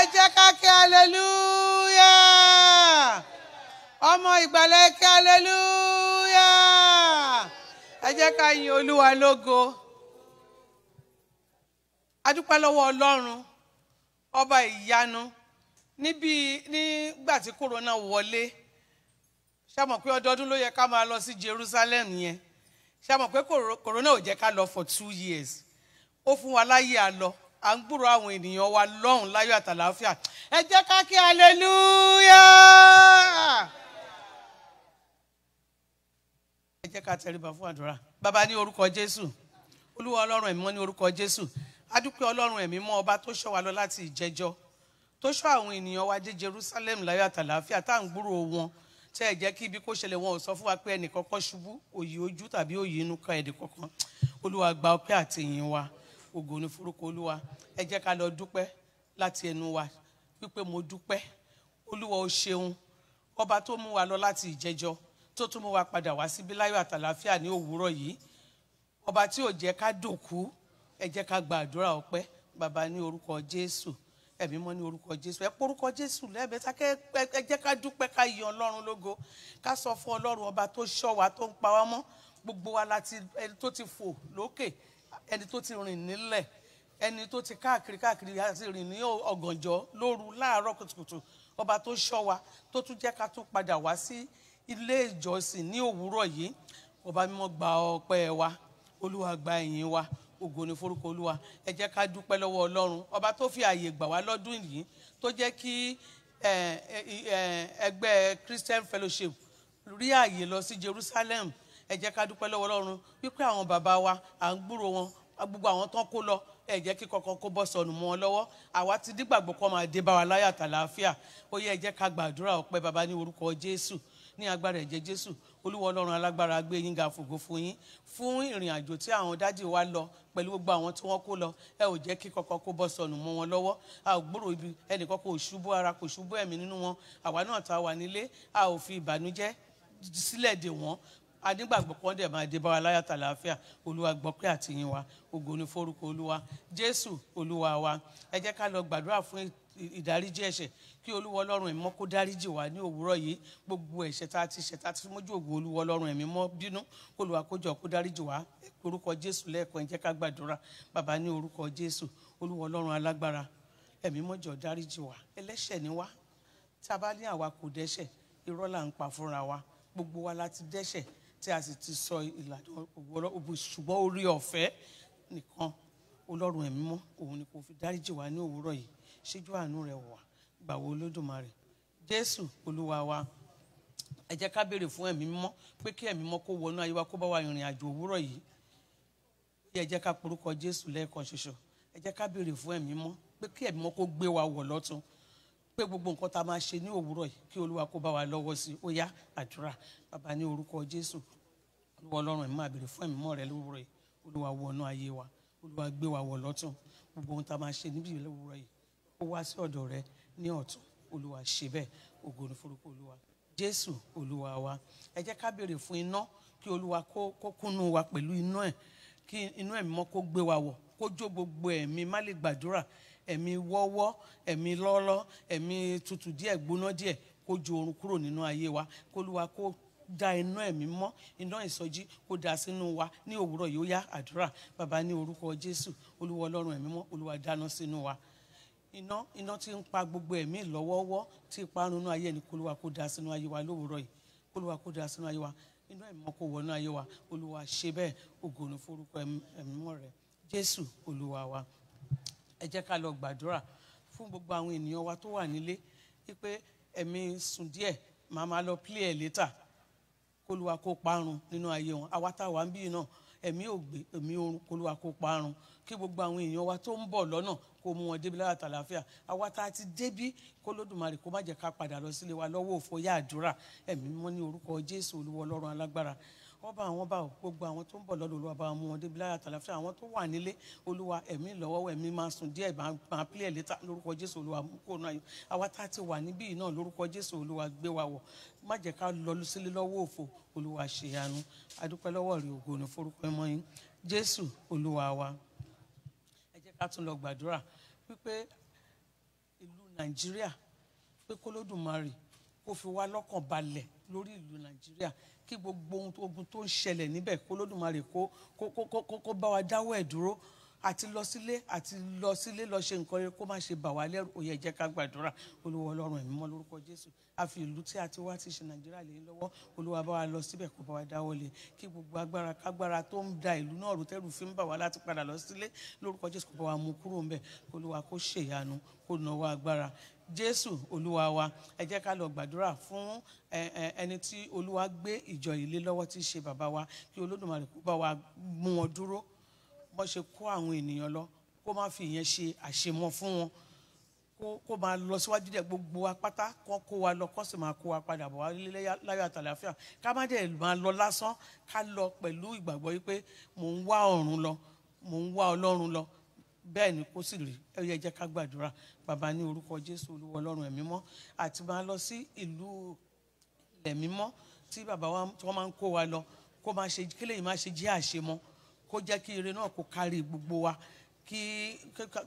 ẹ jẹ́ ká aleluya ọmọ ìgbàlẹ̀ kí aleluya ẹ jẹ́ ká yin olúwa lógo adúpẹ́ lọ́wọ́ ọlọ́run ọba ìyanu níbi nígbà tí kòrónà wọlé ṣàmọ̀ pé ọdọọdún ló yẹ ká máa lọ sí Jerusalem yẹn ṣàmọ̀ pé kòrónà ò jẹ́ ká lọ for two years ó fún wa láyé à ń gbúrò àwọn ènìyàn wa lọ́hùn láyọ̀ àtàlàáfíà ẹ jẹ́ ká kí aleluya. ẹ jẹ́ ká tẹríba fún àdúrà bàbá ní orúkọ jésù olúwa ọlọ́run ẹ̀mí mọ́ ní orúkọ jésù adúpẹ́ ọlọ́run ẹ̀mí mọ́ ọba tó ṣọ́ wa lọ láti ìjẹjọ́ tó ṣọ́ àwọn ènìyàn wa dé jerusalem láyọ̀ àtàlàáfíà tá à ń gbúrò wọn tẹ́ ẹ jẹ́ kí ibi kó ṣẹlẹ̀ wọn ò sọ fún wa pé ẹnì kankan ṣubú òyì ojú tàbí òyì inú kan ẹnì kankan olúwa gba ọpẹ́ àtìyìn wa ògo ni forúkọ olúwa ẹ jẹ́ ká lọ dúpẹ́ láti ẹnu wa wípé mo dúpẹ́ olúwa o ṣeun ọba tó mú wa lọ láti ìjẹjọ tó tún mú wa padà wá síbí láyọ̀ àtàlàáfíà ní òwúrọ̀ yìí ọba tí ò jẹ́ ká dòkú ẹ jẹ́ ká gba àdúrà ọpẹ́ bàbá ní orúkọ jésù ẹ̀mí mọ́ ní orúkọ jésù ẹ porúkọ jésù lẹ́ẹ̀mẹ́ta kẹ́ ẹ jẹ́ ká dúpẹ́ ká yìn ọlọ́run lógo ká sọ fún ọlọ́run ọba tó ṣọ́ wa tó ń pa wá mọ́ gbogbo wa láti ẹni tó ti fò lókè ẹni tó ti rìn nílẹ̀ ẹni tó ti káàkiri káàkiri àti rìn ní ọ̀gànjọ́ lóru láàárọ̀ kùtùkùtù ọba tó ṣọ́ wa tó tún jẹ́ ká tún padà wá sí ilé ìjọsìn ní òwúrọ̀ yìí ọba mímọ́ gba ọpẹ́ wa olúwa gba ìyìn wa ògo ni forúkọ olúwa ẹ jẹ́ ká dúpẹ́ lọ́wọ́ ọlọ́run ọba tó fi ààyè gbà wá lọ́dún yìí tó jẹ́ kí ẹgbẹ́ Christian Fellowship rí ààyè lọ sí Jerusalem ẹ jẹ́ ká dúpẹ́ lọ́wọ́ Ọlọ́run wípé àwọn bàbá wa à ń gbúrò wọn gbogbo àwọn tán kó lọ ẹ jẹ́ kí kankan kó bọ́ sọnù mọ́ ọ lọ́wọ́ àwa ti dígbàgbọ́ kọ́ máa dé bá wa láyà tàlàáfíà ó yẹ ẹ jẹ́ ká gbàdúrà ọpẹ́ bàbá ní orúkọ Jésù ní agbára ẹ̀jẹ̀ Jésù olúwa ọlọ́run alágbára gbé yín ga fògo fún yín fún ìrìn àjò tí àwọn dájì wa lọ pẹ̀lú gbogbo àwọn tí wọ́n kó lọ ẹ ò jẹ́ kí kankan kó bọ́ sọnù mọ́ wọn lọ́wọ́ a ò gbúrò ibi ẹnìkan kò ṣubú ara kò ṣubú ẹ̀mí nínú wọn àwa náà tá wà nílé a ò fi ìbànújẹ́ sílẹ̀ dè wọ́n anígbàgbọ́ pọ́n dẹ̀ máa dé bá wa láyàtà láàfíà olúwa gbọ́pẹ́ àtìyìn wa ògo ni forúkọ olúwa jésù olúwa wa ẹ jẹ́ ká lọ gbàdúrà fún ìdáríjì ẹ̀ṣẹ̀ kí olúwa ọlọ́run ẹ̀mí mọ́ kó dáríjì wá ní òwúrọ̀ yìí gbogbo ẹ̀ṣẹ̀ tá a ti ṣẹ̀ tá a ti mójú ògo olúwa ọlọ́run ẹ̀mí mọ́ bínú olúwa kó kó dáríjì wá orúkọ jésù lẹ́ẹ̀kan ẹ jẹ́ ká gbàdúrà bàbá ní orúkọ jésù olúwa ọlọ́run alágbára ẹ̀mí mọ́ dáríjì wá ẹlẹ́ṣẹ̀ ni wá tá a bá ní àwa kò dẹ́ṣẹ̀ irọ́ là ń pa fúnra wa gbogbo wa la ti tí a sì ti sọ ìlàjọ ògbó ṣùgbọ́n orí ọ̀fẹ́ nìkan Ọlọ́run ẹ̀mí mọ́ òun ni kò fi dáríjì wá ní òwúrọ̀ yìí ṣíjú àánú rẹ̀ wà gbàwó Olódùmarè Jésù Olúwa wa ẹ jẹ́ ká béèrè fún ẹ̀mí mímọ́ pé kí ẹ̀mí mímọ́ kó wọnú ayé wa kó bá wa rìnrìn àjò òwúrọ̀ yìí ẹ jẹ́ ká porúkọ Jésù lẹ́ẹ̀kan ṣoṣo ẹ jẹ́ ká béèrè fún ẹ̀mí mímọ́ pé kí ẹ̀mí mímọ́ kó gbé wa wọ̀ lọ́tun pé gbogbo nǹkan tá a máa ṣe ní òwúrọ̀ yìí kí olúwa kó bá wa lọ́wọ́ sí i ó yá àdúrà bàbá ní orúkọ jésù olúwa ọlọ́run ẹ̀ máa béèrè fún ẹ̀mí mọ́ rẹ lówùrọ̀ yìí olúwa wọnú ayé wa olúwa gbé wa wọ̀ lọ́tún gbogbo ohun tá a máa ṣe níbi òwúrọ̀ yìí ó wá sí ọ̀dọ̀ rẹ ní ọ̀tún olúwa ṣe bẹ́ẹ̀ ògo ni olúwa jésù olúwa wa ẹ jẹ́ ká béèrè fún iná kí olúwa kó kúnnú wa pẹ̀lú iná ẹ̀ kí inú ẹ̀mí mọ́ kó gbé wa wọ̀ kó jó gbogbo ẹ̀mí má lè gbàdúrà ẹ̀mí wọ́wọ́ ẹ̀mí lọ́lọ́ ẹ̀mí tutù díẹ̀ gbóná díẹ̀ kó ju oorun kúrò nínú ayé wa kólúwa kó da iná ẹ̀mí mọ́ iná ìsọjí kó da sínú wa ní òwúrọ̀ yóò yá àdúrà bàbá ní orúkọ Jésù olúwa ọlọ́run ẹ̀mí mọ́ olúwa dáná sínú wa iná iná tí ń pa gbogbo ẹ̀mí lọ́wọ́wọ́ tí ìparun inú ayé ẹni kólúwa kó da sínú ayé wa lówùúrọ̀ yìí kólúwa kó da sínú ayé wa inú àìmọ́ kó wọnú ayé wa olúwa ṣe bẹ́ẹ̀ ògo ni forúkọ ẹ̀mọ́ rẹ jésù olúwa wa ẹ jẹ́ ká lọ gbàdúrà fún gbogbo àwọn ènìyàn wa tó wà nílé wípé ẹ̀mí sùn díẹ̀ màá máa lọ plé ẹ̀ létà kólúwa kó parun nínú ayé wọn àwa táwa ń bí náà ẹ̀mí ògbé ẹ̀mí orun kólúwa kó parun kí gbogbo àwọn èèyàn wa tó ń bọ̀ lọ́nà kó mú wọn débi láyàtọ̀ àlàáfíà àwa tá a ti débí kó lódùmarè kó má jẹ́ ká padà lọ sílé wa lọ́wọ́ òfò yá àdúrà ẹ̀mí mímọ́ ní orúkọ jésù olúwa ọlọ́run alágbára ọba àwọn bá gbogbo àwọn tó ń bọ̀ lọ́dọ̀ olúwa bá mú wọn débi láyà tàlàfíà àwọn tó wà nílé olúwa ẹ̀mí lọ́wọ́ ẹ̀mí máa sùn díẹ̀ máa pílẹ̀ létà lórúkọ jésù olúwa mú kó náà àwa tá a ti wà níbí náà lórúkọ jésù olúwa gbé wa wọ̀ má jẹ́ ká lọ sílé lọ́wọ́ òfò olúwa ṣèyanu adúpẹ́ lọ́wọ́ rí ògo ní forúkọ ẹmọ yín jésù olúwa wa ká tún lọ gbàdúrà wípé ìlú nàìjíríà pé kólódùmarè kó fi wá lọ́kàn balẹ̀ lórí ìlú nàìjíríà kí gbogbo ogun tó ń ṣẹlẹ̀ níbẹ̀ kólódùmarè kó kó kó kó bá wa dáwọ́ ẹ̀ dúró àti lọ sílé àti lọ sílé lọ ṣe nǹkan rere kó má ṣe bà wá lẹ́rù ó yẹ jẹ́ ká gbàdúrà olúwa ọlọ́run ẹ̀mí mọ́ lórúkọ jésù a fi ìlú tí a ti wá ti ṣe nàìjíríà lé e lọ́wọ́ olúwa bá wa lọ síbẹ̀ kó bá wa dáwọ́ lé kí gbogbo agbára kágbára tó ń da ìlú náà rútẹ́rù fi ń bà wá láti padà lọ sílé lórúkọ jésù kó bá wa mú kúrò ńbẹ̀ olúwa kó ṣèyanu kó náwó agbára jésù olúwa wa ẹ jẹ́ ká lọ gbàdúrà fún ẹni tí olúwa gbé ìjọ ilé lọ́wọ́ tí í ṣe bàbá wa kí olódùmarè kó bá wa mú wọn dúró bó ṣe kó àwọn ènìyàn lọ kó má fi ìyẹn ṣe àṣemọ fún wọn kó máa lọ síwájú dẹ gbogbo apáta kan kó wa lọ kó sì máa kó wa padà bọ̀ wá láyọ̀ àtàlàáfíà ká má dẹ̀ máa lọ lásán ká lọ pẹ̀lú ìgbàgbọ́ yìí pé mò ń wá ọ̀run lọ mò ń wá ọlọ́run lọ bẹ́ẹ̀ ni kó sì rí ẹ yẹ jẹ́ ká gbàdúrà bàbá ní orúkọ jésù olúwa ọlọ́run ẹ̀mí mọ́ àti máa lọ sí ìlú ẹ̀mí mọ́ tí bàbá wa tí wọ́n máa ń kó wa lọ kó máa ṣe kí lèyìn ṣe jẹ́ àṣemọ́ kó jẹ́ kí ire náà kó kárí gbogbo wa kí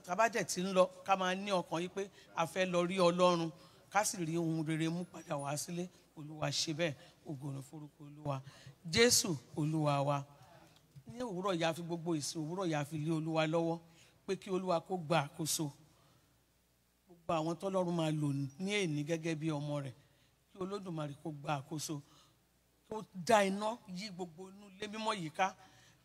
kábàjẹ́ tí ń lọ ká máa ní ọkàn yìí pé a fẹ́ lọ rí ọlọ́run ká sì rí ohun rere mú padà wá sílé olúwa ṣe bẹ́ẹ̀ ògòrò forúkọ olúwa jésù olúwa wa ní òwúrọ̀ yìí a fi gbogbo ìsìn òwúrọ̀ yìí a fi lé olúwa lọ́wọ́ pé kí olúwa kó gba àkóso gbogbo àwọn tọ́lọ́run máa lò ní èní gẹ́gẹ́ bí ọmọ rẹ̀ kí olódùmarè kó gba àkóso kó dá iná yí gbogbo inú ilé mímọ́ yìí ká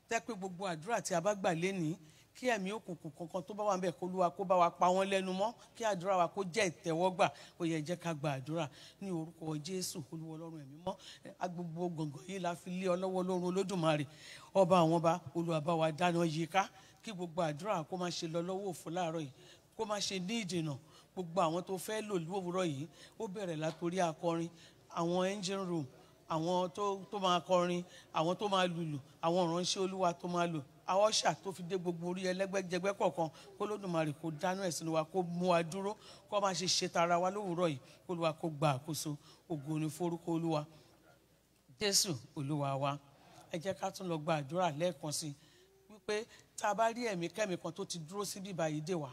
tẹ́ pé gbogbo àdúrà tí a bá gbà lénìí kí ẹ̀mí òkùnkùn kankan tó bá wà níbẹ̀ kó lúwa kó bá wa pa wọ́n lẹ́nu mọ́ kí àdúrà wa kó jẹ́ ìtẹ́wọ́gbà ó yẹ jẹ́ ká gba àdúrà ní orúkọ jésù olúwa ọlọ́run ẹ̀mí mọ́ agbègbè gbọ̀ngàn yìí la fi lé ọlọ́wọ́ lọ́run olódùmarè ọba àwọn ọba olúwa dáná yíká kí gbogbo àdúrà kó má ṣe lọ lọ́wọ́ òfò láàárọ̀ yìí kó má ṣe ní ìdènà gbogbo àwọn tó fẹ́ lò lówùrọ̀ yìí ó bẹ̀rẹ̀ látorí akọrin àwọn engine room àwọn tó máa kọrin àwọn tó máa lùlù àwọn ìránṣẹ́ olúwa tó máa lù àwọn ṣà tó fi dé gbogbo orí ẹlẹ́gbẹ́jẹgbẹ́ kọ̀ọ̀kan kó lódùmarè kó dáná ẹ̀sìn wa kó mú wa dúró kó máa ṣe ṣe tara wa lówùúrọ̀ yìí kó lùwà kó gba àkóso ògo ni forúkọ olúwa jésù olúwa wa ẹ jẹ́ ká tún lọ gba àdúrà lẹ́ẹ̀kan sí wípé tá a bá rí ẹ̀mí kẹ́mi kan tó ti dúró síbí báyìí dè wá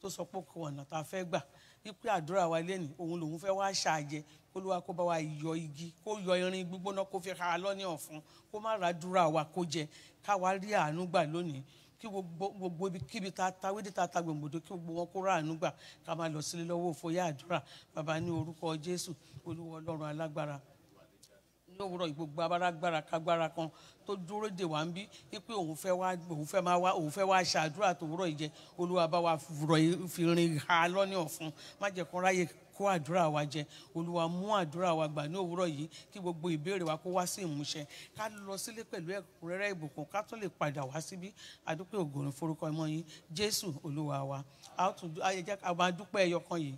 tó sọ pé kò ọ̀nà tá a fẹ́ gbà wípé àdúrà wa lẹ́nu òun lòun fẹ́ wá ṣàjẹ olúwa kó bá wa yọ igi kó yọ irin gbígbóná kó fi ha lọ́ní ọ̀fun kó má ra àdúrà wa kó jẹ káwa rí àánú gbà lónìí kí gbogbo ibikíbi ta ta wíde ta ta gbòǹgbòdo kí gbogbo wọn kó ra àánú gbà ká máa lọ sílé lọ́wọ́ òfòyà àdúrà bàbá ní orúkọ jésù olúwa ọlọ́run alágbára ní òwúrọ̀ gbogbo abárágbára kágbára kan tó dúró dè wá ń bí pé òun fẹ́ wá òun fẹ́ máa wá òun fẹ́ wá ṣàdúrà tòwúrọ̀ ìjẹ olúwa bá wa rọ̀ fi rin ha lọ́ní ọ̀fun má jẹ́ kó ráyè kó àdúrà wa jẹ olúwa mú àdúrà wa gbà ní òwúrọ̀ yìí kí gbogbo ìbéèrè wa kó wá sí ìmúṣẹ ká lọ sílé pẹ̀lú ẹ̀kúnrẹ́rẹ́ ìbùkún ká tó lè padà wá síbí àdúpẹ́ ògòrùn forúkọ ọmọ yín jésù olúwa wa a tún ayẹjẹ àwọn adúpẹ́ ẹyọkan yìí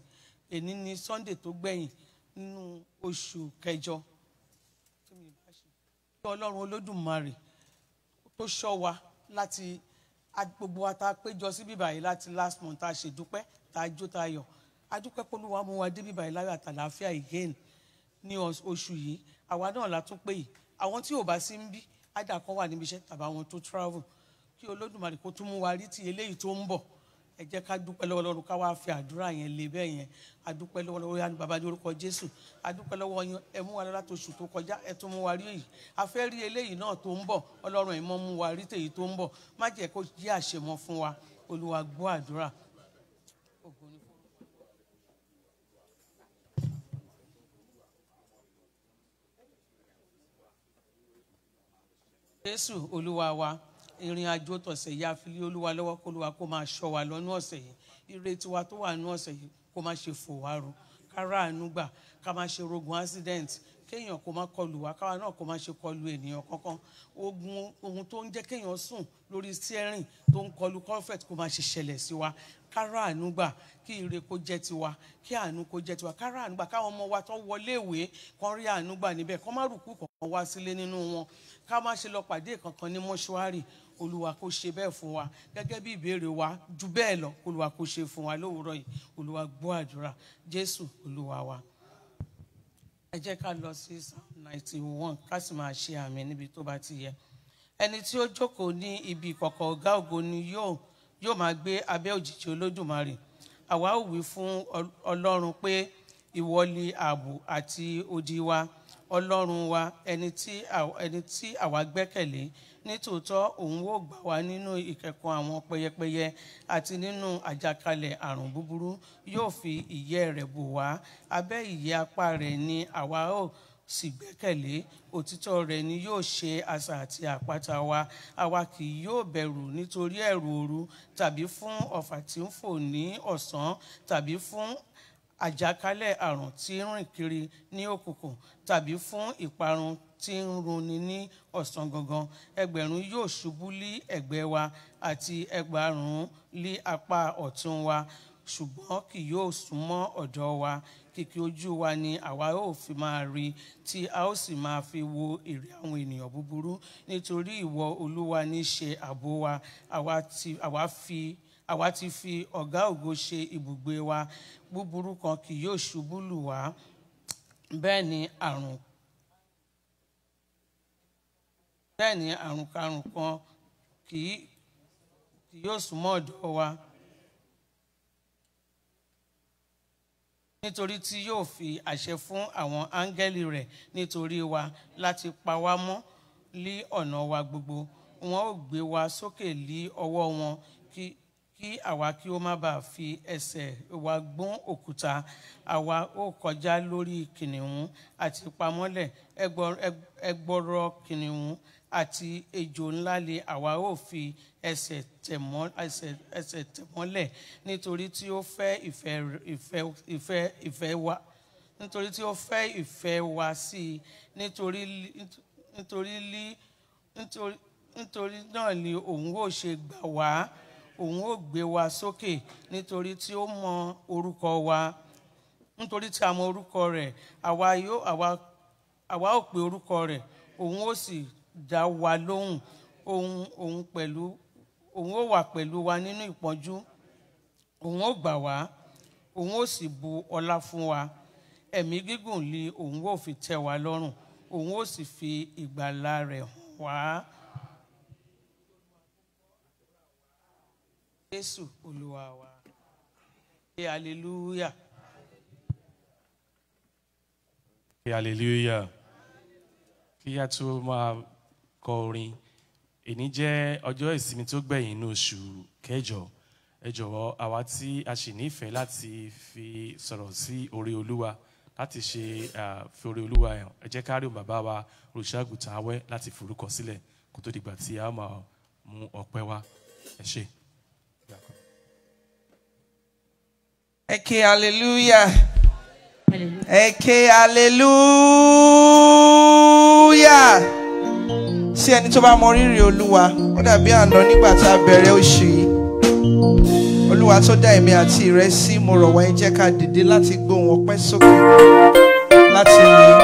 èní ni sunday tó gbẹ̀yìn nínú oṣù kẹjọ ọlọ́run olódùmarè tó ṣọ́ wa láti gbogbo wa tá a péjọ sí bíbà yìí láti last month tá a ṣèdúpẹ́ tá a jó tá a yọ̀ a mú wa dé bíbà yìí láyọ̀ àtàlàáfíà again ní oṣù yìí àwa náà la tún pè yìí àwọn tí ò bá sí ń bí àdàkọ́ wà níbi iṣẹ́ tàbí àwọn tó travel kí olódùmarè kó tún mú wa rí ti eléyìí tó ń bọ̀ ẹ jẹ́ ká dúpẹ́ lọ́wọ́ Ọlọ́run ká wá fi àdúrà yẹn lé bẹ́ẹ̀ yẹn adúpẹ́ lọ́wọ́ lọ́wọ́ yánu bàbá ní orúkọ Jésù adúpẹ́ lọ́wọ́ yín ẹ mú wa lọ láti oṣù tó kọjá ẹ tún mú wa rí èyí a rí eléyìí náà tó ń bọ̀ Ọlọ́run ẹ̀ mọ́ mú wa rí tèyí tó ń bọ̀ má jẹ́ kó jẹ́ àṣemọ́ fún wa Olúwa gbọ́ àdúrà Jésù Olúwa wa ìrìn àjò tọ̀sẹ̀ yìí àfilé olúwa lọ́wọ́ kólúwa kó máa ṣọ́ wa lọ́nú ọ̀sẹ̀ yìí ire tiwa tó wà nú ọ̀sẹ̀ yìí kó má ṣe fò wá ro kára àánú gbà ká má ṣe rogun accident kéèyàn kó má kọlù wá káwa náà kó má ṣe kọlù ènìyàn kankan ogun ohun tó ń jẹ́ kéèyàn sùn lórí steering tó ń kọlù comfort kó má ṣe ṣẹlẹ̀ sí wa kára àánú gbà kí ire kó jẹ́ tiwa kí àánú kó jẹ́ tiwa kára àánú gbà káwọn ọmọ wa tó wọlé ìwé kan rí àánú gbà níbẹ̀ kó má rùkú kankan wá sílé nínú wọn ká má ṣe lọ pàdé kankan ní mọ́ṣúárì olúwa kó ṣe bẹ́ẹ̀ fún wa gẹ́gẹ́ bí ìbéèrè wa ju bẹ́ẹ̀ lọ olúwa kó ṣe fún wa lówùúrọ̀ yìí olúwa gbọ́ àdúrà jésù olúwa wa. ẹ jẹ́ ká lọ sí psalm ninety one ká sì máa ṣe àmì níbi tó bá ti yẹ ẹni tí ó jókòó ní ibi ìkọ̀kọ̀ ọ̀gá ògo ni yóò yóò máa gbé abẹ́ òjìji olódùmarè àwa ò wí fún ọlọ́run pé ìwọ ni ààbò àti odi wa ọlọ́run wa ẹni tí àwa gbẹ́kẹ̀lé nítòótọ́ òun ó gbà wá nínú ìkẹ̀kùn àwọn pẹyẹpẹyẹ àti nínú àjàkálẹ̀ àrùn búburú yóò fi ìyẹ́ rẹ̀ bò wá abẹ́ ìyẹ́ apá rẹ̀ ni àwa ó sì gbẹ́kẹ̀lé òtítọ́ rẹ̀ ni yóò ṣe asà àti àpáta wa àwa kì yóò bẹ̀rù nítorí ẹ̀rù òru tàbí fún ọ̀fà tí ń fò ní ọ̀sán tàbí fún àjàkálẹ̀ àrùn tí ń rìn kiri ní òkùnkùn tàbí fún ìparun tí ń roni ní ọ̀sán gangan ẹgbẹ̀rún yóò ṣubú lé ẹ̀gbẹ́ wa àti ẹgbàárùn lé apá ọ̀tún wa ṣùgbọ́n kì yóò súnmọ́ ọ̀dọ̀ wa kìkì ojú wa ni àwa yóò fi máa rí tí a ó sì máa fi wo èrè àwọn ènìyàn búburú nítorí ìwọ olúwa ní ṣe ààbò wa àwa fi àwa ti fi ọ̀gá ògo ṣe ibùgbé wa búburú kan kì yóò ṣubú lù wá bẹ́ẹ̀ ni àrùn bẹ́ẹ̀ ni àrùn karùn kan kì yóò súnmọ́ ọ̀dọ̀ wa nítorí tí yóò fi àṣẹ fún àwọn áńgẹ́lì rẹ̀ nítorí wa láti pa wá mọ́ lí ọ̀nà wa gbogbo wọn ò gbé wa sókè lí ọwọ́ wọn kí kí àwa kí ó má bàa fi ẹsẹ̀ wa gbọ́n òkúta àwa ó kọjá lórí kìnìún àti pamọ́lẹ̀ ẹgbọrọ kìnìún àti ejò ńlá lé àwa ó fi ẹsẹ̀ tẹ̀ mọ́lẹ̀ nítorí tí ó fẹ́ ìfẹ́ ìfẹ́ wa nítorí tí ó fẹ́ ìfẹ́ wa sí i nítorí nítorí lí nítorí nítorí náà ni òun ó ṣe gbà wá òun ó gbé wa sókè nítorí tí ó mọ orúkọ wa nítorí tí a mọ orúkọ rẹ̀ àwa ó pe orúkọ rẹ̀ òun ó sì dá wa lóhùn òun òun pẹ̀lú òun ó wà pẹ̀lú wa nínú ìpọ́njú òun ó gbà wá òun ó sì bu ọlá fún wa ẹ̀mí gígùn lé òun ó fi tẹ́ wa lọ́rùn òun ó sì fi ìgbàlà rẹ̀ wá. Jésù Olúwa wa ṣe hallelujah. Hallelujah. Kí a tó máa kọ orin èní jẹ́ ọjọ́ ìsinmi tó gbẹ̀yìn inú oṣù kẹjọ ẹ jọ̀wọ́ àwa tí a sì nífẹ̀ẹ́ láti fi sọ̀rọ̀ sí orí olúwa láti ṣe fi orí olúwa hàn ẹ jẹ́ ká bàbá wa olùṣàgùtàn awẹ́ láti forúkọ sílẹ̀ kó tó dìgbà tí a máa mú ọpẹ́ wá ẹ ṣé. ẹ hallelujah Eke hallelujah sí ẹni tó bá mọ rírì olúwa ó dàbí àná nígbà tá a bẹ̀rẹ̀ oṣù yìí olúwa tó dá èmi àti ìrẹ́ sí mo rọ̀ wá jẹ́ ká dìde láti gbóhùn ọpẹ́ sókè láti yìn.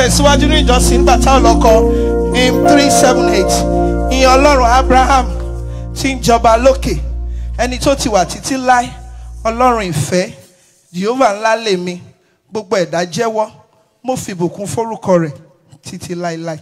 tẹ̀síwájú ní ìjọsìn nígbà tá ò lọ́kọ in three seven eight ìyẹn ọlọ́run Abraham tí ń jọba lókè ẹni tó ti wà títí láé ọlọ́run ìfẹ́ Jehovah ńlá lèmi gbogbo ẹ̀dá jẹ́wọ́ mo fìbùkún fórúkọ rẹ̀ títí láéláé.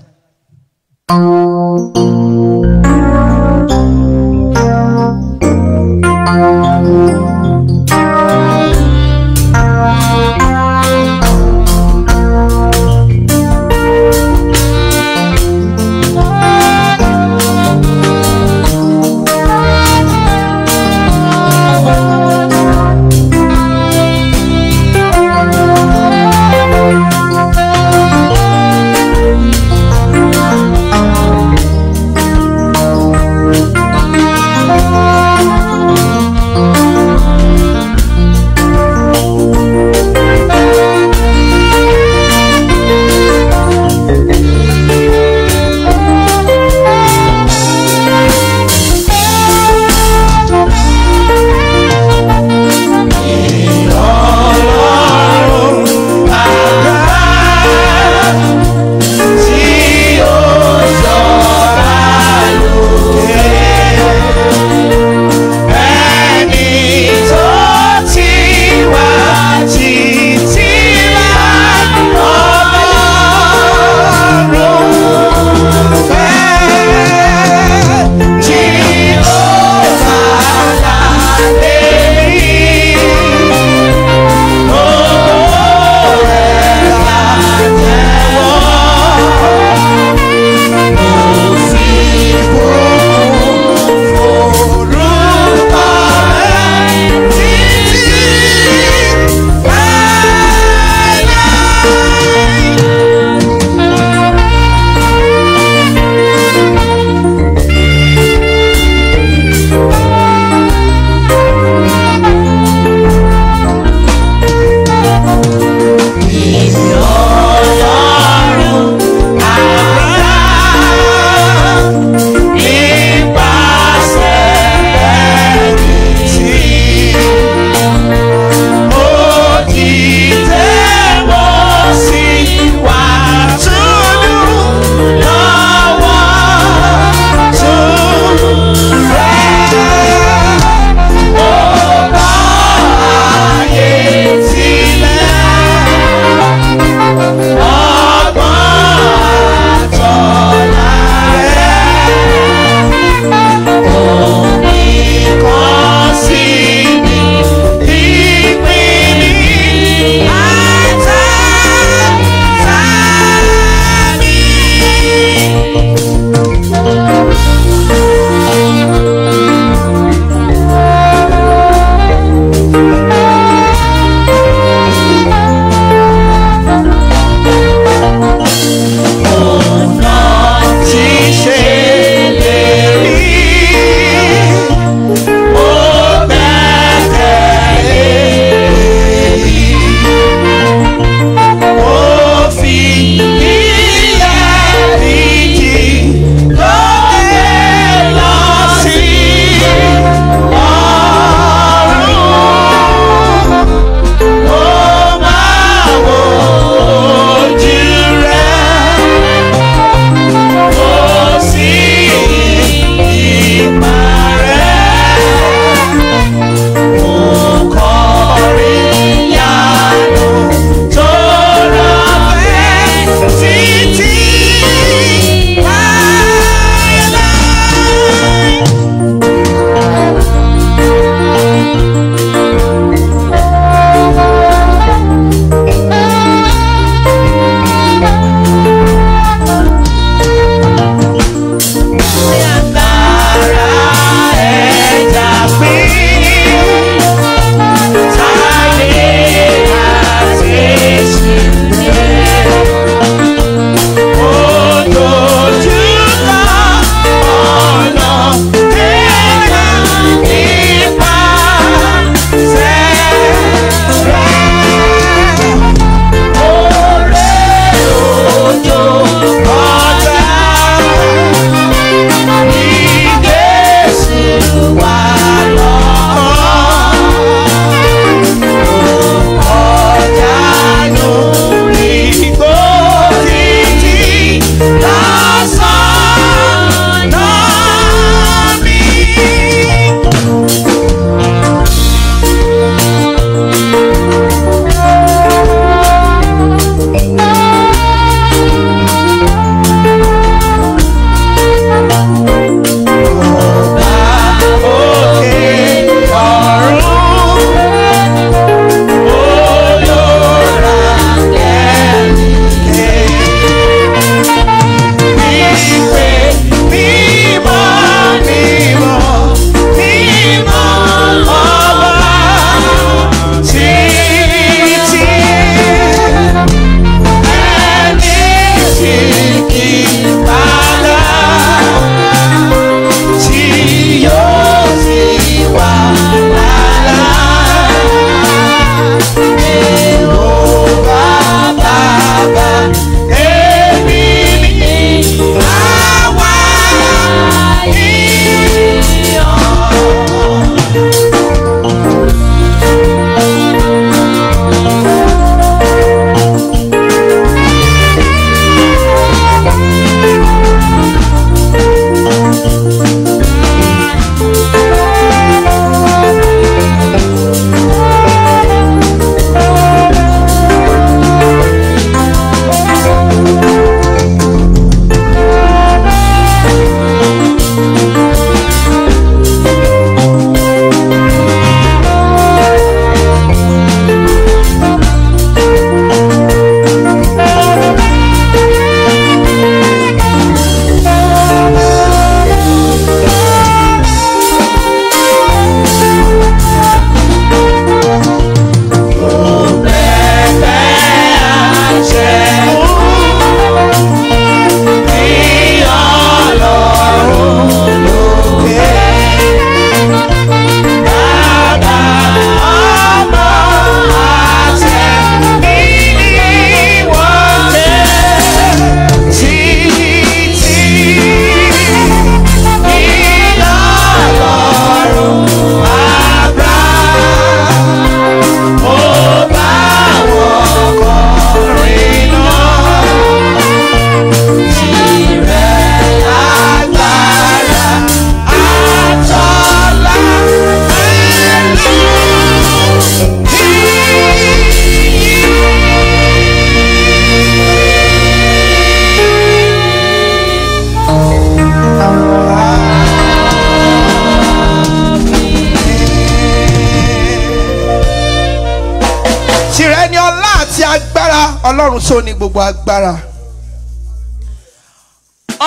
tó ní gbogbo agbára.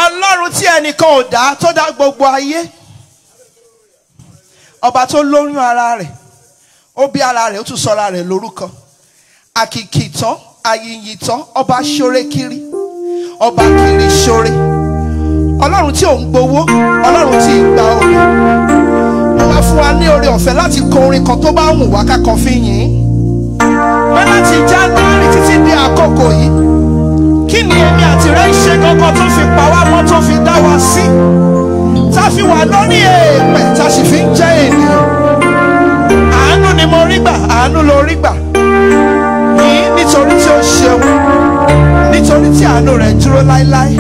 ọlọ́run tí ẹnìkan ò dá tó dá gbogbo ayé ọba tó lóyún ara rẹ̀ ó bí ara rẹ̀ ó tún sọra rẹ̀ lórúkọ àkìkìtàn àyìnyìntàn ọba ṣoré kiri ọba kiri ṣoré ọlọ́run tí ò ń gbowó ọlọ́run tí ì gba orin ó wá fún wa ní oore ọ̀fẹ́ láti kọ orin kan tó bá wù wá ká fi yìn ín pé láti january títí di àkókò yìí kí ni èmi àti rẹ ń ṣe kankan tó fi pa wá mọ́ tó fi dá wa sí tá a fi wà lórí èèpẹ̀ tá sì fi ń jẹ́ ènìyàn àánú ni mo rí gbà àánú ló rí gbà yìí nítorí tí ó ṣeun nítorí tí àánú rẹ̀ dúró láéláé.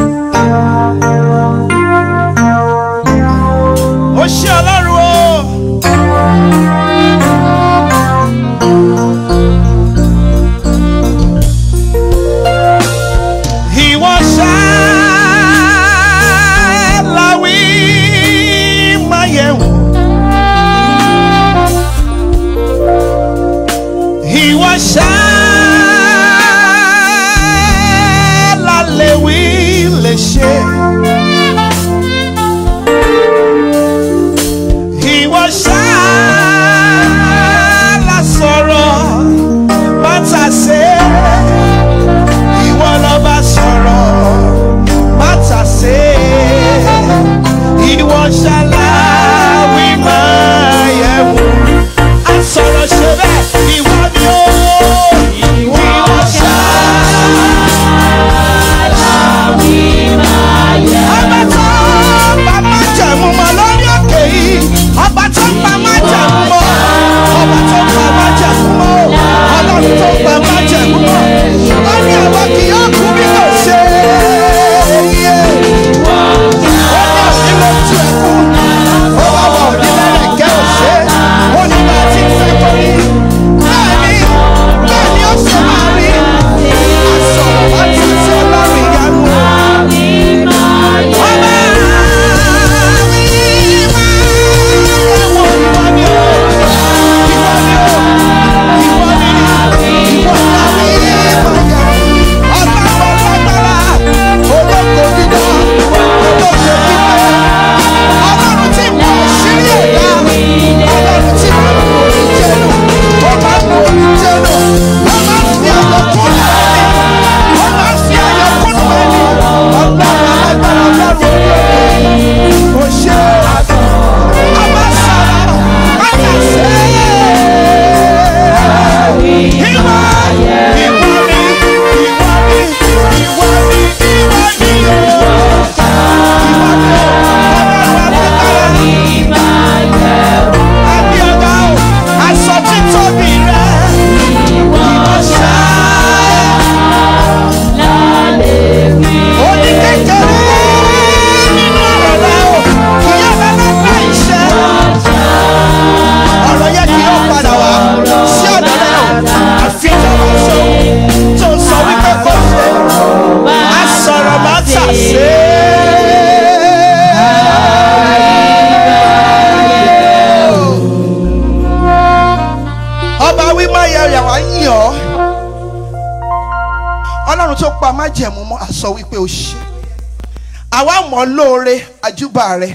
rẹ àjúbà rẹ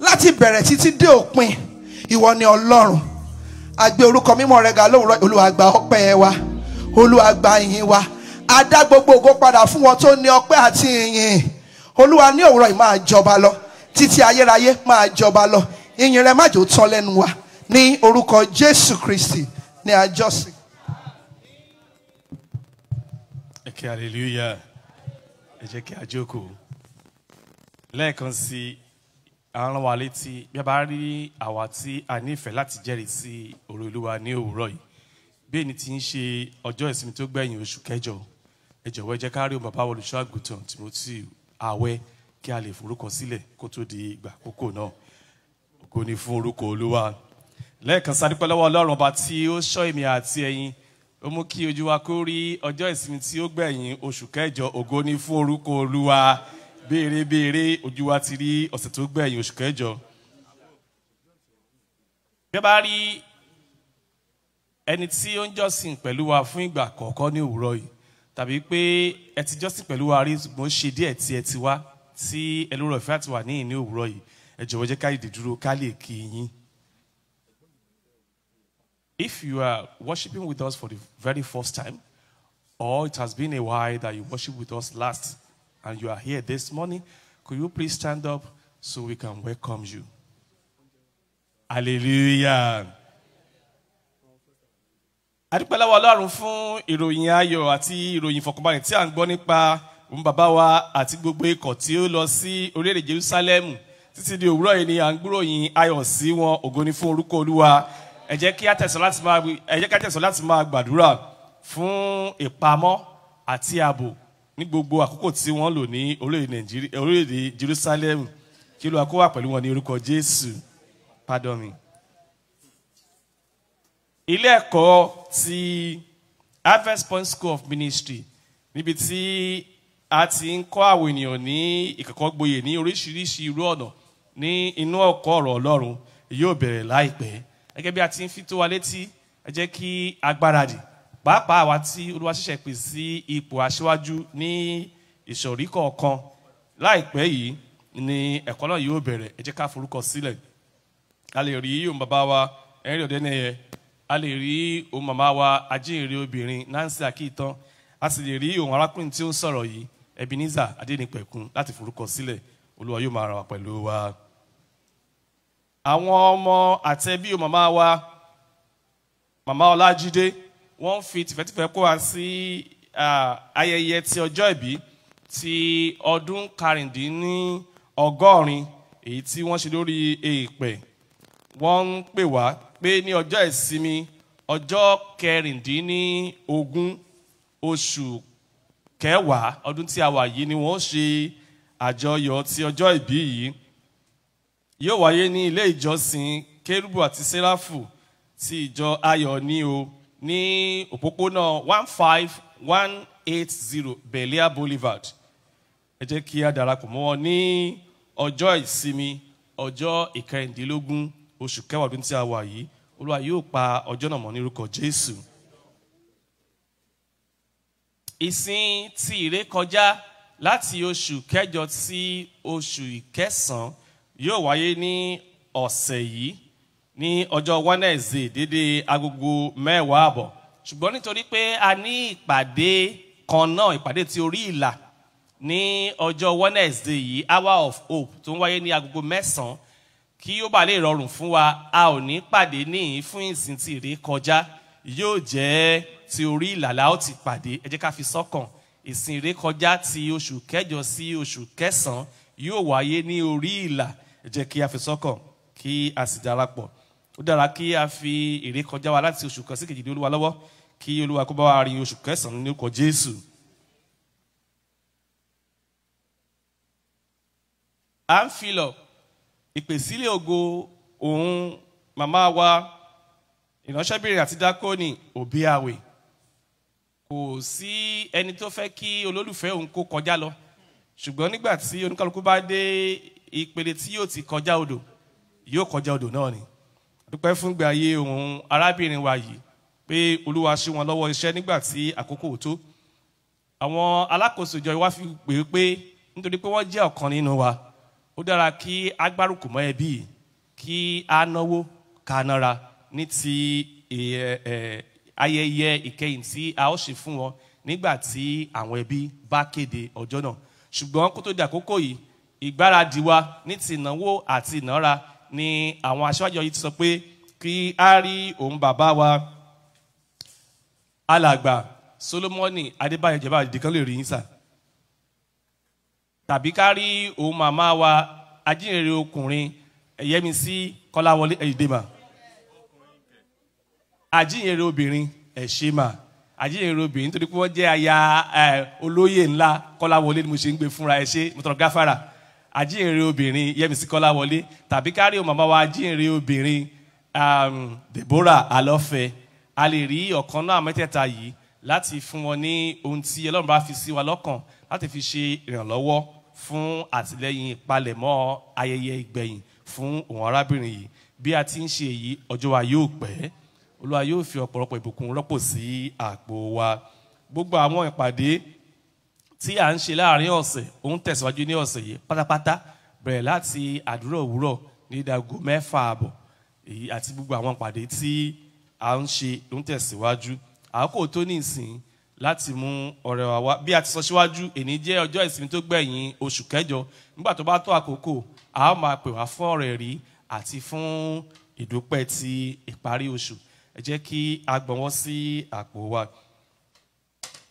láti bẹ̀rẹ̀ títí dé òpin ìwọ ni ọlọ́run a gbé orúkọ mímọ́ rẹ ga lówùúrọ̀ olúwa gba ọpẹ́ wa olúwa gba ìyìn wa a dá gbogbo ògo padà fún wọn tó ní ọpẹ́ àti ìyìn olúwa ní òwúrọ̀ yìí máa jọba lọ títí ayérayé máa jọba lọ ìyìn rẹ má jò tán lẹ́nu wa ní orúkọ jésù kristi ní àjọsìn. ẹ kí hallelujah ẹ jẹ́ kí a jókòó lẹ́ẹ̀kan sí àrùn wa létí bí a bá rí àwa tí a nífẹ̀ẹ́ láti jẹ́rìí sí ọ̀rọ̀ Olúwa ní òwúrọ̀ yìí bí èyí ti ń ṣe ọjọ́ ìsinmi tó gbẹ̀yìn oṣù kẹjọ ẹ jọ̀wọ́ ẹ jẹ́ ká rí ohun bàbá olùṣọ́ àgùntàn Timothy àwẹ̀ kí a lè forúkọ sílẹ̀ kó tó di ìgbà àkókò náà ògo ni fún orúkọ Olúwa lẹ́ẹ̀kan sáré pẹ́ lọ́wọ́ Ọlọ́run ọba tí ó ṣọ́ èmi àti ẹ̀yin ó mú kí ojú wa kó rí ọjọ́ ìsinmi tí ó gbẹ̀yìn oṣù kẹjọ ògo ni fún orúkọ Olúwa ojú wa ti rí ọ̀sẹ̀ tó gbẹ̀yìn oṣù kẹjọ. bí tí ó ń jọ́sìn pẹ̀lú ìgbà kọ̀ọ̀kan ní òwúrọ̀ yìí tàbí pé ẹ ti pẹ̀lú wa rí ṣe tí ẹ ti pelu tí ri ìfẹ́ àti wà níyìn ní ife yìí wa jọ̀wọ́ owuro ká ìdè dúró ká lè kí yín. If you are worshiping with us for the very first time, or it has been a while that you worship with us last, and you are here this morning, could you please stand up so we can welcome you? Hallelujah. Adúpẹ́láwọ̀ Ọlọ́run fún ìròyìn ayọ̀ àti ìròyìn ìfọ̀kànbalẹ̀ tí a ń gbọ́ nípa òun bàbá wa àti gbogbo ikọ̀ tí ó lọ sí orílẹ̀-èdè Jerúsálẹ́mù títí di òwúrọ̀ yìí ni à ń gbúròyìn ayọ̀ sí wọn ògo ni fún orúkọ Olúwa. Ẹ jẹ́ kí a tẹ̀sán láti máa gbàdúrà fún ìpamọ́ àti ààbò ní gbogbo àkókò tí wọ́n lò ní orílẹ̀-èdè Jerusalem kí Olúwa kó wà pẹ̀lú wọn ní orúkọ Jésù pardon ilé ẹ̀kọ́ ti Harvest Point School of Ministry níbi tí a ti ń kọ́ àwọn ènìyàn ní ìkẹ́kọ̀ọ́ gboyè ní oríṣiríṣi irú ọ̀nà ní inú ọ̀kọ́ ọ̀rọ̀ Ọlọ́run yóò bẹ̀rẹ̀ láìpẹ́ gẹ́gẹ́ bí a ti ń fi tó wa létí ẹ jẹ́ kí a gbáradì pàápàá àwa tí olúwa ṣẹ̀ṣẹ̀ pè sí ipò aṣíwájú ní ìsọ̀rí kọ̀ọ̀kan láìpẹ́ yìí ni ẹ̀kọ́ náà yóò bẹ̀rẹ̀ ẹ jẹ́ ká forúkọ sílẹ̀ a lè rí òun bàbá wa ẹ̀rín ọ̀dẹ́nẹ́yẹ a lè rí òun màmá wa ajínrere obìnrin Nancy Akíntán a sì lè rí òun arákùnrin tí ó ń sọ̀rọ̀ yìí Ebenezer Adénípẹ̀kun láti forúkọ sílẹ̀ olúwa yóò máa ra wa pẹ̀lú wa àwọn ọmọ àtẹbí òun màmá wa màmá Ọlájídé wọ́n fi tìfẹ́tìfẹ́ kó wa sí ayẹyẹ ti ọjọ́ ìbí ti ọdún karìndínlọ́gọ́rin èyí tí wọ́n ṣe lórí èèpẹ̀ wọ́n ń pè wá pé ní ọjọ́ ìsinmi ọjọ́ kẹrìndínlógún oṣù kẹwàá ọdún tí a wà yìí ni wọ́n ṣe àjọyọ̀ ti ọjọ́ ìbí yìí yóò wáyé ní ilé ìjọsìn kérúbù àti séráfù ti ìjọ ayọ̀ ní o ní òpópónà one five one eight zero Belia Boulevard ẹ jẹ́ kí a darapọ̀ mọ́ wọn ní ọjọ́ ìsinmi ọjọ́ ìkẹrìndínlógún oṣù kẹwàá ọdún tí a wà yìí olúwa yóò pa ọjọ́ náà mọ́ ní orúkọ Jésù. ìsìn ti ìrékọjá láti oṣù kẹjọ sí oṣù ìkẹsàn yóò wáyé ní ọ̀sẹ̀ yìí ní ọjọ́ wednesday dédé agogo mẹ́wàá àbọ̀ ṣùgbọ́n nítorí pé a ní ìpàdé kan náà ìpàdé ti orí ìlà ní ọjọ́ wednesday yìí hour of hope tó ń wáyé ní agogo mẹ́sàn-án kí ó bàa lè rọrùn fún wa a ò ní pàdé níyìn fún ìsìn tí ìrè kọjá yóò jẹ́ ti orí ìlà la ó ti pàdé ẹ jẹ́ ká fi sọ́kàn ìsìn ìrè kọjá ti oṣù kẹjọ sí oṣù kẹsàn-án yóò wáyé ní orí ìlà ẹ jẹ́ kí a fi sọ́kàn kí a sì darapọ̀ ó dára kí a fi èrè kọjá wa láti oṣù kan sí kejìdé olúwa lọ́wọ́ kí olúwa kó bá wa rí oṣù kẹsàn-án ní orúkọ jésù. à ń filọ̀ ìpèsílẹ̀ ògo òun màmá wa ìránṣẹ́bìnrin àti dákọ́nì òbí àwẹ̀ kò sí ẹni tó fẹ́ kí olólùfẹ́ òun kó kọjá lọ ṣùgbọ́n nígbà tí oníkálukú bá dé ìpele tí yóò ti kọjá odò yóò kọjá odò náà ni dúpẹ́ fún ìgbé ayé òun arábìnrin wa yìí pé olúwa ṣí wọn lọ́wọ́ iṣẹ́ nígbà tí àkókò tó àwọn alákòóso ìjọ wa fi pè é e pé nítorí pé wọ́n jẹ́ ọ̀kan nínú wa ó dára kí a gbárùkù mọ́ ẹbí kí a náwó ká nára ní ti ayẹyẹ ìkẹyìn tí a ó ṣe fún wọn nígbà tí àwọn ẹbí bá kéde ọjọ́ náà ṣùgbọ́n kó tó di àkókò yìí ìgbáradì wa ní ti ìnáwó àti ìnára ni àwọn aṣáájú yìí ti sọ pé kí a rí òun bàbá wa alàgbà Solomoni Adébáyọ̀ jẹba àdìkan lè rí yín sà tàbí ká rí òun màmá wa ajínrere ọkùnrin Yẹmisí Kọ́láwọlé Ẹyìndémà ajínrere obìnrin Ẹṣémà àjíyèrè obìnrin nítorí pé wọ́n jẹ́ aya olóyè ńlá Kọ́láwọlé ni mo ṣe ń gbé fúnra ẹ mo tọrọ gáfárà ajínrere obìnrin Yẹmisí Kọ́láwọlé tàbí kárí o màmá wa ajínrere obìnrin um, Deborah Alọ́fẹ́ a lè rí ọ̀kan náà mẹ́tẹ̀ẹ̀ta yìí láti fún wọn ní ohun tí Ọlọ́run bá fi sí wa lọ́kàn láti fi ṣe ìrànlọ́wọ́ fún àtìlẹ́yìn ìpalẹ̀mọ́ ayẹyẹ ìgbẹ̀yìn fún òun arábìnrin yìí bí a ti ń ṣe èyí ọjọ́ wa yóò pẹ́ Olúwa yóò fi ọ̀pọ̀lọpọ̀ ìbùkún rọ́pò sí àpò wa gbogbo àwọn ìpàdé tí à ń ṣe láàrin ọ̀sẹ̀ òun tẹ̀síwájú ní ọ̀sẹ̀ yìí pátápátá bẹ̀rẹ̀ láti àdúrà òwúrọ̀ ní ìdágo mẹ́fà àbọ̀ èyí àti gbogbo àwọn pàdé tí à ń ṣe òun tẹ̀síwájú àkókò tó ní ìsìn láti mú ọ̀rẹ́ wa wá bí a ti sọ síwájú èní jẹ́ ọjọ́ ìsinmi tó gbẹ̀yìn oṣù kẹjọ nígbà tó bá tó àkókò a ó máa pè wá fún ọ̀rẹ́ rí àti fún ìdúpẹ́ ti ìparí oṣù ẹ jẹ́ kí a gbọ̀nwọ́ sí àpò wa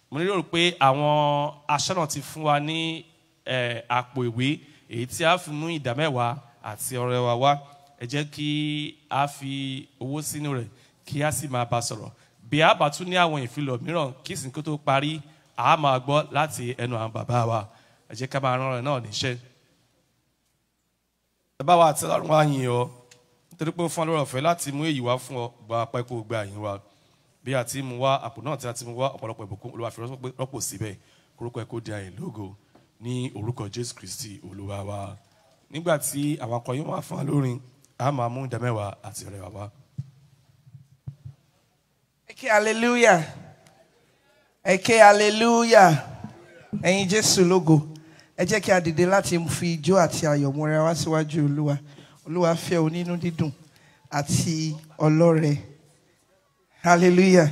mo nílò pé àwọn aṣọ́nà ti fún wa ní àpò ìwé èyí tí a fi mú ìdá mẹ́wàá àti ọrẹ wa wá ẹ jẹ́ kí a fi owó sínú rẹ̀ kí a sì máa bá a sọ̀rọ̀ bí a bá tún ní àwọn ìfilọ̀ mìíràn kí ìsìnkú tó parí a máa gbọ́ láti ẹnu àwọn bàbá wa ẹ jẹ́ ká máa rán ọ̀rẹ́ náà níṣẹ́. bàbá wa àti ọlọ́run wa yìn ọ́ nítorí pé ó fún ọ lọ́rọ̀ ọ̀fẹ́ láti mú èyí wá fún ọ gbọ́ apẹ́ kó gba àyìn wa bí a ti mú wá àpò náà tí a ti mú wá ọ̀pọ̀lọpọ̀ ìbùkún olúwa fi rọ́pò síbẹ̀ kórókò ẹ̀ kó di àyè lógo ní orúkọ jésù kristi olúwa wa nígbà tí àwọn akọyìn wà fún wa lórin a máa mú ìdámẹ́wàá àti ọ̀rẹ́ wa wá. ẹ ké hallelujah ẹ hallelujah ẹyin jésù lógo ẹ jẹ́ kí a dìde láti fi ijó àti àyọ̀mọ́ra wá síwájú olúwa olúwa fẹ́ onínú dídùn àti ọlọ́rẹ̀ẹ́. Aleluia.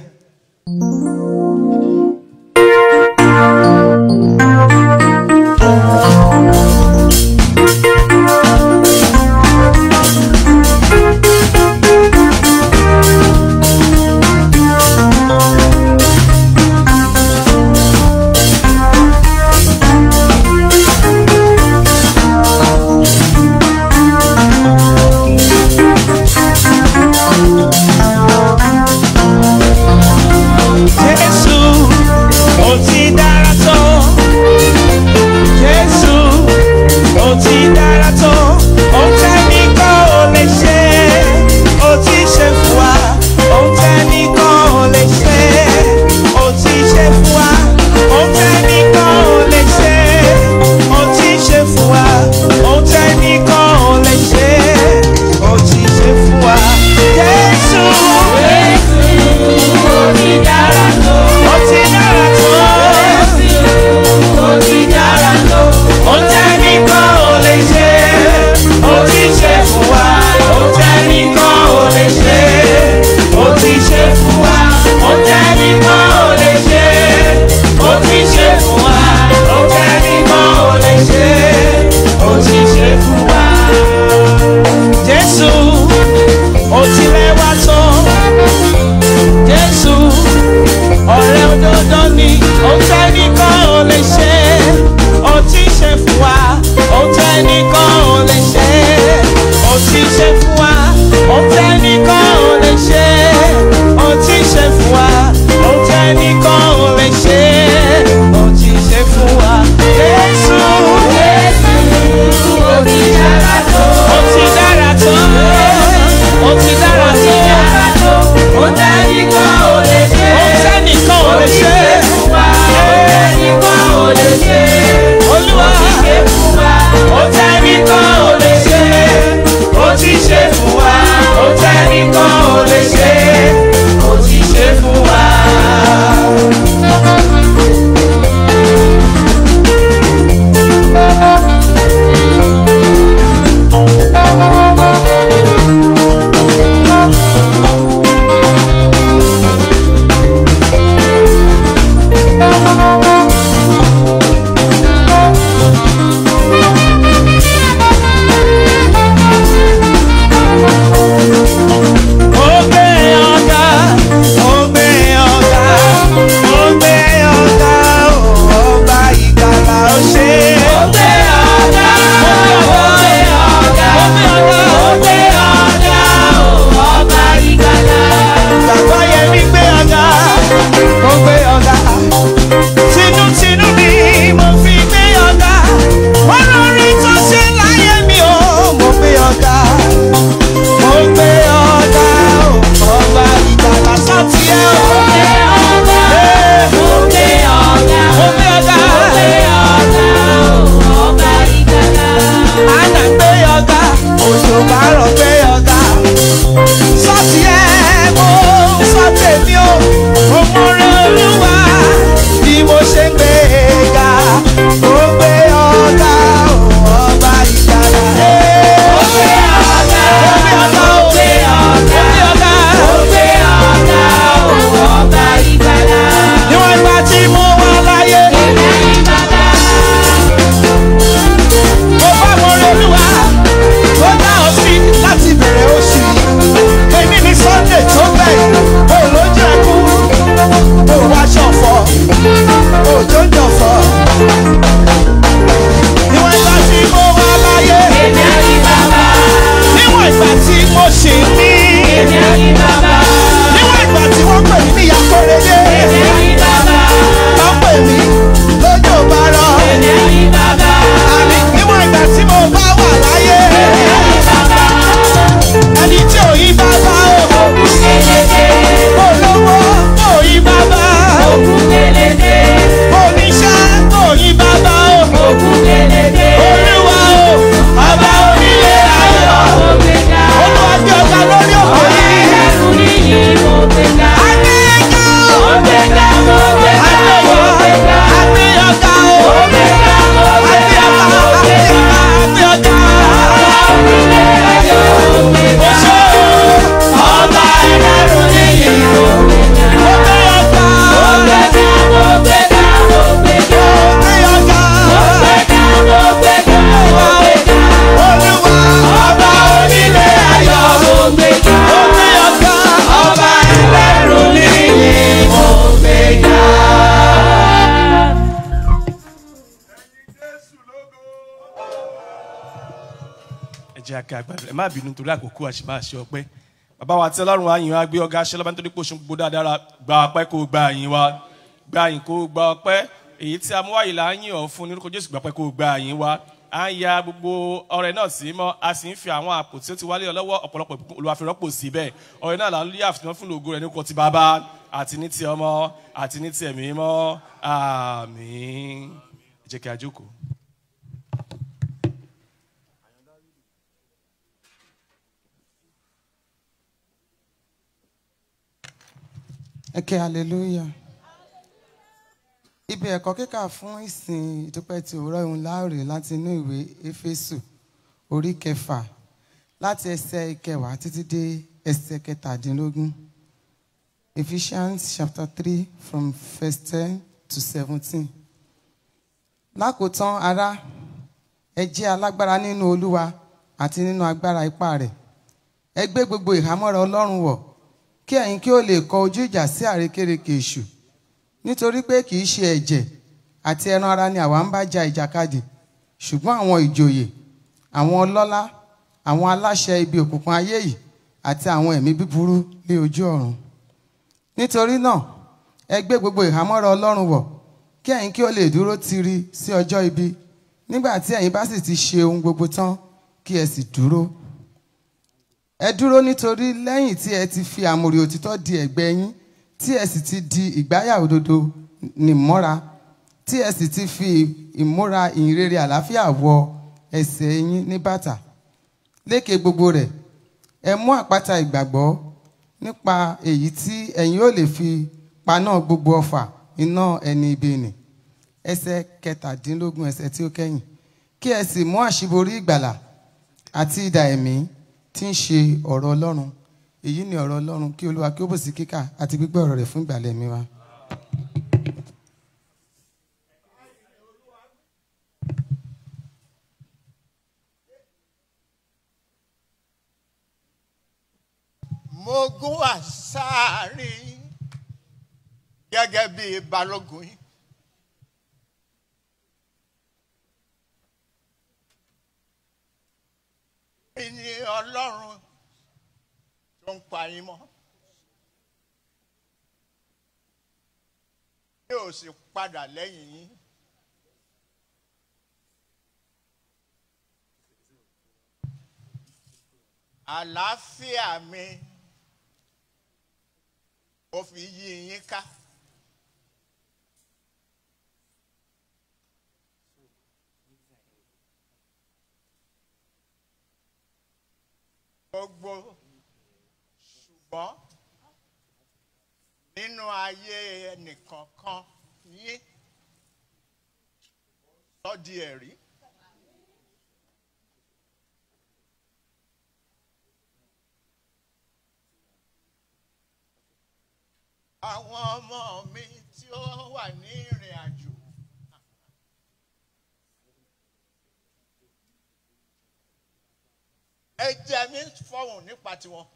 má torí àkókò àṣìbá àṣẹ ọpẹ́ bàbá wa tí ọlọ́run àyìn wa gbé ọ̀gá aṣẹ́lọ́bá nítorí pé gbogbo dáadáa gba ọpẹ́ kó gba àyìn wa gba àyìn kó gba ọpẹ́ èyí tí a là ń yìn ọ́ fún nírúkọ jésù gba kó gba àyìn wa à ń ya gbogbo ọrẹ náà sí mọ́ a sì ń fi àwọn àpò tí ó ti wálé ọlọ́wọ́ ọ̀pọ̀lọpọ̀ olùwàfẹ́rọ́pò síbẹ̀ ọrẹ náà là ń lé àfihàn fún lògo rẹ̀ nípa ti bàbá àti ní ti ọmọ àti ní ti ẹ̀mí mọ́ àmín ẹ jẹ́ Okay, hallelujah. Ibe ẹ̀kọ́ kíkà fún ìsìn ìdúpẹ́ ti òwúrọ̀ ìhun láòrè láti inú ìwé Éfésù orí kẹfà láti ẹsẹ̀ ìkẹwàá títí dé ẹsẹ̀ kẹtàdínlógún. Ephesians chapter three from verse ten to seventeen. Lákòótán ara ẹ jẹ́ alágbára nínú Olúwa àti nínú agbára ipá rẹ̀. Ẹ gbé gbogbo ìhámọ́ra Ọlọ́run wọ̀ kí ẹ̀yin kí ó lè kọ ojú ìjà sí àrékérekè èṣù nítorí pé kì í ṣe ẹ̀jẹ̀ àti ẹran ara ni àwa ń bá ja ìjàkadì ṣùgbọ́n àwọn ìjòyè àwọn ọlọ́lá àwọn aláṣẹ ibi òkùnkùn ayé yìí àti àwọn ẹ̀mí búburú ní ojú ọ̀run nítorí náà ẹ gbogbo ìhámọ́ra ọlọ́run wọ̀ kí ẹ̀yin kí ó lè dúró tiri sí ọjọ́ ibi nígbà tí ẹ̀yin bá sì ti ṣe ohun gbogbo tán kí ẹ sì dúró ẹ dúró nítorí lẹ́yìn tí ẹ ti fi àmùrè òtítọ́ di ẹ̀gbẹ́ yín tí ẹ sì ti di ìgbáyà òdodo nìmọ́ra tí ẹ sì ti fi ìmúra ìhìnrere àlàáfíà wọ ẹsẹ̀ yín ní bàtà lékè gbogbo rẹ̀ ẹ mú àpáta ìgbàgbọ́ nípa èyí tí ẹ̀yin ó lè fi paná gbogbo ọfà iná ẹni ibi ẹsẹ̀ kẹtàdínlógún ẹsẹ̀ tí ó kẹ́yìn kí ẹ sì mú àṣíborí ìgbàlà àti idà ẹ̀mí tí ń ṣe ọ̀rọ̀ Ọlọ́run èyí ni ọ̀rọ̀ Ọlọ́run kí Olúwa kí ó bùsí kíkà àti gbígbọ́ ọ̀rọ̀ rẹ̀ fún ìgbàlẹ̀ mi wa. mo gún àṣà rí gẹ́gẹ́ bí balógun yìí. ni ọlọ́run tó ń pa yín mọ́. mi ò sì padà lẹ́yìn yín. àlàáfíà mi ò fi yí yín ká. gbogbo ṣùgbọ́n nínú ayé ẹnìkọ̀ọ̀kan yín lọ́dí ẹ̀rí. àwọn ọmọ mi tí ó wà ní ìrìn àjò ẹ̀jẹ̀ mi fọ̀hún nípa tiwọn.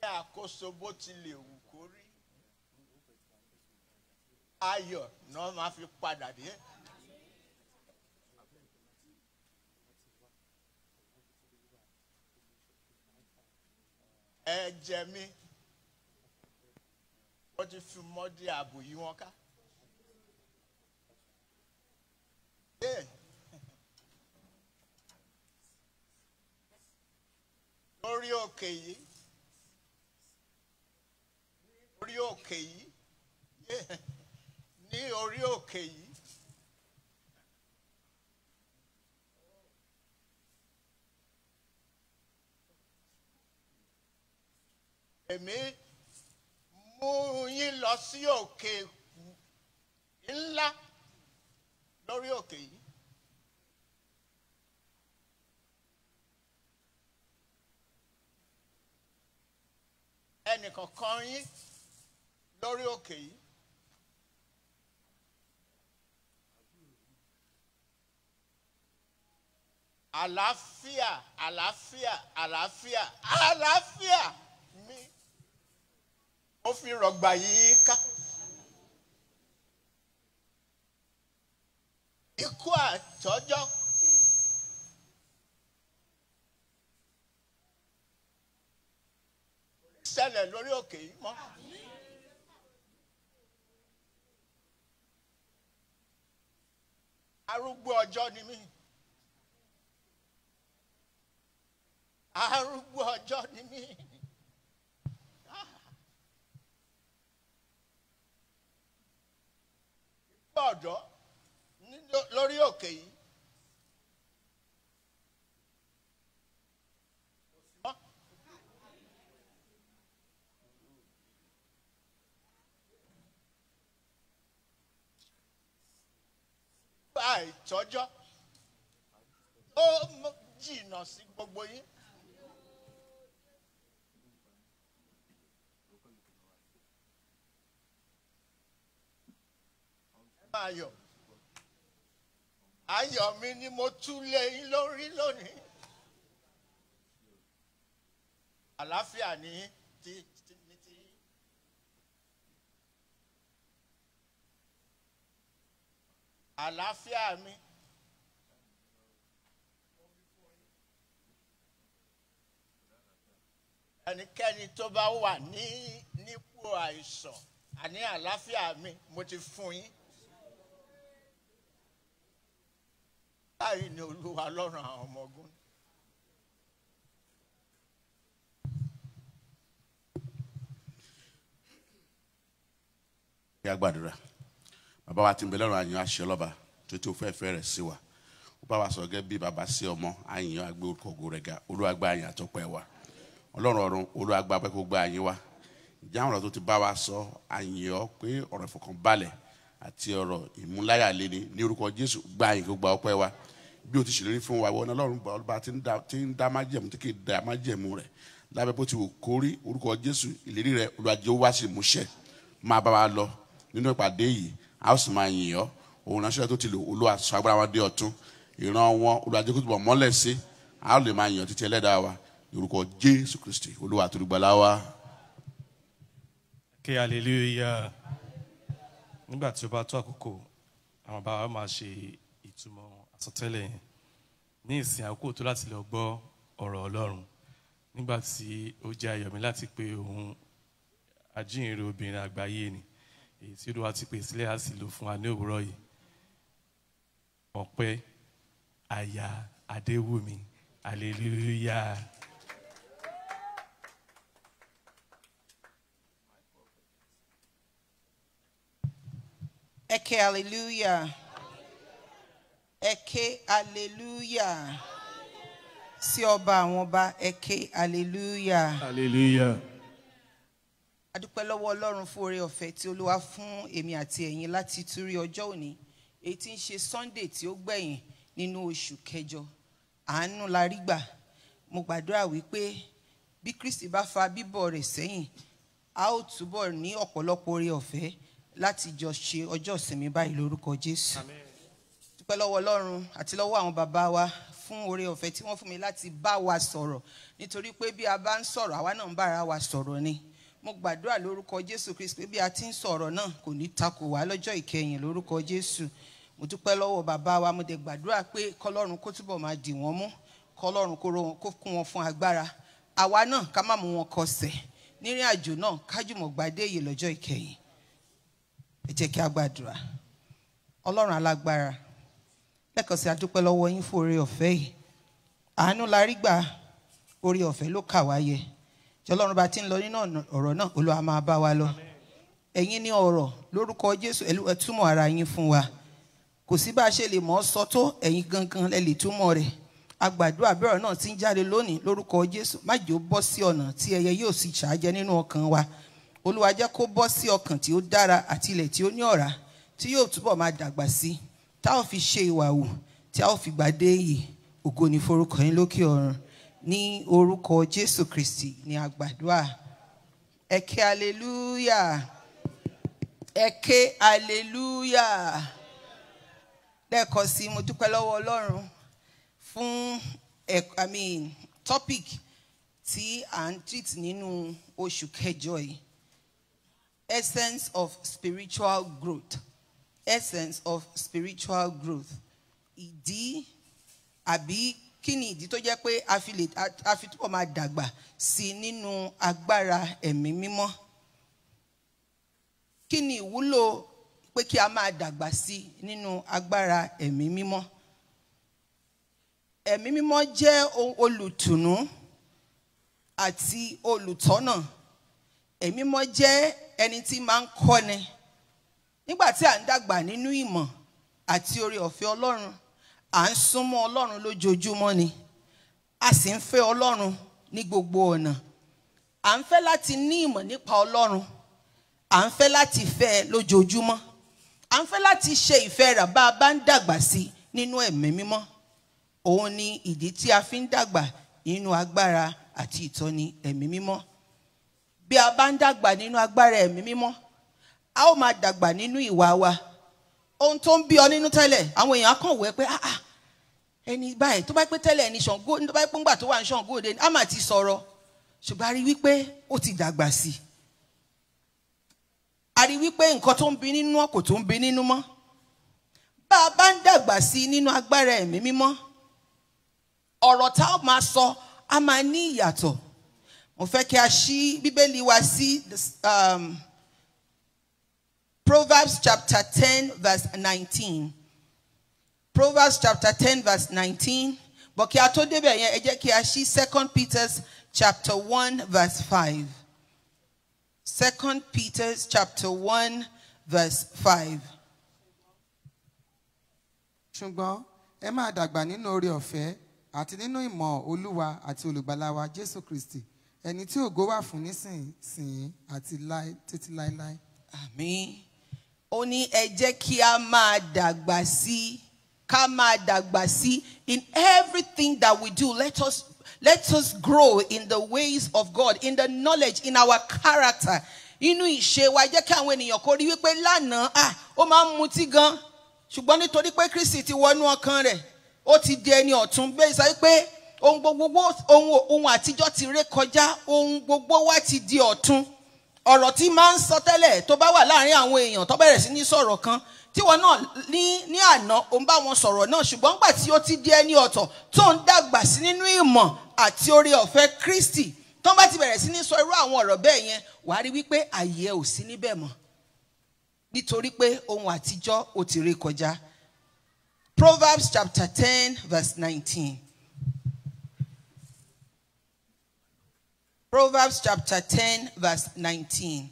ní àkóso bó ti lè wù kó rí ayọ̀ náà máa fi padà dé. ẹ̀jẹ̀ mi wọ́n ti fi mọ́dí ààbò yí wọn ká. lórí òkè yìí lórí òkè yìí ní orí òkè yìí èmi mú yín lọ sí òkè ńlá lórí òkè yìí. ẹnìkọ̀ọ̀kan yín lórí òkè yìí. àlàáfíà àlàáfíà àlàáfíà àlàáfíà mi ó fi rọ̀gbà yìí ká. ikú àtọ́jọ́. ṣẹlẹ̀ lórí òkè yìí mọ́. arúgbó ọjọ́ ni mí. arúgbó ọjọ́ ni mí. ọ̀dọ́ lórí òkè yìí. àìtọ́jọ́ ó jìnnà sí gbogbo yín. ayọ̀ ayọ̀ mi ni mo túlẹ̀ yín lórí lónìí àlàáfíà ni ti ní ti. àlàáfíà mi. ẹnikẹ́ni tó bá wà ní nípò àìsàn àní àlàáfíà mi mo ti fún yín. báyìí ni olúwa lọ́rùn àwọn ọmọ ogun. kí a gbàdúrà bàbá wa ti ń bẹ lọ́rùn àyàn àṣẹ ọlọ́ba tó tó fẹ́ fẹ́ rẹ̀ sí wa ó bá wa sọ̀rọ̀ gẹ́gẹ́ bí bàbá sí ọmọ àyàn agbé orúkọ ògo rẹ̀ ga olúwa gba àyàn àtọ́pẹ́ wa ọlọ́run ọ̀run olúwa gba apẹ́kọ̀ gba àyàn wa ìjà ọ̀rọ̀ tó ti bá wa sọ àyàn pé ọ̀rọ̀ ìfọkànbalẹ̀ àti ọ̀rọ̀ ìmúláyàléni ní orúkọ jésù gba àyàn kó gba ọpẹ́ wa bí o ti ṣèlérí fún wa ìwọ ni ọlọ́run bá ti ń dá májẹ̀mú tí kì í dá májẹ̀mú rẹ̀ lábẹ́ bó ti wù kórí orúkọ jésù ìlérí rẹ̀ olùwàjẹ́ wá sí ìmúṣẹ máa bá wa lọ nínú ìpàdé yìí a ó sì máa yìn ọ́ òun ránṣẹ́ tó ti lò olúwa sọ agbára wọn dé ọ̀tún ìran wọn olùwàjẹ́ kó túbọ̀ mọ́lẹ̀ sí a ó lè máa yìn ọ́ títí ẹlẹ́dàá wa orúkọ jésù kristi olúwa àtòlùgbàlà wa. kí aleluya nígbà tí ó bá tó àkókò àwọn bàbá máa ṣe ìtumọ̀ àsọtẹ́lẹ̀ yẹn ní ìsìn àkókò tó láti lọ gbọ́ ọ̀rọ̀ Ọlọ́run nígbà tí ó jẹ́ ayọ̀mí láti pé òun ajínrere obìnrin àgbáyé ni èyí tí olúwa ti pè sílẹ̀ á sì lò fún wa ní òwúrọ̀ yìí ọpẹ́ àyà adéwùmí aleluya. Eke hallelujah ẹ ké aleluya sí ọba àwọn ọba ẹ ké aleluya. aleluya. a dúpẹ́ lọ́wọ́ ọlọ́run fún oore ọ̀fẹ́ tí olúwa fún èmi àti ẹ̀yin láti tún rí ọjọ́ òní èyí tí ń ṣe sunday tí ó gbẹ̀yìn nínú oṣù kẹjọ àánú la rí gbà mo gbàdúrà wípé bí kristi bá fa bíbọ̀ rẹ̀ sẹ́yìn a ó túbọ̀ ní ọ̀pọ̀lọpọ̀ oore ọ̀fẹ́ láti jọ ṣe ọjọ́ ìsinmi báyìí lórúkọ jésù. Amen dúpẹ́ lọ́wọ́ ọlọ́run àti lọ́wọ́ àwọn bàbá wa fún oore ọ̀fẹ́ tí wọ́n fún mi láti bá wa sọ̀rọ̀ nítorí pé bí a bá ń sọ̀rọ̀ àwa náà ń bára wa sọ̀rọ̀ ni mo gbàdúrà lórúkọ jésù kristu pé bí a ti ń sọ̀rọ̀ náà kò ní takò wá lọ́jọ́ ìkẹyìn lórúkọ jésù mo dúpẹ́ lọ́wọ́ bàbá wa mo dẹ̀ gbàdúrà pé kọlọ́run kó túbọ̀ máa dì wọ́n mú kọlọ́run kó kún wọn fún agbára àwa náà ká má mú wọn kọsẹ̀ nírìn àjò náà kájùmọ̀ gbàdé lọ́jọ́ ìkẹyìn ẹ jẹ́ kí a gbàdúrà ọlọ́run alágbára lẹ́ẹ̀kan sí adúpẹ́ lọ́wọ́ yín fún oore ọ̀fẹ́ yìí àánú la rí gbà oore ọ̀fẹ́ ló kà wá yẹ tí ọlọ́run bá ti ń lọ nínú ọ̀rọ̀ náà olúwa máa bá wa lọ ẹ̀yin ní ọ̀rọ̀ lórúkọ jésù ẹ túmọ̀ ara yín fún wa kò sí bá a ṣe lè mọ̀ ọ́ sọ tó ẹ̀yin gangan lẹ lè túmọ̀ rẹ̀ agbàdúrà bẹ́ẹ̀rẹ̀ náà ti ń jáde lónìí lórúkọ jésù má jẹ́ bọ́ sí ọ̀nà tí ẹyẹ yóò sì ṣàjẹ́ nínú ọkàn wa olúwa jẹ́ kó bọ́ sí ọkàn tí ó dára àti tí ó ní ọ̀rá tí yóò túbọ̀ máa dàgbà sí i tá ò fi ṣe ìwà wù tí a ó fi gbà dé yìí ògo ni forúkọ yín lókè ọ̀run ní orúkọ Jésù Kristi ni àgbàdua ẹ ké aleluya ẹ ké aleluya lẹ́ẹ̀kan sí mo dúpẹ́ lọ́wọ́ Ọlọ́run fún I mean topic tí à ń treat nínú oṣù kẹjọ yìí essence of spiritual growth essence of spiritual growth ìdí àbí kí ni ìdí tó jẹ́ pé a fi túbọ̀ máa dàgbà sí nínú agbára ẹ̀mí mímọ́ kí ni ìwúlò pé kí a máa dàgbà sí nínú agbára ẹ̀mí mímọ́ ẹ̀mí mímọ́ jẹ́ olùtùnú àti olùtọ́nà ẹ̀mí mímọ́ jẹ́ ẹni tí máa ń kọ́ni nígbà tí à ń dàgbà nínú ìmọ̀ àti oore ọ̀fẹ́ Ọlọ́run à ń súnmọ́ Ọlọ́run lójoojúmọ́ ni a sì ń fẹ́ Ọlọ́run ní gbogbo ọ̀nà à ń fẹ́ láti ní ìmọ̀ nípa Ọlọ́run à ń fẹ́ láti fẹ́ ẹ lójoojúmọ́ à ń fẹ́ láti ṣe ìfẹ́ rà bá a bá ń dàgbà sí nínú ẹ̀mí mímọ́ òun ni ìdí tí a fi ń dàgbà nínú agbára àti ìtọ́ni ẹ̀mí mímọ́ bí a bá ń dàgbà nínú agbára ẹ̀mí mímọ́ a ó máa dàgbà nínú ìwà wa ohun tó ń bí ọ nínú tẹ́lẹ̀ àwọn èèyàn kàn wẹ́ pé ah ah ẹni báyìí tó bá pẹ́ tẹ́lẹ̀ ní Ṣàngó tó bá pẹ́ ńgbà tó wà ní Ṣàngó òde ni a máa ti sọ̀rọ̀ ṣùgbọ́n a rí wípé ó ti dàgbà sí i a rí wípé nǹkan tó ń bí nínú kò tó ń bí nínú mọ́ bá a bá ń dàgbà sí i nínú agbára ẹ̀mí mímọ́ ọ̀rọ̀ tá a máa sọ a máa ní ìyàtọ̀ mo fẹ́ kí a ṣí bíbélì wa sí. Um, Proverbs chapter 10, verse 19. Proverbs chapter 10, verse 19. But kia a tó débẹ̀ yẹn, ẹ jẹ́ kí Second Peter's chapter 1, verse 5. Second Peter's chapter 1, verse 5. Ṣùgbọ́n ẹ máa nori ofe ati ni no imo oluwa ati olubalawa Olùgbàlà wa Eni ti ogowa tí ògo wà fún nísinsìnyí àti títí láéláé. Àmín ó ní ẹ jẹ́ kí a máa dàgbà sí ká máa dàgbà sí in everything that we do let us let us grow in the ways of God in the knowledge in our character inú ìṣe wa jẹ́ kí àwọn ènìyàn kó rí wípé lánàá ah ó máa ń mutí gan ṣùgbọ́n nítorí pé Kristi ti wọnú ọkàn rẹ̀ ó ti di ẹni ọ̀tún bẹ́ẹ̀ sọ wípé ohun gbogbo ohun àtijọ́ ti ré kọjá ohun gbogbo wa ti di ọ̀tún ọ̀rọ̀ tí máa ń sọ tẹ́lẹ̀ tó bá wà láàrin àwọn èèyàn tó bẹ̀rẹ̀ sí ní sọ̀rọ̀ kan tíwọ náà ní ní àná òun bá wọn sọ̀rọ̀ náà ṣùgbọ́n nígbà tí ó ti di ẹni ọ̀tọ̀ tó ń dàgbà sí nínú ìmọ̀ àti oore ọ̀fẹ́ Kristi tó bá ti bẹ̀rẹ̀ sí ní sọ irú àwọn ọ̀rọ̀ bẹ́ẹ̀ yẹn wàá rí wípé àyè ò sí níbẹ̀ mọ́ nítorí pé ohun àtijọ́ ò ti ré kọjá Proverbs chapter ten verse nineteen. Proverbs chapter 10, verse 19.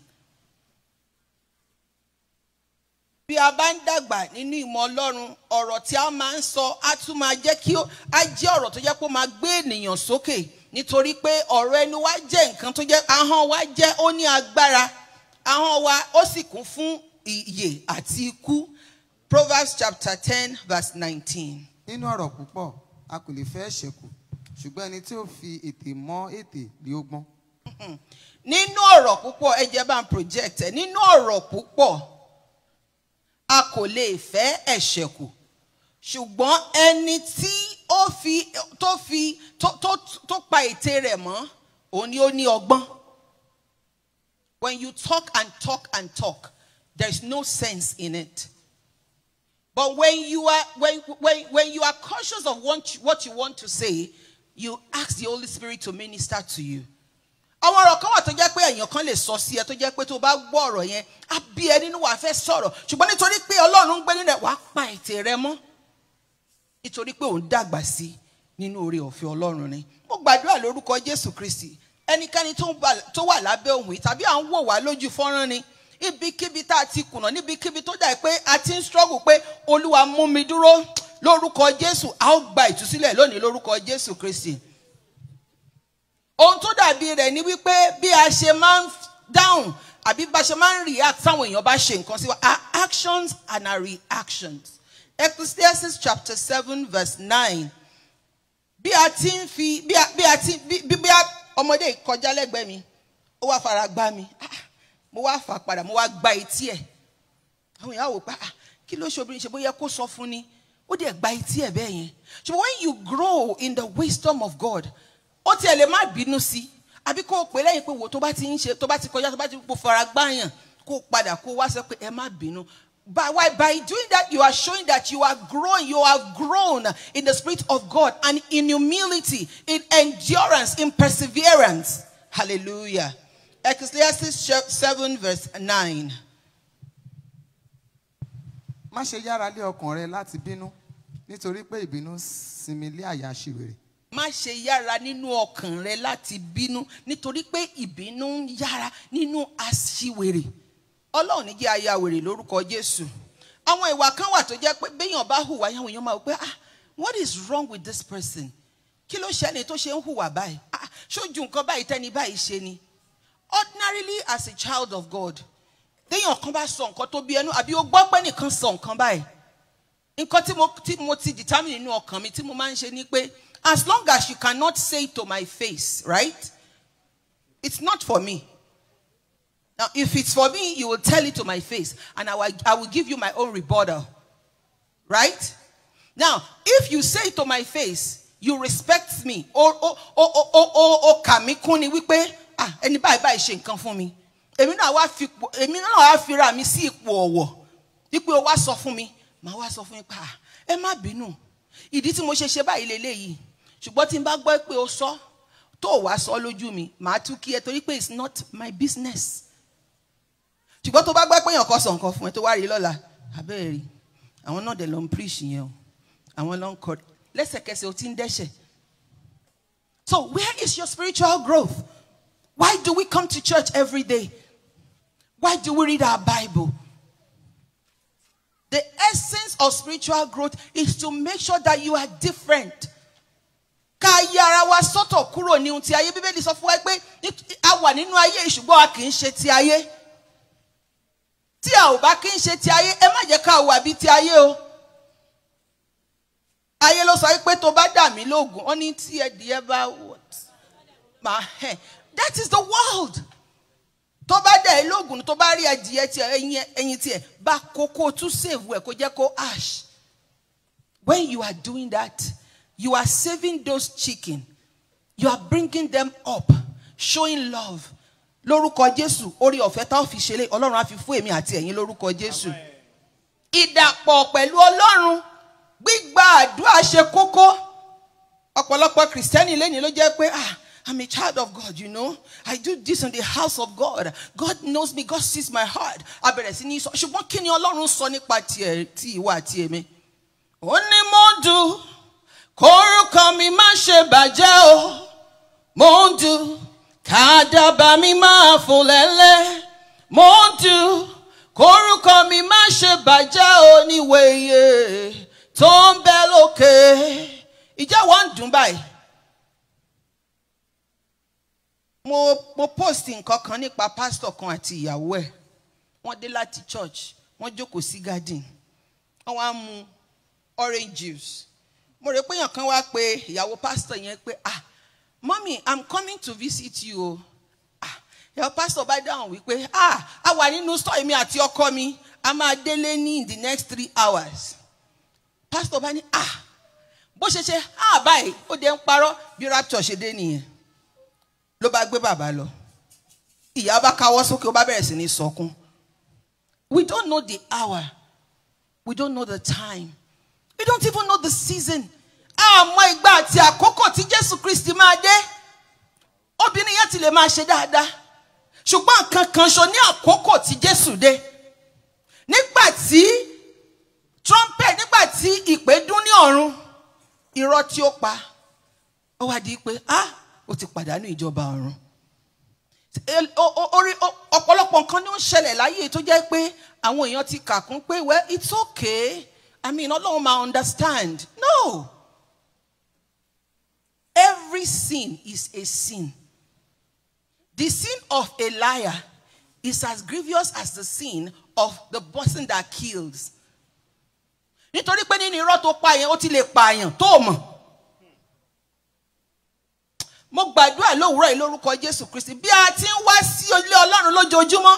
bí a bá ń dàgbà nínú ìmọ̀ ọlọ́run ọ̀rọ̀ tí a máa ń sọ á tún máa jẹ́ kí á jẹ́ ọ̀rọ̀ tó jẹ́ pé ó máa gbé ènìyàn sókè nítorí pé ọ̀rọ̀ ẹnu wa jẹ́ nǹkan tó jẹ́ ahọ́n wa jẹ́ ó ní agbára ahọ́n wa ó sì kún fún ìyè àti ikú Proverbs chapter ten verse nineteen. nínú ọ̀rọ̀ púpọ̀ a kò lè fẹ́ ṣẹ̀kù ṣùgbọ́n ẹni tí ó fi ètè mọ́ ètè rí ó gbọ́n. nínú ọ̀rọ̀ púpọ̀ ẹ jẹ́ bá project ẹ̀ nínú ọ̀rọ̀ púpọ̀ a kò lè fẹ́ ṣùgbọ́n ẹni tí ó fi tó fi tó pa mọ́ ọgbọ́n. When you talk and talk and talk, there is no sense in it. But when you are when when when you are conscious of what you, what you want to say, you ask the Holy Spirit to minister to you. àwọn ọ̀rọ̀ kan wà tó jẹ́ pé èèyàn kan lè sọ sí ẹ tó jẹ́ pé tó bá gbọ́ ọ̀rọ̀ yẹn á bí ẹ nínú wàá fẹ́ sọ̀rọ̀ ṣùgbọ́n nítorí pé Ọlọ́run ń gbé nílẹ̀ wàá pa ètè rẹ mọ́ nítorí pé òun dàgbà sí nínú oore ọ̀fẹ́ Ọlọ́run ni mo gbàdúrà lórúkọ Jésù Kristi ẹnikẹ́ni tó wà lábẹ́ òun yìí tàbí à ń wò wá lójú fọ́nrán ni ibikíbi tá a ti kùnà níbikíbi tó dà pé a ti ń struggle pé Olúwa mú mi dúró lórúkọ Jésù a ó gba ìtúsílẹ̀ lónìí lórúkọ Jésù Kristi ohun tó dàbí rẹ̀ ni wípé bí a ṣe máa ń dáhùn àbí bá ṣe máa ń react táwọn èèyàn bá ṣe nǹkan sí wa our actions and our reactions Ecclesiastes chapter seven verse nine bí a ti ń fi bí a bí a ti bí bí a ọmọdé kọjá lẹ́gbẹ̀ẹ́ mi ó wá fara gbá mi ah, mo wá fà padà mo wá gba etí ẹ̀ àwọn èèyàn wò pa ah, kí ló ṣe obìnrin ṣe bó yẹ kó sọ fún ni ó dẹ̀ gba etí ẹ̀ bẹ́ẹ̀ yẹn so when you grow in the wisdom of God ó tiẹ̀ lè má bínú sí àbí kó o pè lẹ́yìn pé wò tó bá ti ń ṣe tó bá ti kọjá tó bá ti kó fara gbáyàn kó o padà kó o wá sọ pé ẹ má bínú by, why, by doing that, you are showing that you are growing, you are grown in the Spirit of God and in humility, in endurance, in perseverance. Hallelujah. Ecclesiastes 7, verse 9. Má ṣe yára lé ọkàn rẹ láti bínú nítorí pé ìbínú sinmi lé àyà ṣìwèrè má ṣe yára nínú ọkàn rẹ láti bínú nítorí pé ìbínú ń yára nínú aṣiwèrè ọlọ́run ní jẹ́ ayawèrè lórúkọ jésù àwọn ìwà kan wà tó jẹ́ pé béèyàn bá hùwà yẹn àwọn èèyàn máa wò pé ah what is wrong with this person kí ló ṣẹlẹ̀ tó ṣe ń hùwà báyìí ah ṣojú nǹkan báyìí tẹ́ni báyìí ṣe ni ordinarily as a child of God téèyàn kan bá sọ nǹkan tó bí ẹnu àbí ó gbọ́ pé nìkan sọ nǹkan báyìí nǹkan tí mo ti determine nínú ọkàn mi tí mo máa ń ṣe ni pé As long as you cannot say to my face, right? It's not for me. Now, if it's for me, you will tell it to my face, and I will, I will give you my own rebuttal. Right? Now, if you say to my face, you respect me, Oh oh oh oh oh oh oh. kún ni wípé ah Anybody buy báyìí Come for me. Emi na wa wá fi èmi náà wá fira mi si ipò ọ̀wọ̀ wípé o wá sọ fún mi Ma wa sọ fún yín pa ah, ẹ má bínú ìdí tí mo ṣe ṣe báyìí lélẹ́yìí ṣùgbọ́n tí n bá gbọ́ pé o sọ tó o wá sọ lójú mi màá tún kí ẹ torí pé it's not my business ṣùgbọ́n tó bá gbọ́ pé èèyàn kan sọ nǹkan fún ẹ tó wá rí lọ́la abẹ́rẹ́ rí àwọn náà dẹ̀ lọ ń preach yẹn o àwọn lọ ń kọ lẹ́sẹ̀kẹsẹ̀ o ti ń dẹ́ṣẹ̀ so where is your spiritual growth why do we come to church every day why do we read our Bible. The essence of spiritual growth is to make sure that you are different ká yí ara wa sọ́tọ̀ kúrò ní ohun ti ayé bíbélì sọ fún wa pé a wà nínú ayé ṣùgbọ́n a kì í ṣe ti ayé tí a ò bá kì í ṣe ti ayé ẹ má jẹ́ ká wà bí ti ayé o ayé ló sọ pé tó bá dà mí lóògùn ó ní tí ẹ di ẹ bá what ma hẹ that is the world tó bá dà ẹ lóògùn tó bá rí adìyẹ tiẹ ẹyin ẹyin tiẹ bá kókó tún sèwú ẹ kó jẹ́ kó ash when you are doing that. You are saving those chicken. You are bringing them up, showing love. Lórúkọ Jésù, orí ọ̀fẹ́ tá ò fi ṣeré, Ọlọ́run á fi fún èmi àti ẹ̀yin lórúkọ Jésù. Ìdàpọ̀ pẹ̀lú Ọlọ́run, gbígba àdúrà ṣe kókó. Ọ̀pọ̀lọpọ̀ Kìrìsìtẹ́nì lẹ́ni ló jẹ́ pé ah I'm a child of God, you know. I do this in the house of God. God knows me. God sees my heart. A sí ní sọ, ṣùgbọ́n kí ni Ọlọ́run sọ nípa tiẹ̀ tí ìwà àti èmi? Ó ní mo dùn kórúkọ mi má ṣe bàjẹ́ o mò ń dù kàdàbà mi máa fò lẹ́lẹ́ mò ń dù kórúkọ mi má ṣe bàjẹ́ o níwèye tó ń bẹ lókè ìjà wọn ń dùn báyìí. mo mo post nǹkan kan nípa pastor kan àti ìyàwó ẹ̀ wọ́n dé láti church wọ́n jókòó sí garden wọ́n wá mu orange juice mo rò pé èèyàn kan wá pé ìyàwó pásítọ̀ yẹn pé ah mọ́mì i'm coming to visit you o ah ìyàwó pásítọ̀ bá dáhùn wípé ah a wà nínú store èmi àti ọkọ mi a máa délé ní in the next three hours pásítọ̀ bá ní ah bó ṣe ṣe ah báyìí ó dé ń parọ́ bí rapture ṣe dé nìyẹn ló bá gbé bàbá lọ ìyá bá káwọ́ sókè ó bá bẹ̀rẹ̀ sí ní sọkún we don't know the hour we don't know the time we don't even know the season àmọ́ ìgbà àti àkókò tí Jésù Kristi máa dé obìnrin yẹn ti lè máa ṣe dáadáa ṣùgbọ́n nǹkan kan ṣo ní àkókò tí Jésù dé nígbà tí trumpet nígbà tí ìpè dún ní ọ̀run irọ́ tí ó pa ó wá di pé ah ó ti pàdánù ìjọba ọ̀run orí ọ̀pọ̀lọpọ̀ nǹkan ni ó ń ṣẹlẹ̀ láyé tó jẹ́ pé àwọn èèyàn ti kà kún pé well it's okay I mean Ọlọ́run máa understand no Every sin is a sin. The sin of a liar is as grievous as the sin of the person that kills. Nítorí pé nínú irọ́ tó pa yẹn, ó ti lè pa yẹn tó mọ̀. Mo gbàdúrà lówùúrọ̀ yìí lórúkọ Jésù Kristi. Bí a ti ń wá sí ilé Ọlọ́run lójoojúmọ́,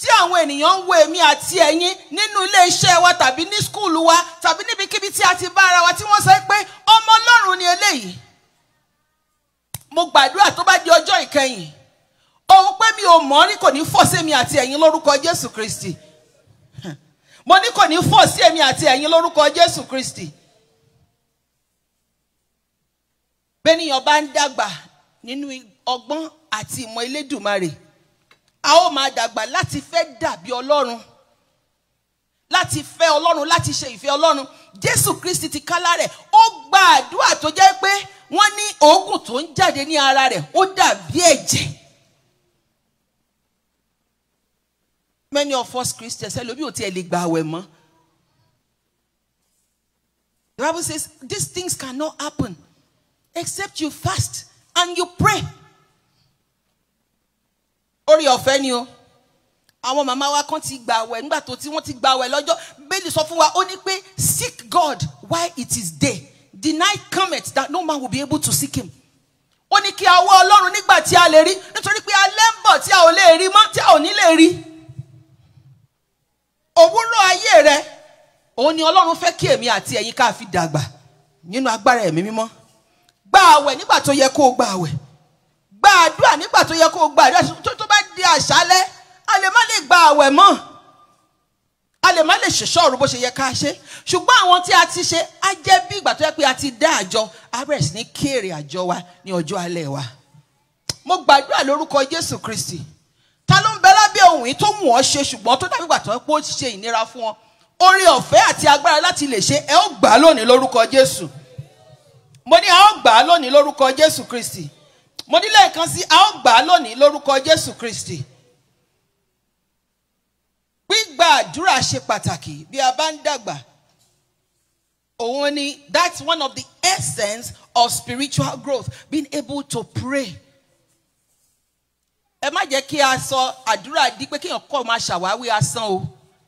tí àwọn ènìyàn ń wo èmi àti ẹ̀yin nínú ilé iṣẹ́ wa tàbí ní skúùlù wa tàbí níbikíbi tí a ti bá ara wa tí wọ́n sọ pé ọmọ Ọlọ́run ni eléyìí mo gbàdúrà tó bá di ọjọ́ ìkẹyìn ohun pé mi ò mọ̀ ní kò ní fọ́ sí èmi àti ẹ̀yin lórúkọ Jésù Kristi mo ní kò ní fọ́ sí èmi àti ẹ̀yin lórúkọ Jésù Kristi bẹ́nìyàn bá ń dàgbà nínú ọgbọ́n àti ìmọ̀ Elédùmarè a ó máa dàgbà láti fẹ́ dàbí Ọlọ́run láti fẹ́ Ọlọ́run láti ṣe ìfẹ́ Ọlọ́run jésù kristi ti kálá rẹ̀ ó gba àdúrà tó jẹ́ pé wọ́n ní òógùn tó ń jáde ní ara rẹ̀ ó dàbí ẹ̀jẹ̀. many of us christians ẹlòmíì ò tiẹ̀ lè gba àwẹ̀ mọ́. the bible says these things cannot happen except you fast and you pray. orí ọ̀fẹ́ ni o àwọn màmá wa kan ti gbà wẹ̀ nígbà tó tí wọ́n ti gbà wẹ̀ lọ́jọ́ bẹ́ẹ̀ni sọ fún wa ó ní pé seek God while it is day the night cometh that no man will be able to seek him. ó ní kí a wá ọlọ́run nígbà tí a lè rí nítorí pé alẹ́ ń bọ̀ tí a ò lè rí mọ́ tí a ò ní lè rí. òwúrọ̀ ayé rẹ òun ni ọlọ́run fẹ́ kí èmi àti ẹ̀yin ká fi dàgbà nínú agbára ẹ̀mí mímọ́ gba àwẹ̀ nígbà tó yẹ kó o gba àwẹ̀ gba àdúrà nígbà tó yẹ kó o gba àdúrà tó bá di àṣálẹ́ a lè má lè gba àwẹ̀ mọ́ a lè má lè ṣèṣọ́ òru bó ṣe yẹ ká ṣe ṣùgbọ́n àwọn tí a ti ṣe á jẹ́ bí ìgbà tó yẹ pé a ti dá àjọ a ní kéré àjọ wa ní ọjọ́ alẹ́ wa mo gbàdúrà lórúkọ Jésù Kristi ta ló ń bẹ lábẹ́ ohun yìí tó wù ọ́ ṣe ṣùgbọ́n tó dàbí ìgbà tó yẹ pé ó ti ṣe ìnira fún ọ orí ọ̀fẹ́ àti agbára láti lè ṣe ẹ ó gbà á lónìí lórúkọ Jésù mo ní a ó gbà á lónìí lórúkọ Jésù Kristi mo ní lẹ́ẹ̀kan sí a ó gbà á lónìí lórúkọ Jésù Kristi gbígba àdúrà ṣe pàtàkì bí a bá ń dàgbà òun ni that's one of the essence of spiritual growth being able to pray. ẹ má jẹ́ kí a sọ àdúrà di pé kéèyàn kọ́ máa ṣàwáwí asán o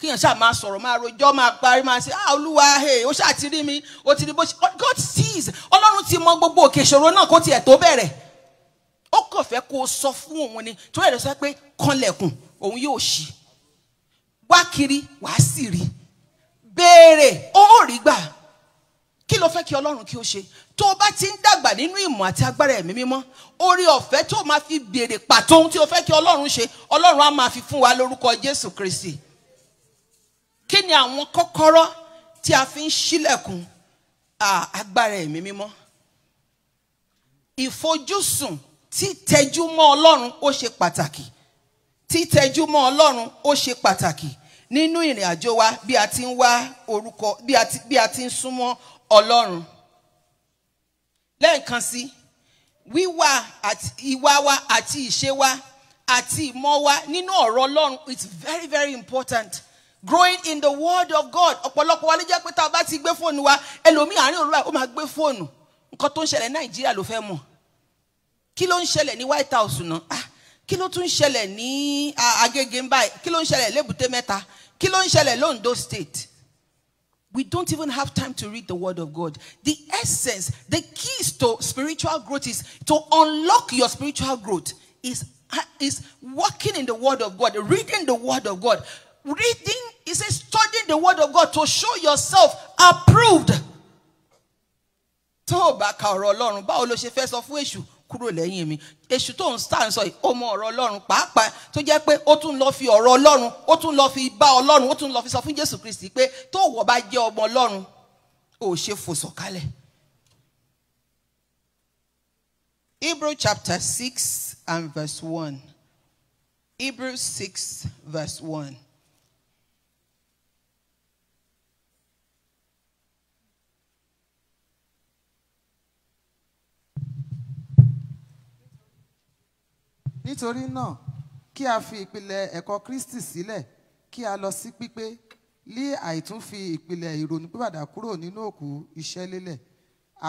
kéèyàn ṣáà máa sọ̀rọ̀ máa rojọ́ máa parí máa ṣe ah olúwa ó ṣáà ti rí mi ó ti rí bó ṣe God sees ọlọ́run ti mọ gbogbo òkè ìṣòro náà kó tiẹ̀ tó bẹ̀rẹ̀ ó kàn fẹ́ kó o sọ fún òun ni tó yẹ lọ sọ pé kanlẹ̀kùn òun yóò ṣí wá kiri wàá sì rí béèrè ó rí gbà kí ló fẹ́ kí ọlọ́run kí ó ṣe tó o bá ti ń dàgbà nínú ìmọ̀ àti agbára ẹ̀mí mímọ́ orí ọ̀fẹ́ tó máa fi béèrè pàtó ohun tí o fẹ́ kí ọlọ́run ṣe ọlọ́run á máa fi fún wa lórúkọ jésù kristi kí ni àwọn kọ́kọ́rọ́ tí a fi ń ṣílẹ̀kùn agbára ẹ̀mí mímọ́ ìfojúsùn títẹjú mọ́ ọlọ́run ó ṣe pàtàkì títẹjú mọ́ ọlọ́run ó ṣe pàtàkì nínú ìrìn àjò wa bí a ti ń wá orúkọ bí a ti ń súnmọ́ ọlọ́run lẹ́ẹ̀kan sí wíwà àti ìwà wa àti ìṣe wa àti ìmọ̀ wa nínú ọ̀rọ̀ ọlọ́run it's very very important growing in the word of God ọ̀pọ̀lọpọ̀ wa ló jẹ́ pé tá a bá ti gbé fóònù wa ẹlòmíì àárín òru báyìí ó máa gbé fóònù nǹkan tó ń ṣẹlẹ̀ Nàìjíríà ló fẹ́ mọ̀ kí ló ń ṣẹlẹ̀ ní White House náà ah kí ló tún ṣẹlẹ̀ ní Agége ń báyìí kí ló ń ṣẹlẹ̀ lébùté mẹ́ta kí ló ń ṣẹlẹ̀ l'Ondo state we don't even have time to read the word of God the essence the keys to spiritual growth is to unlock your spiritual growth is is working in the word of God reading the word of God reading is studying the word of God to show yourself approved tó o bá ka ọ̀rọ̀ Ọlọ́run báwo ló ṣe fẹ́ sọ fún èṣù kúrò lẹ́yìn mi èṣù tó ń sá ń sọ yìí ó mọ ọ̀rọ̀ ọlọ́run pàápàá tó jẹ́ pé ó tún lọ fi ọ̀rọ̀ ọlọ́run ó tún lọ fi bá ọlọ́run ó tún lọ fi sọ fún jésù kristi pé tó wọ bá jẹ́ ọmọ ọlọ́run ò ṣe fò sọ̀kalẹ̀. Hebrew chapter six and verse one Hebrew six verse one. nítorí náà kí a fi ìpìlẹ̀ ẹ̀kọ́ Kristi sílẹ̀ kí a lọ sí pípé lí àìtúnfi ìpìlẹ̀ ìrònú pípadà kúrò nínú òkú iṣẹ́ lélẹ̀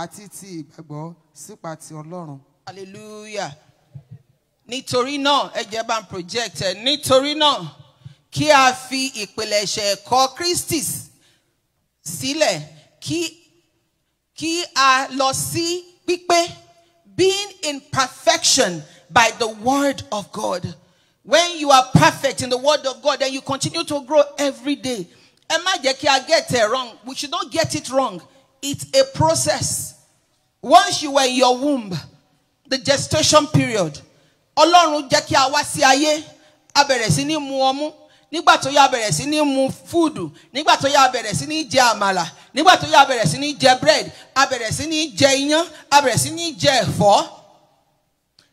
àti ti ìgbàgbọ́ sípa ti Ọlọ́run. hallelujah nítorí náà ẹ bá ń project ẹ̀ nítorí náà kí a fi ìpìlẹ̀ṣẹ̀ ẹ̀kọ́ Kristi sílẹ̀ kí kí a lọ sí pípé. being in perfection by the word of God. When you are perfect in the word of God, then you continue to grow every day. Am I get it wrong? We should not get it wrong. It's a process. Once you were in your womb, the gestation period, Ọlọ́run jẹ́ kí a wá sí ayé, sí ní mu ọmú. nígbà tó yá bẹ̀rẹ̀ sí ní mu fúdù nígbà tó yá bẹ̀rẹ̀ sí ní jẹ àmàlà nígbà tó yá bẹ̀rẹ̀ sí ní jẹ bírèdì a bẹ̀rẹ̀ sí ní jẹ iyán a bẹ̀rẹ̀ sí ní jẹ ẹ̀fọ́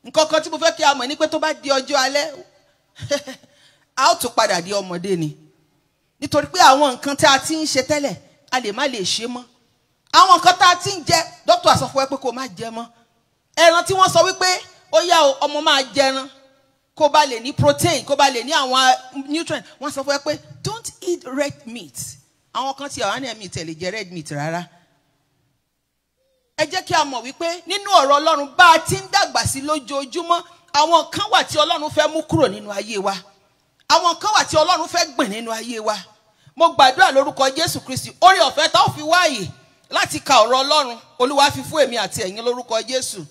nǹkan kan tí mo fẹ́ kí a mọ̀ ní pé tó bá di ọjọ́ alẹ́ a ó tún padà di ọmọdé ni nítorí pé àwọn nǹkan tí a ti ń ṣe tẹ́lẹ̀ a lè má lè ṣe mọ́ àwọn nǹkan tá a ti ń jẹ dókítà sọ fún ẹ pé kó má jẹ mọ́ ẹran tí wọ́n sọ wípé ó yá ọmọ máa jẹran kó ba lè ní protein kó ba lè ní àwọn ah, nutrient wọ́n sọ fún ẹ pé don't eat red meat àwọn kan ti àwọn ní ẹ̀mí tẹ̀lé jẹ red meat rárá ẹ jẹ́ kí a mọ̀ wípé nínú ọ̀rọ̀ Ọlọ́run bá a ti ń dàgbà sí lójoojúmọ́ àwọn kan wà tí Ọlọ́run fẹ́ mú kúrò nínú ayé wa àwọn kan wà tí Ọlọ́run fẹ́ gbìn nínú ayé wa mo gbàdúrà lórúkọ Jésù Kristi orí ọ̀fẹ́ tá ò fi wáyè láti ka ọ̀rọ̀ Ọlọ́run Olúwa fi fún èmi àti ẹ̀yin lórúkọ Jésù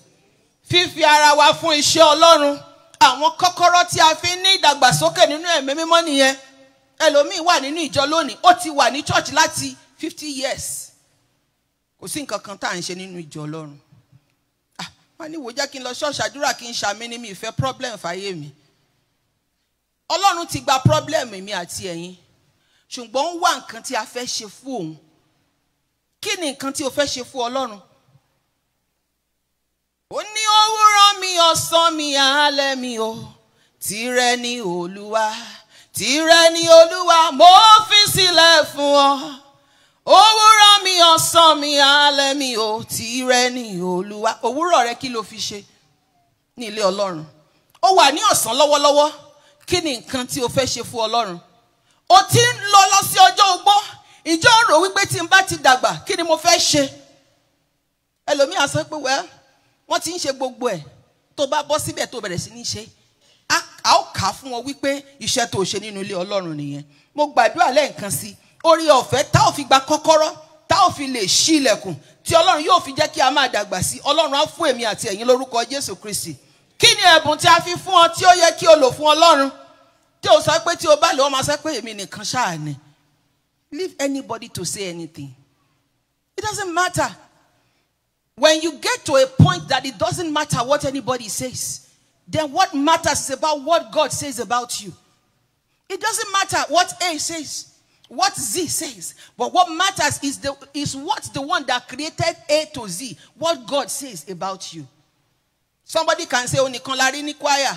fífi ara wa fún iṣẹ́ Ọlọ́run àwọn kọ́kọ́rọ́ tí a fi ń ní ìdàgbàsókè nínú ẹ̀mí mímọ́ nìyẹn ẹlòmíì wà nínú ìjọ lónìí ó ti wà ní church láti fifty years kò sí nǹkan kan tá à ń ṣe nínú ìjọ ọlọ́run ah, wọ́n ní wò jẹ́ kí n lọ ṣọ́ọ̀ṣì àdúrà kí n ṣàmì ni mi ìfẹ́ problem fàyè mi ọlọ́run ti gba problem mi àti ẹ̀yin ṣùgbọ́n ó wà nǹkan tí a fẹ́ ṣe fún òun kí ni nǹkan tí o fẹ́ ṣe fún ọlọ́run ó ní òwúrọ̀ mi ọ̀sán mi alẹ́ mi o tìrẹ ni olúwa tìrẹ ni olúwa mo fi sílẹ̀ fún ọ òwúrọ̀ mi ọ̀sán mi alẹ́ mi o tìrẹ ni olúwa òwúrọ̀ rẹ kí ló fi ṣe ní ilé ọlọ́run ó wà ní ọ̀sán lọ́wọ́lọ́wọ́ kí ni nǹkan tí o fẹ́ ṣe fún ọlọ́run o ti ń lọ lọ sí ọjọ́ ogbó ìjọ rò wípé tí n bá ti dàgbà kí ni mo fẹ́ ṣe ẹlòmíà sọ pé wẹ́ẹ́. Well, wọ́n ti ń ṣe gbogbo ẹ̀ tó bá bọ́ síbẹ̀ tó bẹ̀rẹ̀ sí ní ṣe a ó kà á fún wọn wípé iṣẹ́ tó ṣe nínú ilé ọlọ́run nìyẹn mo gbàdúrà lẹ́ẹ̀kan sí orí ọ̀fẹ́ tá ò fi gba kọ́kọ́rọ́ tá ò fi lè ṣí ilẹ̀kùn tí ọlọ́run yóò fi jẹ́ kí a máa dàgbà sí ọlọ́run á fún èmi àti ẹ̀yin lórúkọ jésù kristi kí ni ẹ̀bùn tí a fi fún ọ tí ó yẹ kí o lò fún ọlọ́run tí o sọ pé tí o bá lè wọ́n máa sọ pé èmi nìkan ṣáà ni leave anybody to say anything it doesn't matter When you get to a point that it doesn't matter what anybody says, then what matters is about what God says about you. It doesn't matter what A says, what Z says, but what matters is the is what the one that created A to Z, what God says about you. Somebody can say, "Oni konlari ni choir,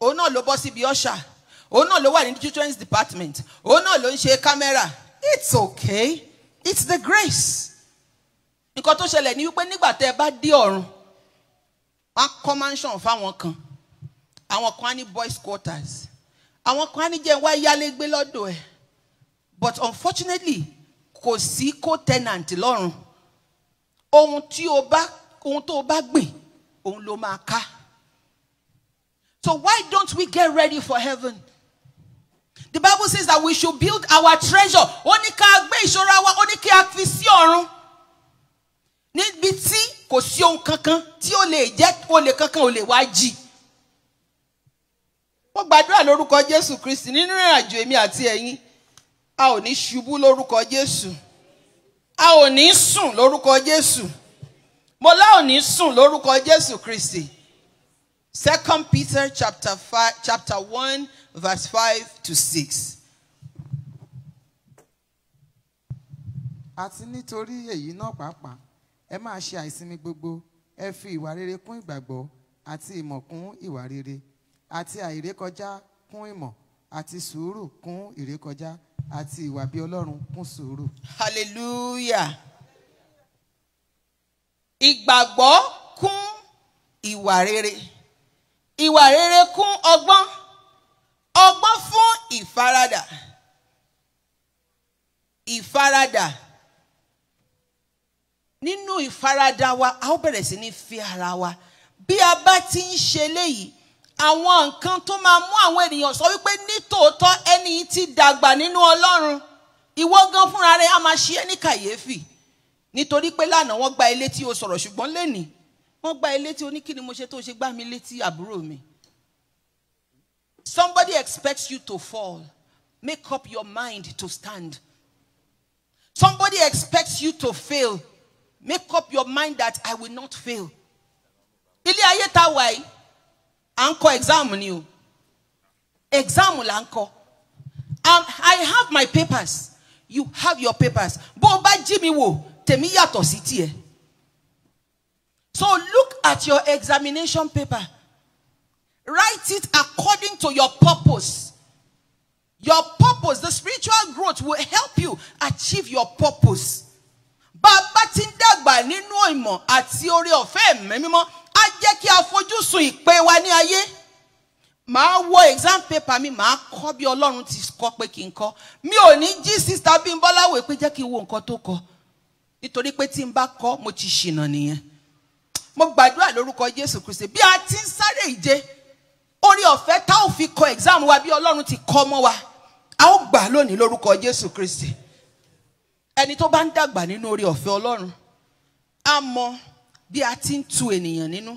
oh no lo bossy bi oh no lo in the children's department, oh no lo in camera." It's okay. It's the grace. nǹkan tó ṣẹlẹ̀ ni wípé nígbà tẹ́ ẹ bá dé ọ̀run wọ́n á kọ́ mansion fáwọn kan àwọn kan á ní boys quarters àwọn kan á ní jẹ́ wá yálégbé lọ́dọ̀ ẹ̀ but unfortunately kò sí co-tenant lọ́run ohun tí o bá ohun tó o bá gbìn òun ló máa ká so why don't we get ready for heaven? The Bible says that we should build our treasure. Ó ní ká gbé ìṣọ́ra wa, ó ní kí a fi sí níbi tí kò sí ohun kankan tí ó lè jẹ́ olè kankan ò lè wá jì mo gbàdúrà lórúkọ Jésù Kristi nínú ìrìnàjò èmi àti ẹ̀yin a ò ní ṣubú lórúkọ Jésù a ò ní sùn lórúkọ Jésù mo lá ò ní sùn lórúkọ Jésù Kristi Second Peter chapter five chapter one verse five to six. àti nítorí èyí náà pàápàá ẹ máa ṣe àìsinmi gbogbo ẹ fi ìwà rere kún ìgbàgbọ́ àti ìmọ̀ kún ìwà rere àti àìrékọjá kún ìmọ̀ àti sùúrù kún ìrékọjá àti ìwà bí Ọlọ́run kún sùúrù. hallelujah ìgbàgbọ́ kún ìwà rere ìwà rere kún ọgbọ́n ọgbọ́n fún ìfaradà ìfaradà nínú ìfaradà wa a ó bẹ̀rẹ̀ sí ní fi ara wa bí a bá ti ń ṣe léyìí àwọn nǹkan tó máa mú àwọn ènìyàn sọ wípé nítòótọ́ ẹni tí dàgbà nínú ọlọ́run ìwọ gan fúnra rẹ a máa ṣe é ní kàyéfì nítorí pé lánàá wọ́n gba ilé tí o sọ̀rọ̀ ṣùgbọ́n lẹ́nìí wọ́n gba ilé tí o mo ṣe tó ṣe gbá mi létí àbúrò mi. Somebody expects you to fall. Make up your mind to stand. Somebody expects you to fail make up your mind that I will not fail. Ilé ayé ta wà yìí, à ń kọ exam ni o. Exam là ń kọ. Um, I have my papers. You have your papers. Bó o bá jí mi wò, tèmi yàtọ̀ sí tiẹ̀. So look at your examination paper. Write it according to your purpose. Your purpose, the spiritual growth will help you achieve your purpose bá a bá ti ń dàgbà nínú ìmọ̀ àti oore ọ̀fẹ́ ẹ̀mí á jẹ́ kí àfojúsùn ìpè wa ní ayé màá wo exam paper mi màá kọ́ bí ọlọ́run ti kọ́ pé kí n kọ́ mi ò ní jí sista Bímbọ́lá wò pé jẹ́ kí n wo nǹkan tó kọ nítorí pé tí n bá kọ́ mo ti ṣìnà nìyẹn mo gbàdúrà lórúkọ Jésù Kristi bí a ti ń sáré ìje orí ọ̀fẹ́ tá ò fi kọ exam wa bí ọlọ́run ti kọ́ mọ́ wa a ó gbà lónìí lórúkọ Jésù Kristi ẹni tó bá ń dàgbà nínú oore ọ̀fẹ́ Ọlọ́run á mọ bí a ti ń tu ènìyàn nínú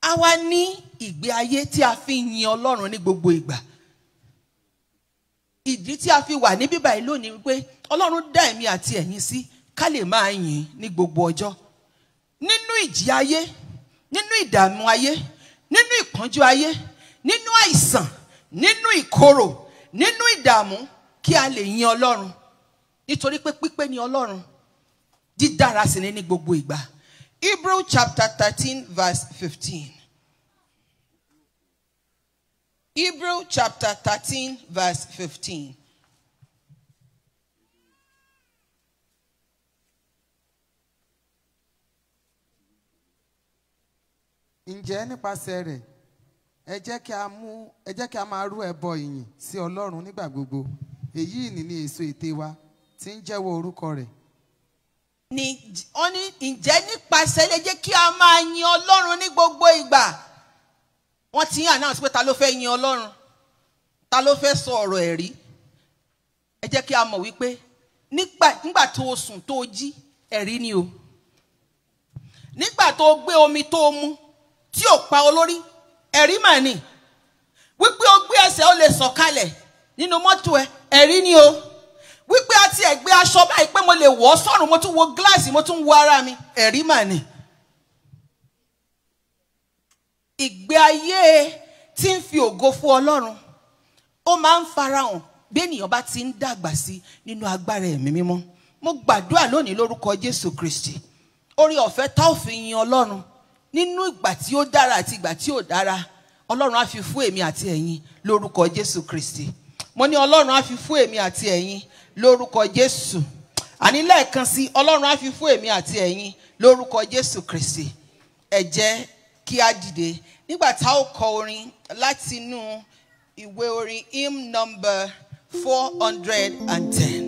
á wá ní ìgbé ayé tí a fi ń yin Ọlọ́run ní gbogbo ìgbà ìdí tí a fi wà ní bíbá yìí lónìí wípé Ọlọ́run dá èmi àti ẹ̀yin sí ká lè máa yìn ní gbogbo ọjọ́ nínú ìjì ayé nínú ìdààmú ayé nínú ìpọ́njú ayé nínú àìsàn nínú ìkorò nínú ìdààmú kí a lè yin Ọlọ́run nítorí pé pípé ni Ọlọ́run dídára sì ní ní gbogbo ìgbà Hebrew chapter thirteen verse fifteen Hebrew chapter thirteen verse fifteen. ǹjẹ́ nípasẹ̀ rẹ̀ ẹ jẹ́ kí a mú ẹ jẹ́ kí a máa rú ẹbọ ìyìn sí Ọlọ́run nígbà gbogbo èyí ni ní èso ète wa tí ń jẹ́wọ́ orúkọ rẹ̀. ni ó ní ǹjẹ́ nípasẹ̀ lè jẹ́ kí a máa yin ọlọ́run ní gbogbo ìgbà wọ́n ti ń announce pé ta ló fẹ́ yin ọlọ́run ta ló fẹ́ sọ ọ̀rọ̀ ẹ̀rí ẹ jẹ́ kí a mọ̀ wípé nígbà tó o sùn tó o jí ẹ̀rí ni o nígbà tó o gbé omi tó o mu tí ò pa olórí ẹ̀rí mà ni wípé o gbé ẹsẹ̀ o lè sọ̀kalẹ̀ nínú mọ́tò ẹ ẹ̀rí ni o. wípé a ti ẹ̀gbẹ́ aṣọ báyìí pé mo lè wọ̀ ọ́ mo tún wo gíláàsì mo tún wo ara mi ẹ̀rí mà ni. ìgbé ayé tí ń fi ògo fún ọlọ́run ó máa ń farahàn bí ènìyàn bá ti ń dàgbà sí nínú agbára ẹ̀mí mímọ́ mo gbàdúrà lónìí lórúkọ Jésù Kristi orí ọ̀fẹ́ tá ò fi yin ọlọ́run nínú ìgbà tí ó dára àti ìgbà tí ò dára ọlọ́run á fi fún èmi àti ẹ̀yin lórúkọ Jésù Kristi mo ní ọlọ́run á fi fún èmi àti ẹ̀yin lórúkọ Jésù àní lẹ́ẹ̀kan sí Ọlọ́run á fi fún èmi àti ẹ̀yin lórúkọ Jésù Kristi ẹ jẹ́ kí a dìde nígbà tá ó kọ orin látinú ìwé orin hymn number four hundred and ten.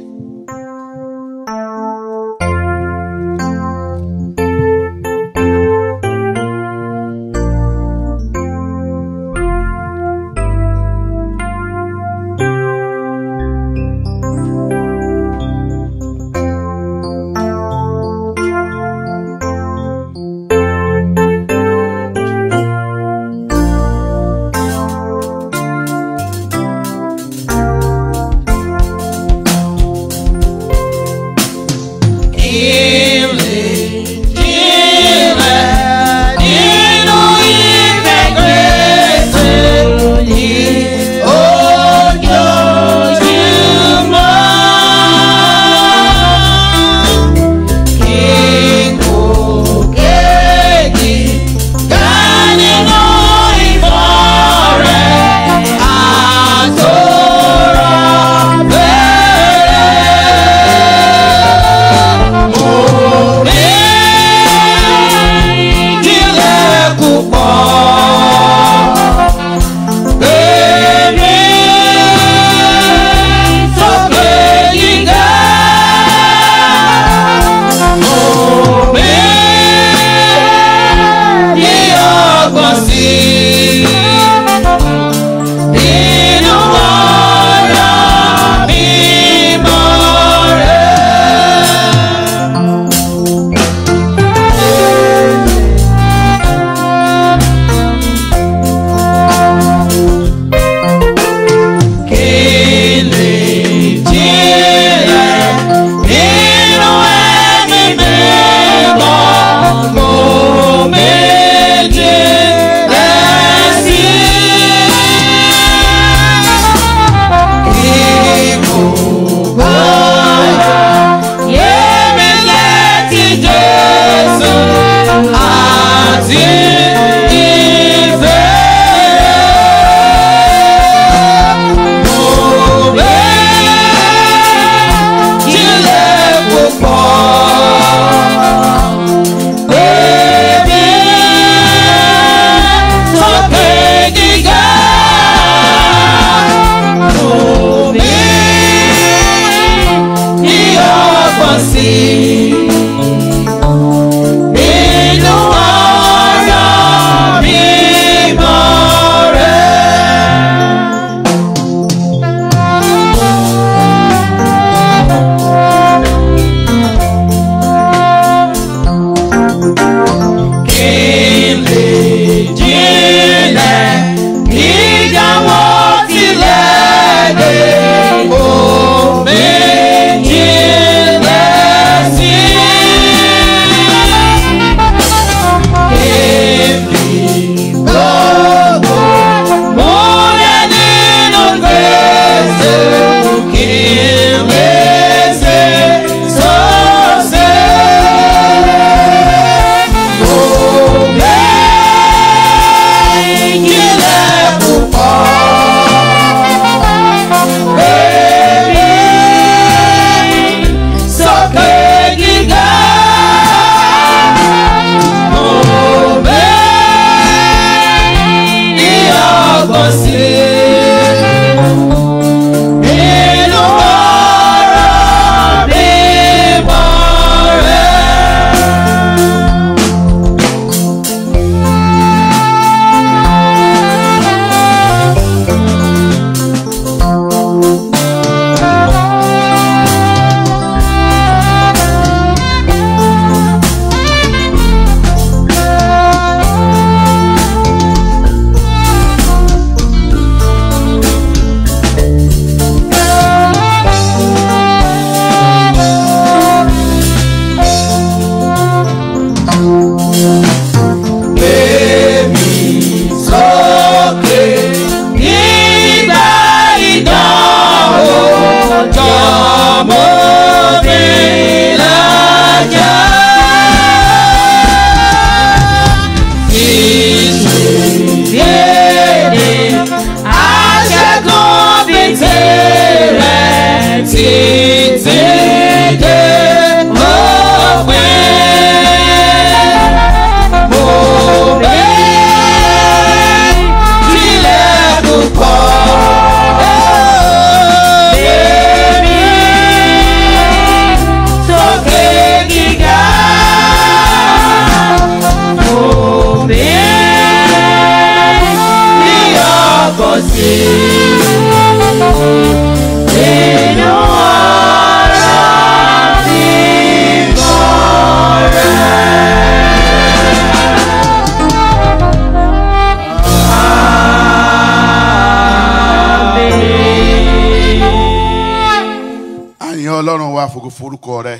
forúkọ rẹ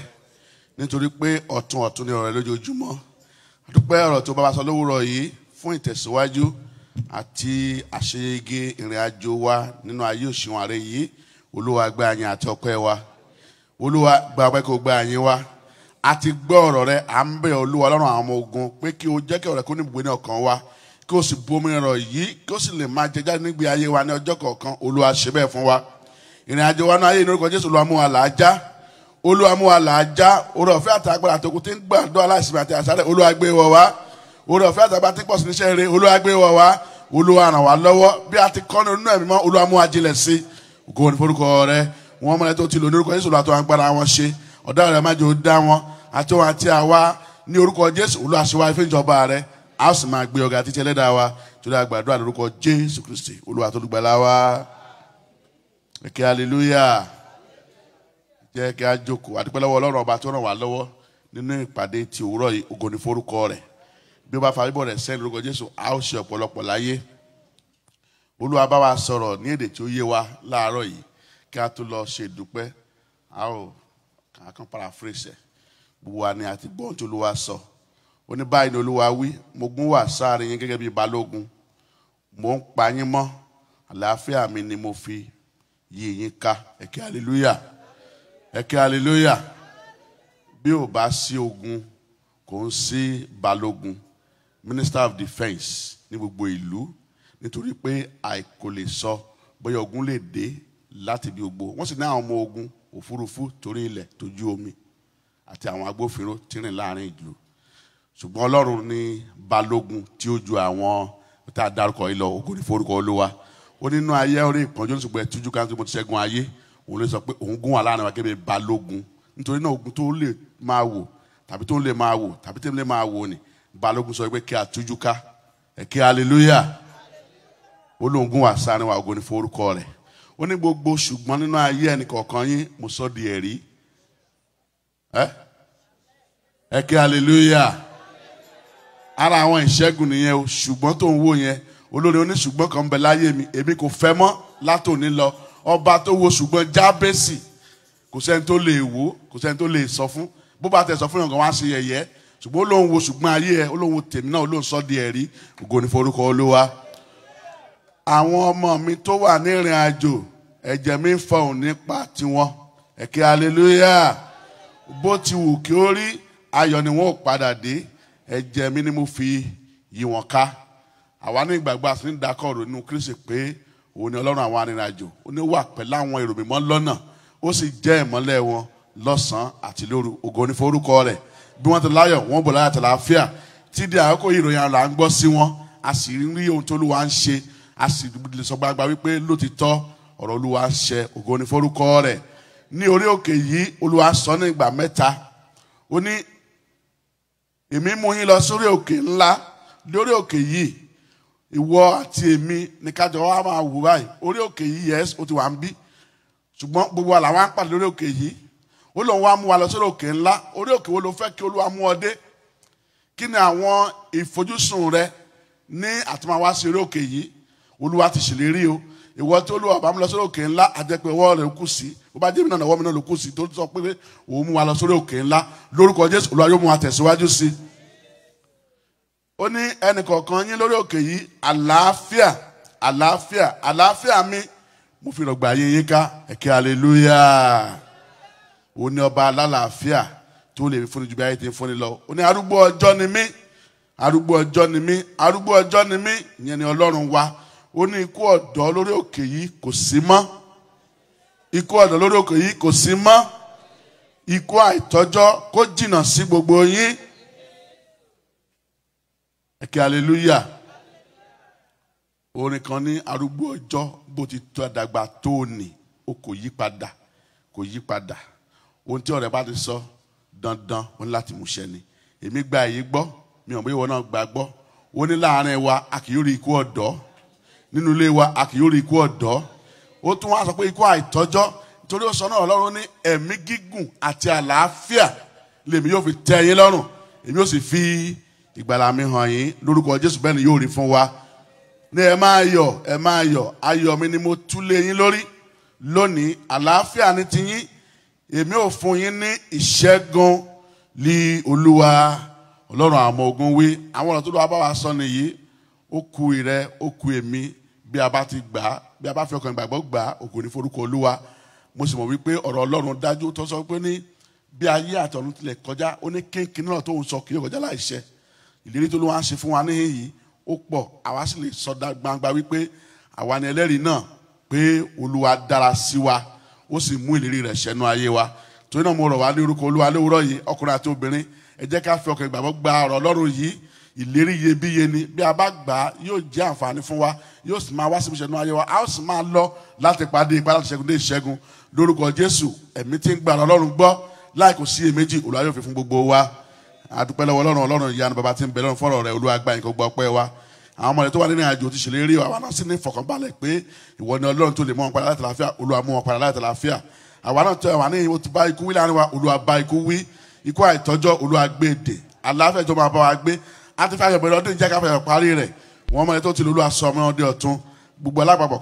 nítorí pé ọ̀tun ọ̀tun ni ọ̀rọ̀ rẹ lójoojúmọ́ àdúpẹ́ ọ̀rọ̀ tó bá wa sọ lówùrọ̀ yìí fún ìtẹ̀síwájú àti àṣeyege ìrìn àjò wa nínú ayé òṣìwọ̀n ààrẹ yìí olúwa gba àyìn àti ọpẹ́ wa olúwa gba ọpẹ́ kó gba àyìn wa a ti gbọ́ ọ̀rọ̀ rẹ à ń bẹ̀ olúwa lọ́rùn àwọn ọmọ ogun pé kí o jẹ́ kí ọ̀rọ̀ rẹ kó ní ibùgbé ní ọkàn wa kí o sì bomi ọ̀rọ̀ yìí kí o sì lè máa jẹ jáde nígbè ayé wa ní ọjọ́ kọ̀ọ̀kan olúwa ṣe bẹ́ẹ̀ fún wa ìrìn àjò wa náà ayé ìnúrúkọ jésù olúwa mú wa làájá oore ọ̀fẹ́ àtàgbà tí pọ̀ sí níṣẹ́ rere olúwa gbé wa wá olúwa ràn wá lọ́wọ́ bí a ti kọ́ ní onínú ẹ̀mí mọ́ olúwa mú ajílẹ̀ sí ògo ní forúkọ rẹ wọn mọ̀lẹ́ tó ti lò ní orúkọ jésù olùwàtò agbára wọn ṣe ọ̀dá rẹ májò dá wọn àti wọn àti àwa ní orúkọ jésù olúwa ṣe wá ìjọba rẹ a sì máa gbé ọ̀gá títí ẹlẹ́dàá wa torí àgbàdúrà lórúkọ jésù kristi olúwa tó lùgbàlà wa ẹ̀kẹ́ hallelujah jẹ́ ajoko, a jókòó àdúpẹ́ lọ́wọ́ ọlọ́run ọba tó ràn wá lọ́wọ́ nínú ìpàdé ti òwúrọ̀ yìí ògo ní forúkọ rẹ̀ bí o bá faríbọ̀ rẹ̀ sẹ́ni lórúkọ Jésù a ó ṣe ọ̀pọ̀lọpọ̀ láyé olúwa bá wa sọ̀rọ̀ ní èdè tí ó yé wa láàárọ̀ yìí kí a tó lọ ṣe ìdúpẹ́ a ó kà paraphrase ẹ̀ gbogbo wa ni àti gbọ́n tó olúwa sọ ó ní báyìí ni olúwa wí mo gún wà sáàrin yín gẹ́gẹ́ bí balógun mo ń pa yín mọ́ àlàáfíà mi ni mo fi yí yín ká ẹ̀kẹ́ hallelujah ẹ̀kẹ́ hallelujah bí ò bá sí ogun kò ń sí balógun minister of defence ní gbogbo ìlú nítorí pé àìkò lè sọ bóyá ogun lè dé láti bí gbogbo wọ́n sì ní àwọn ọmọ ogun òfurufú torí ilẹ̀ tójú omi àti àwọn agbófinró tí rìn láàrin ìlú ṣùgbọ́n ọlọ́run ní balógun tí ó ju àwọn tá a dárúkọ yìí lọ ògo ní forúkọ olúwa ó nínú ayé orí ìpọ́njú ṣùgbọ́n ẹ̀tújú kan tó mo ti ṣẹ́gun ayé òun ló sọ pé òun gún wa láàrin wa gẹ́gẹ́ balógun nítorí náà ogun tó lè máa wò tàbí tó lè máa wò tàbí tó lè máa wò ni balógun sọ pé kí a tújú ká ẹ kí hallelujah olóńgùn wà sáré wa ògo ni forúkọ rẹ̀ ó ní gbogbo ṣùgbọ́n nínú ayé ẹnìkọ̀ọ̀kan yín mo sọ di ẹ̀rí ẹ ẹ kí hallelujah ara àwọn ìṣẹ́gun nìyẹn o ṣùgbọ́n tó ń wò yẹn olórí oní ṣùgbọ́n kan bẹ láyé mi èmi kò fẹ́ mọ́ látòní lọ ọba tó wo ṣùgbọ́n jábẹ́sì kò sẹ́ni tó lè wò kò sẹ́ni tó lè sọ fún bó bá tẹ̀ sọ fún yàn kan wá ṣe yẹ̀yẹ́ ṣùgbọ́n olóhùn wo ṣùgbọ́n ayé ẹ olóhùn tèmi náà olóhùn sọ di ẹ̀rí ògo ní forúkọ olúwa. àwọn ọmọ mi tó wà ní ìrìn àjò ẹ̀jẹ̀ mi ń fọhùn nípa tiwọn ẹ̀kẹ́ aleluya bó ti wù kí ó rí ayọ̀ ni wọ́n padà dé ẹ̀jẹ̀ mi ni mo fi yí wọn ká àwa ní ìgbàgbọ́ àti ní ìdákọ̀rò nínú Kristi pé òun ni ọlọ́run àwọn arìnrìnàjò ó ní wà pẹ̀lú àwọn èrò mímọ́ lọ́nà ó sì jẹ́ ìmọ́lẹ̀ wọn lọ́sàn-án àti lóru ògo ní forúkọ rẹ̀ bí wọ́n ti láyọ̀ wọ́n bọ̀ láyọ̀ àtàlàáfíà tí di àkókò ìròyìn àlà ń gbọ́ sí wọn a sì rí ohun tó Olúwa ń ṣe a sì lè sọ gbangba wípé lótìtọ́ ọ̀rọ̀ Olúwa ń ṣe ògo ni forúkọ rẹ̀ ní orí òkè yìí Olúwa sọ ní ìgbà mẹ́ta ó ní èmi mú yín lọ sórí òkè ńlá lórí òkè yìí ìwọ àti èmi ní kájọ wa máa wù báyìí orí òkè yìí yẹs ó ti wà ń bí ṣùgbọ́n gbogbo àlàwọn àpàdé lórí òkè yìí ó lóun wá mú wa lọ sórí òkè ńlá orí òkè wo ló fẹ́ kí olúwa mú ọ dé kí ni àwọn ìfojúsùn rẹ ní àtúmáwá sí orí òkè yìí olúwa ti ṣèlérí o ìwọ tí olúwa bá mú lọ sórí òkè ńlá àjẹpẹ ọwọ́ rẹ kù sí bó bá jẹ́mi náà náà ọwọ́ mi náà ló kù sí tó sọ pé òun mú wa lọ sórí òkè ńlá lórúkọ jésù olúwa yóò mú wa tẹ̀síwájú sí ó ní ẹnìkọ̀ọ̀kan yín lórí òkè yìí àlàáfíà àlàáfíà àlàáfíà mi mo fi rọ̀gbà yín yín ká ẹ̀kẹ́ hallelujah ó ní ọba alálàáfíà tó lè fúnni ju bí ayé ti fúnni lọ ó ní arúgbó ọjọ́ ni mí arúgbó ọjọ́ ni mí arúgbó ọjọ́ ni mí ìyẹn ni ọlọ́run wa ó ní ikú ọ̀dọ́ lórí òkè yìí kò sí mọ́ ikú ọ̀dọ́ lórí òkè yìí kò sí mọ́ ikú àìtọ́jọ́ kó jìnnà sí gbogbo yín ẹ̀kẹ́ aleluya orin kan ní arúgbó ọjọ́ bó ti tó àdàgbà tó ní o kò yí padà kò yí padà ohun tí ọ̀rẹ́ bá ti sọ dandan wọn láti mú ṣẹ ni èmi gba èyí gbọ́ mi ò mọ̀ ìwọ náà gbà gbọ́ ó ní láàárín wa a kì yóò rí ikú ọ̀dọ́ nínú ilé wa a kì yóò rí ikú ọ̀dọ́ ó tún wá sọ pé ikú àìtọ́jọ́ nítorí ó sọ náà ọlọ́run ní ẹ̀mí gígùn àti àlàáfíà lèmi yóò fi tẹ́ yín lọ́rùn èmi yóò sì fi ìgbàlà mi hàn yín lórúkọ jésù bẹ́ẹ̀ yóò rí fún wa ní ẹ máa yọ̀ ẹ máa yọ̀ ayọ̀ mi ni mo tú lé yín lórí lónìí àlàáfíà ni ti yín èmi ò fún yín ní ìṣẹ́gun lé olúwa ọlọ́run àmọ́ ogun wí àwọn ọ̀rọ̀ tó lọ́wọ́ bá wa sọ nìyí ó ku ìrẹ ó ku èmi bí a bá ti gbà á bí a bá fi ọkàn ìgbàgbọ́ gbà á ògo ní forúkọ olúwa mo sì mọ̀ wípé ọ̀rọ̀ ọlọ́run dájú tó sọ pé ní bí ayé àtọ̀run tilẹ̀ kọjá ó ní kínkín náà tó ń sọ kí ó kọjá láìṣẹ ìlérí tó ló wá ń ṣe fún wa níhìn yìí ó pọ̀ àwa sì lè sọ gbangba wípé àwa ni ẹlẹ́rìí náà pé olúwa dára sí wa ó sì mú ìlérí rẹ̀ ṣẹnu ayé wa torí náà mo rọ̀ wá ní orúkọ olúwa lówùúrọ̀ yìí ọkùnrin àti obìnrin ẹ jẹ́ ká fi ọkàn ìgbàgbọ́ gba ọ̀rọ̀ ọlọ́run yìí ìlérí iyebíye ni bí a bá gbà á yóò jẹ́ àǹfààní fún wa yóò sì máa wá síbi ìṣẹ́nu ayé wa a ó sì máa lọ láti pàdé ipá láti ṣẹ́gun dé ìṣẹ́gun lórúkọ jésù ẹ̀mí tí ń gba ọlọ́run gbọ́ láì kò sí èméjì olúwa fi fún gbogbo wa a dúpẹ́ lọ́wọ́ ọlọ́run ọlọ́run ìyanu bàbá tí ń bẹ lọ́run fọ́rọ̀ rẹ̀ olúwa gba ìkọ́gbọ́ ọpẹ́ wa àwọn ọmọ rẹ tó wà nínú àjò ti ṣèlérí àwa náà sì ní ìfọkànbalẹ̀ pé ìwọ ni Ọlọ́run tó lè mú wọn padà láti àlàáfíà Olúwa mú wọn padà láti àlàáfíà àwa náà tó wà ní ìwọ ti bá ikú wí láàrin wa Olúwa bá ikú wí ikú àìtọ́jọ́ Olúwa gbé e dè àlàáfíà tó máa bá wa gbé àti fàyọ̀ bẹ̀rẹ̀ ọdún ìjà káfíà parí rẹ̀ wọn ọmọ tó ti lè Olúwa sọ ọmọ ọdẹ gbogbo alápapọ̀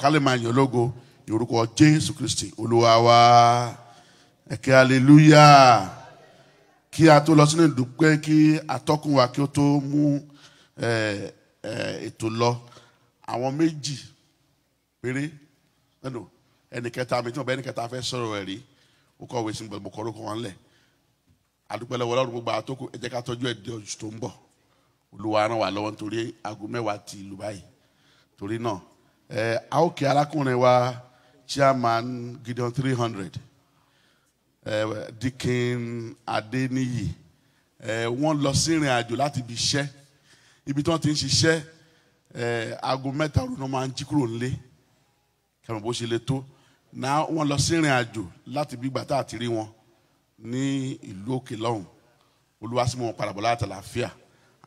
Eh, ètò lọ àwọn méjì péré ẹnu ẹnì kẹta mi tí wọn bá ẹnì kẹta fẹ́ sọ̀rọ̀ ẹ rí ó kọ wẹsìn gbọdọ kọ orúkọ wọn lẹ àdúpẹ́lẹ́ wọlé ọdún gbogbo àtọkù ẹ jẹ́ ká tọ́jú ẹ di oṣù tó ń bọ̀ Olúwa ràn wá lọ́wọ́ nítorí aago mẹ́wàá ti ìlú báyìí torí náà ẹ eh, a ó kí arákùnrin wa chairman Gideon three hundred ẹ eh, Dikin Adeniyi ẹ wọn lọ sí ìrìn àjò láti ibi iṣẹ́ ibi tí wọ́n ti ń ṣiṣẹ́ ẹ̀ aago mẹ́ta òru ni wọ́n máa ń jí kúrò nílé kẹmọ bó ṣe lè tó náà wọ́n lọ sí ìrìn àjò láti bí gbàtà àti rí wọn ní ìlú òkè lọ́hùn olúwa sì láti àlàáfíà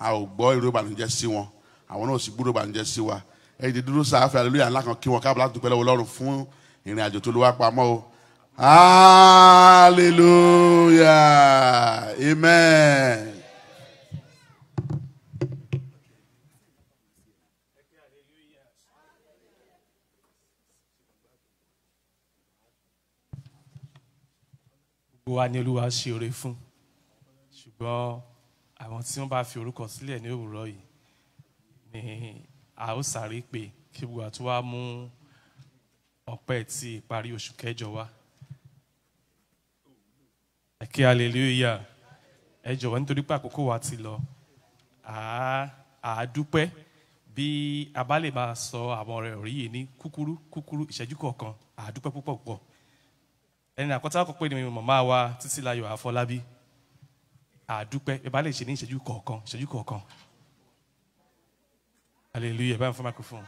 a ò gbọ́ ìró ìbànújẹ́ sí wọn àwọn náà sì gbúrò ìbànújẹ́ sí wa ẹ ti dúró sàáfẹ́ aleluya ńlá kan kí wọn káàbọ̀ láti dúpẹ́ lọ́wọ́ Ọlọ́run fún ìrìn àjò tó lè wá pamọ́ o hallelujah amen. gbogbo wa ni olúwa ṣe oore fún ṣùgbọ́n àwọn tí wọ́n bá fi orúkọ sílẹ̀ ní òwúrọ̀ yìí ni a ó sáré pé kí gbogbo àti wá mú ọpẹ́ tí ìparí oṣù kẹjọ wá ẹ kí hallelujah ẹ jọ̀wọ́ nítorí pé àkókò wa ti lọ àá dúpẹ́ bí a bá lè máa sọ àwọn ọ̀rẹ́ òrí yìí ní kúkúrú kúkúrú ìṣẹ́jú kọ̀ọ̀kan àá dúpẹ́ púpọ̀ púpọ̀. ẹni àkọ́tà ọkọ̀ pé ni màmá wa títí láyọ̀ àfọlábí àdúpẹ́ ẹ bá lè ṣe ní ìṣẹ́jú kọ̀ọ̀kan ìṣẹ́jú kọ̀ọ̀kan hallelujah bá ń microphone.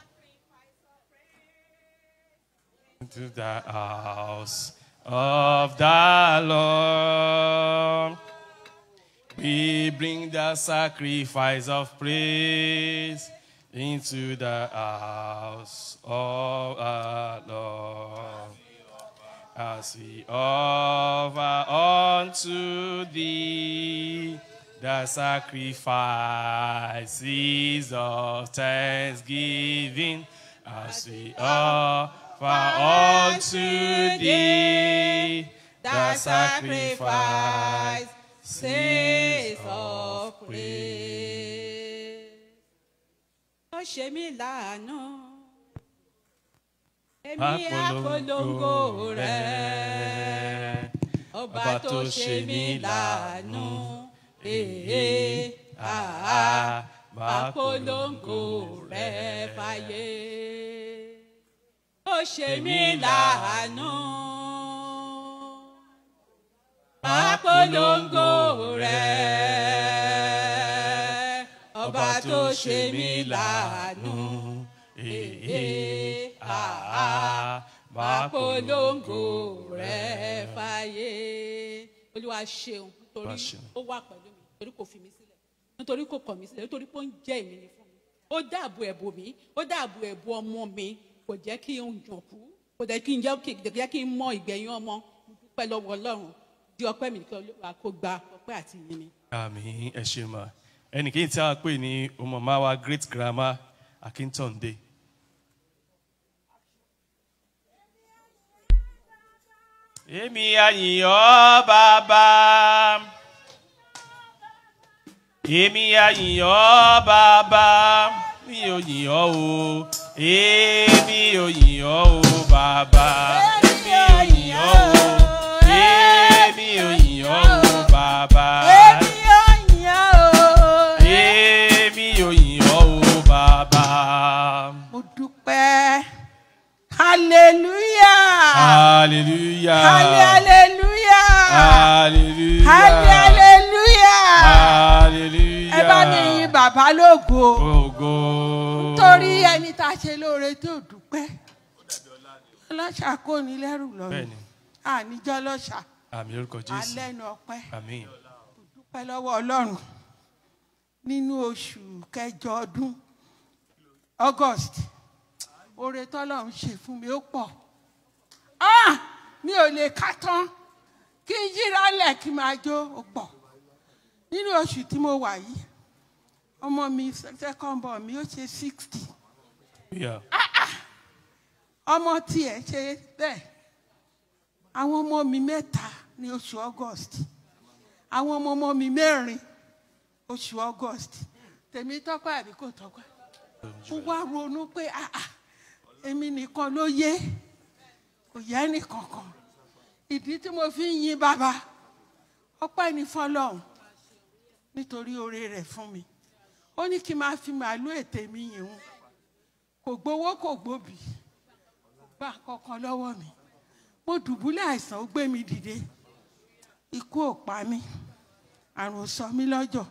into the house of the Lord. We bring the sacrifice of praise into the house of the Lord as we offer unto thee the sacrifices of thanksgiving, as we offer unto thee the sacrifices of praise. èmi àpolongo rẹ̀ ọba tó ṣe mí láàánú èè àá àpolongo rẹ̀ fàyè ó ṣe mí láàánú àpolongo rẹ̀ ọba tó ṣe mí láàánú àá wá polongo rẹ̀ fàyè. olúwa ṣeun torí ó wà pẹ̀lú mi torí kò fi mi sílẹ̀ nítorí kò kọ̀ mi sílẹ̀ nítorí pé ń jẹ́ èmi ni fún mi ó dáàbò ẹ̀bùn mi ó dáàbò ẹ̀bùn ọmọ mi kò jẹ́ kí n jàn kú kò jẹ́ kí n jẹ́ kí n mọ ìgbẹ̀yìn ọmọ dúpẹ́ lọ́wọ́ ọlọ́run di ọpẹ́ mi nìkan olúwa kó gba ọpẹ́ àti ìyìn mi. àmín ẹ ṣe mà ẹnì kejì tí a pè ní ọmọ máa wa great grandma Akíntọ́ndé. Emi àyìn ọ́ bàbá èmi àyìn ọ́ bàbá mi ò yìn ọ́ o èmi ò yìn ọ́ o bàbá mi ò yìn ọ́ o èmi ò yìn o bàbá. Hallelujah. Hallelujah. Hallelujah. Hallelujah. Hallelujah. Ẹ bá mi yin bàbá lógo. Ògo. Nítorí ẹni tá a ṣe lóore tó dúpẹ́. Ọlọ́ṣà kò ní lẹ́rù lọ́rùn. Àníjọ́ lọ́ṣà. Àmì orúkọ Jésù. Alẹ́nu ọpẹ́. Àmín. Dúpẹ́ lọ́wọ́ Ọlọ́run nínú oṣù kẹjọ ọdún August. Oore tọ́lọ́run ṣe fún mi ó pọ̀ ah mi ò lè ká tán kí n yíra lẹ̀ kí n máa jó pọ̀ nínú oṣù tí mo wà yìí ọmọ mi second born mi ó ṣe sixty ah, ah. ọmọ tiẹ̀ ṣe bẹ́ẹ̀ àwọn ọmọ mi mẹ́ta ní oṣù august àwọn ọmọ ọmọ mi mẹ́rin oṣù august tèmi tọ́pẹ́ àbí kò tọ́pẹ́ mo wá ronú pé ah, èmi nìkan ló yé kò yẹ ẹnì kankan ìdí tí mo fi ń yin bàbá ọpẹ́ ni fọlọ́run nítorí oore rẹ̀ fún mi ó ní kí n máa fi màálù ètè mi yìn wọn kò gbowó kò gbòbí gbà kankan lọ́wọ́ mi mo dùbúlẹ̀ àìsàn ó gbé mi dìde ikú ò pa mí àrùn sọ mí lọ́jọ́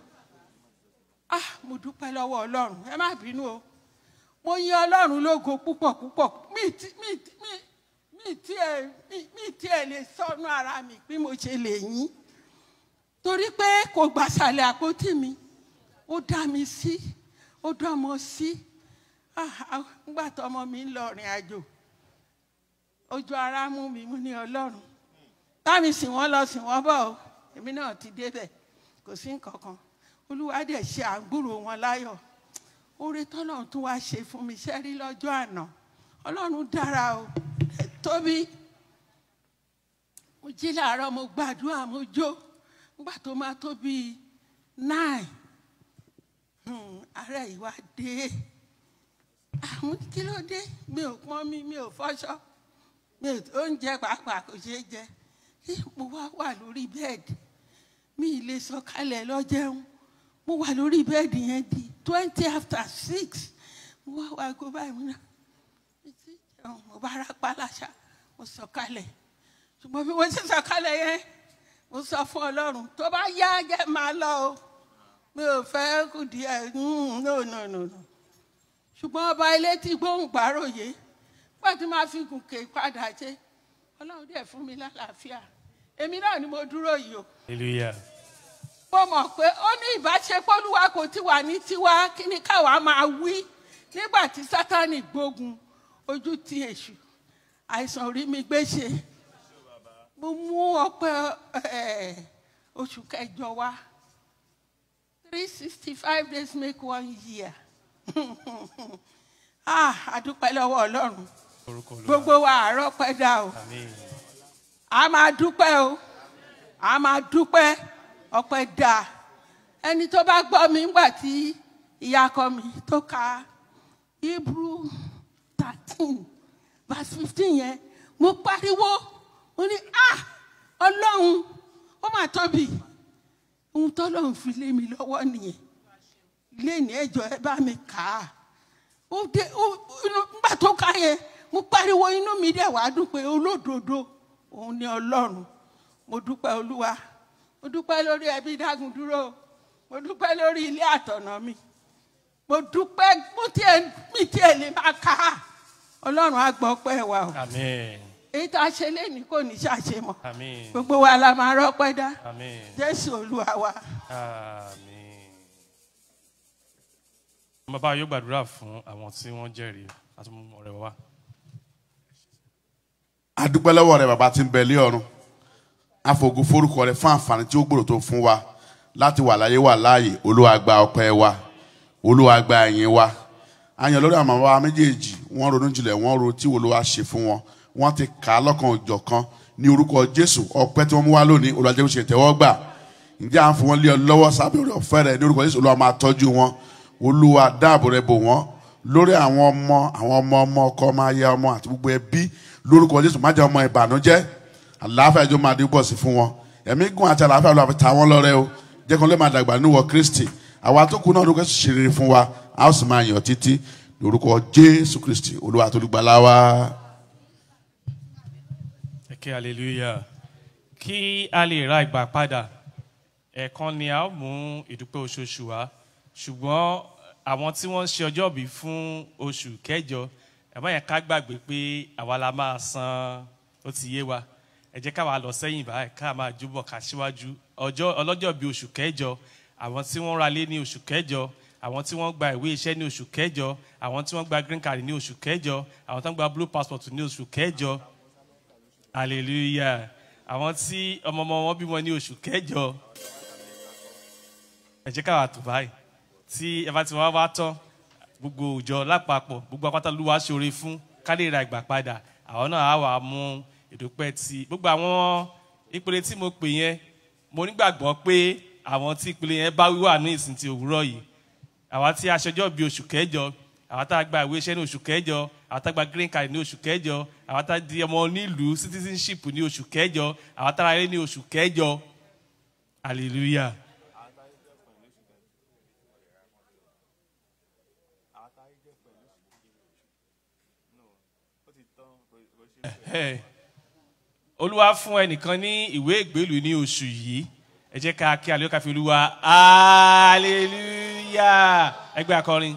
ah mo dúpẹ́ lọ́wọ́ ọlọ́run ẹ má bínú o mo yin ọlọ́run lógo púpọ̀ púpọ̀ mi mi mi mi tiẹ̀ mi tiẹ̀ lè sọnù ara mi bí mo ṣe lè yín torí pé kò gbàsàlẹ̀ àpótí mi ó dá mi sí ó dá ọmọ sí ah, ah, nígbà tó ọmọ mi ń lọ rìn àjò ojú ara mú mi mú ní ọlọ́run táàmì sìn wọ́n lọ sìn wọ́n bọ̀ èmi náà ti débẹ̀ kò sí nǹkan kan olúwa dẹ̀ ṣe àgbúrò wọn láyọ̀ oore tọ́lọ́run tún wá ṣe fún mi ṣẹ́rí lọ́jọ́ àná ọlọ́run dára o ẹ tóbi mo jí làárọ̀ mo gbàdúrà mo jó nígbà tó máa tó bíi nine ara hmm, ìwà dé àwọn kí ló dé mi ò pọn mi mi ò fọṣọ mi ò oúnjẹ pàápàá kò ṣeé jẹ mo wa wà lórí bẹ́ẹ̀dì mi ì lè sọ kalẹ̀ lọ́jẹun mo wà lórí bẹ́ẹ̀dì yẹn di twenty after six mo wá wá go báyìí náà mo bá ra pálásà mo sọ̀kalẹ̀ ṣùgbọ́n bí wọ́n ti sọ̀kalẹ̀ yẹn mo sọ fún ọlọ́run tó bá yá jẹ́ máa lọ o mi ò fẹ́ kù díẹ̀ hmm, no no no no ṣùgbọ́n ọba ilé ti gbóhùn gbàròyé pàtó máa fi gùnkè padà jẹ́ ọlọ́run dẹ̀ fún mi lálàáfíà èmi náà ni mo dúró yìí o. hallelujah. mo mọ̀ pé ó ní ìbáṣepọ̀ olúwa kò ti wà ní tiwa kí ni káwa máa wí nígbà tí sátánì gbógun ojú ti èṣù àìsàn rí mi gbé ṣe mo mú ọpẹ́ eh, oṣù kẹjọ wá three sixty five days make one year ah àdúpẹ́ lọ́wọ́ ọlọ́run gbogbo wa àárọ̀ pẹ́ dá o a máa dúpẹ́ o a máa dúpẹ́ ọpẹ́ dá ẹni tó bá gbọ́ mi ńgbà tí ìyá kọ mi tó ka Hebrew thirteen verse fifteen yẹn mo pariwo mo ní ah ọlọ́run ó mà tóbi ohun tọ́lọ́run fi lé mi lọ́wọ́ nìyẹn lẹ́ni ẹjọ́ ẹ bá mi kà á ó dé ó nígbà tó ká yẹn mo pariwo inú mi dẹ̀ wá dùn pé olódodo òun ni ọlọ́run mo dúpẹ́ olúwa mo dúpẹ́ lórí ẹbí dágun dúró mo dúpẹ́ lórí ilé àtọ̀nà mi mo dúpẹ́ mo tiẹ̀ mi tiẹ̀ lè máa kà á ọlọ́run á gbọ́ pẹ́ wa o. àmín. èyí tá a ṣe lénìí kò ní ṣàṣe mọ́. gbogbo wa la máa rọ́pẹ́ dá. àmín. jésù olúwa wa. àmín. bàbá yóò gbàdúrà fún àwọn tí wọ́n jẹ́rìí àti ọ̀rẹ́ wa. adúpẹ́ lọ́wọ́ rẹ bàbá tí ń bẹ lé ọ̀run àfògùn forúkọ rẹ fún àǹfààní tí ó gbòòrò tó fún wa láti wà láyé wà láàyè olúwa gba ọpẹ́ wa olúwa gba ẹ̀yìn wa a yàn lórí àmọ́ wa méjèèjì wọ́n ronú jinlẹ̀ wọ́n ro tí wo ló wá ṣe fún wọn wọ́n ti kà á lọ́kàn òjọ̀ kan ní orúkọ jésù ọpẹ́ tí wọ́n mú wá lónìí olùwàjẹ́ kò ṣe tẹ́wọ́ gbà ǹjẹ́ à ń fún wọn lé ọ lọ́wọ́ sábẹ́ orí ọ̀fẹ́ rẹ ní orúkọ jésù olúwa máa tọ́jú wọn olúwa dáàbò rẹ bò wọ́n lórí àwọn ọmọ àwọn ọmọ ọmọ ọkọ ọmọ aya ọmọ àti gbogbo ẹbí lórúkọ jésù má jẹ́ ọmọ ìbànújẹ́ àlàáfíà ìjọ máa dé bọ̀ sí fún wọn ẹ̀mí gùn àti àlàáfíà olúwa fi ta wọn lọ́rẹ o jẹ́ kan lè máa dàgbà níwọ̀ kristi àwa tó kù náà lórúkọ jésù ṣe rere fún wa a ó sì máa yàn títí lórúkọ jésù kristi olúwa tó lùgbàlà wa. ẹkẹ hallelujah kí a lè ra ìgbà padà ẹ̀ẹ̀kan ni a ó mú ìdúpẹ́ oṣooṣù wá ṣùgbọ́n àwọn tí wọ́n ń ṣe ọjọ́bí fún oṣù kẹjọ ẹ̀bá yẹn ká gbàgbé pé àwa la máa san ó ti yé wa ẹ jẹ́ káwa lọ sẹ́yìn báyìí ká máa júbọ̀ ká síwájú ọjọ́ ọlọ́jọ́bí oṣù kẹjọ àwọn tí wọ́n ra lé ní oṣù kẹjọ àwọn tí wọ́n gba ìwé iṣẹ́ ní oṣù kẹjọ àwọn tí wọ́n gba green card ní oṣù kẹjọ àwọn tí wọ́n gba blue passport ní oṣù kẹjọ hallelujah àwọn tí ọmọ ọmọ wọn bímọ ní oṣù kẹjọ ẹ jẹ́ ká wá tó báyìí tí ẹ bá ti wá wá tán gbogbo òòjọ́ lápapọ̀ gbogbo apáta ló wá ṣoore fún ká lè ra ìgbà padà àwọn náà á wà mú ìdúpẹ́ ti gbogbo àwọn ìpele tí mo pè yẹn mo nígbàgbọ́ pé àwọn tí ìpele yẹn bá wíwà ní ìsìn ti òwúrọ̀ yìí àwa tí a ṣọjọ́ bí oṣù kẹjọ àwa tá a gba ìwé iṣẹ́ ní oṣù kẹjọ àwa tá a gba green card ní oṣù kẹjọ àwa tá a di ọmọ nílùú citizenship ní oṣù kẹjọ àwa tá a rẹ ní oṣù kẹjọ hallelujah. olúwa fún ẹnìkan ní ìwé ìgbélú ní oṣù yìí ẹ jẹ́ ká kí àlùyọ́ ká fi olúwa aleluya ẹgbẹ́ akọrin.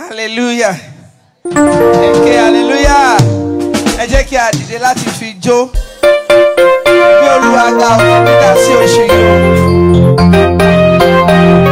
hallelujah ẹ̀kẹ́ hallelujah ẹ jẹ́ kí a dìde láti fi jó bí olúwa gba ọ̀nà gbígbà sí oṣù yìí. 嗯。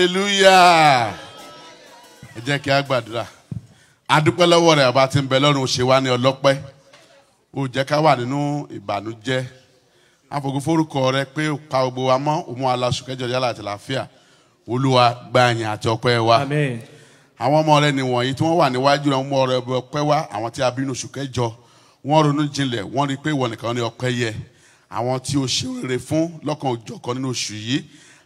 hallelujah ẹ jẹ́ kí a gbàdúrà adúpẹ́ lọ́wọ́ rẹ̀ ọba tí ń bẹ lọ́run ó ṣe wá ní ọlọ́pẹ́ ó jẹ́ ká wà nínú ìbànújẹ́ àfògùn forúkọ rẹ pé ó pa gbogbo wa mọ́ òun aláṣù kẹjọ yálà àti làáfíà olúwa gba ìyìn àti ọpẹ́ wa àwọn ọmọ rẹ nìwọ̀nyí tí wọ́n wà níwájú rẹ mú ọrẹ ọpẹ́ wá àwọn tí a bí oṣù kẹjọ wọ́n ronú jinlẹ̀ wọ́n rí pé ìwọ nìkan ni ọpẹ́ yẹ àwọn tí o ṣe rere fún lọ́kàn òjọ̀kan nínú oṣù yìí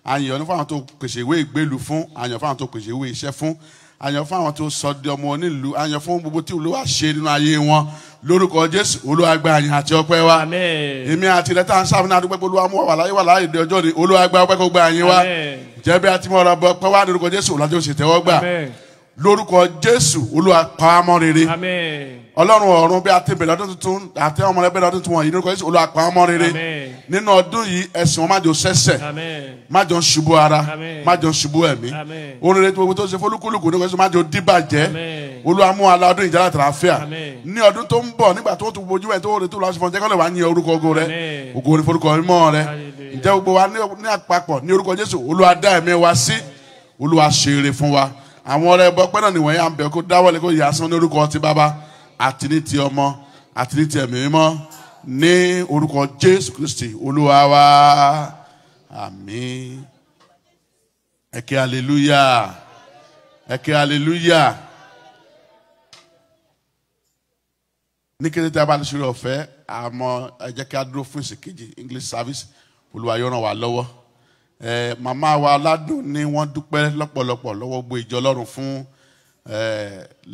àyàn fún àwọn tó pèsè ìwé ìgbélu fún àyàn fún àwọn tó pèsè ìwé iṣẹ́ fún àyàn fún àwọn tó sọ di ọmọ onílù àyàn fún gbogbo tí olúwa ṣe nínú ayé wọn lórúkọ jésù olúwa gba àyàn àti ọpẹ́ wa èmi àti ilẹ̀ tá à ń sáfún náà dúpẹ́ pé olúwa mú wà láyé wà ìdí ọjọ́ ni olúwa gba ọpẹ́ kó gba àyàn wa jẹ́ bí a ti mọ̀ ọ̀rọ̀ ọpẹ́ wa lórúkọ jésù olúwa tó ṣètẹ́wọ́ gbà lórúkọ jésù olúwa pàmò rere ọlọ́run ọ̀run bí a ti bẹ̀rẹ̀ ọdún tuntun àti ọmọ rẹ bẹ̀rẹ̀ ọdún tuntun wọ̀nyí lórúkọ jésù olúwa pàmò rere nínú ọdún yìí ẹ̀sìn wọn má jọ sẹ́sẹ̀ má jọ ṣubú ara má jọ ṣubú ẹ̀mí oríire tí gbogbo tó ṣe fọlúkúlùkù ní ọjọ́ má jọ díbàjẹ́ olúwa mú ala ọdún ìjà láti ráfíà ní ọdún tó ń bọ̀ nígbà tó tún bojú ẹ̀ tó retí olùwàṣẹ gbogbo wa ní àpapọ̀ ní orúkọ jésù olúwa dá ẹ̀mí wa sí fún wa àwọn ọ̀rẹ́ ẹbọ pẹ́ náà nìwọ̀nyí à ń bẹ̀ kó dáwọ́lé kó yà sán lórúkọ ti bàbá àti ní ti ọmọ àti ní ti ẹ̀mí mímọ́ ní orúkọ Jésù Kristi olúwa wa àmín ẹ̀kẹ́ aleluya ẹ̀kẹ́ aleluya ní kété tí a bá lè ṣe ọ̀fẹ́ àmọ́ ẹ jẹ́ kí a dúró fún ìsìnkejì English service olúwa yóò wá lọ́wọ́ màmá wa aládùn ni wọ́n dúpẹ́ lọ́pọ̀lọpọ̀ lọ́wọ́ gbogbo ìjọ ọlọ́run fún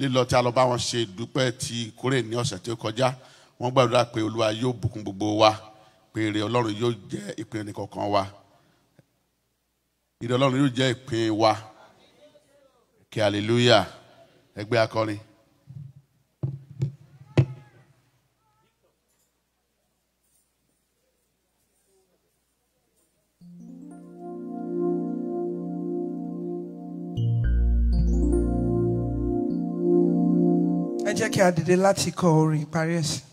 lílọ tí a lọ bá wọn ṣe ìdúpẹ́ ti kórè ní ọ̀sẹ̀ tí ó kọjá wọ́n gbàdúrà pé olúwa yóò bùkún gbogbo wa pé èrè ọlọ́run yóò jẹ́ ìpín ẹnìkọ̀ọ̀kan wa èrè ọlọ́run yóò jẹ́ ìpín wa kí hallelujah ẹgbẹ́ akọrin. jẹ́ kí a dìde láti kọ orin ìparí ẹ̀sìn.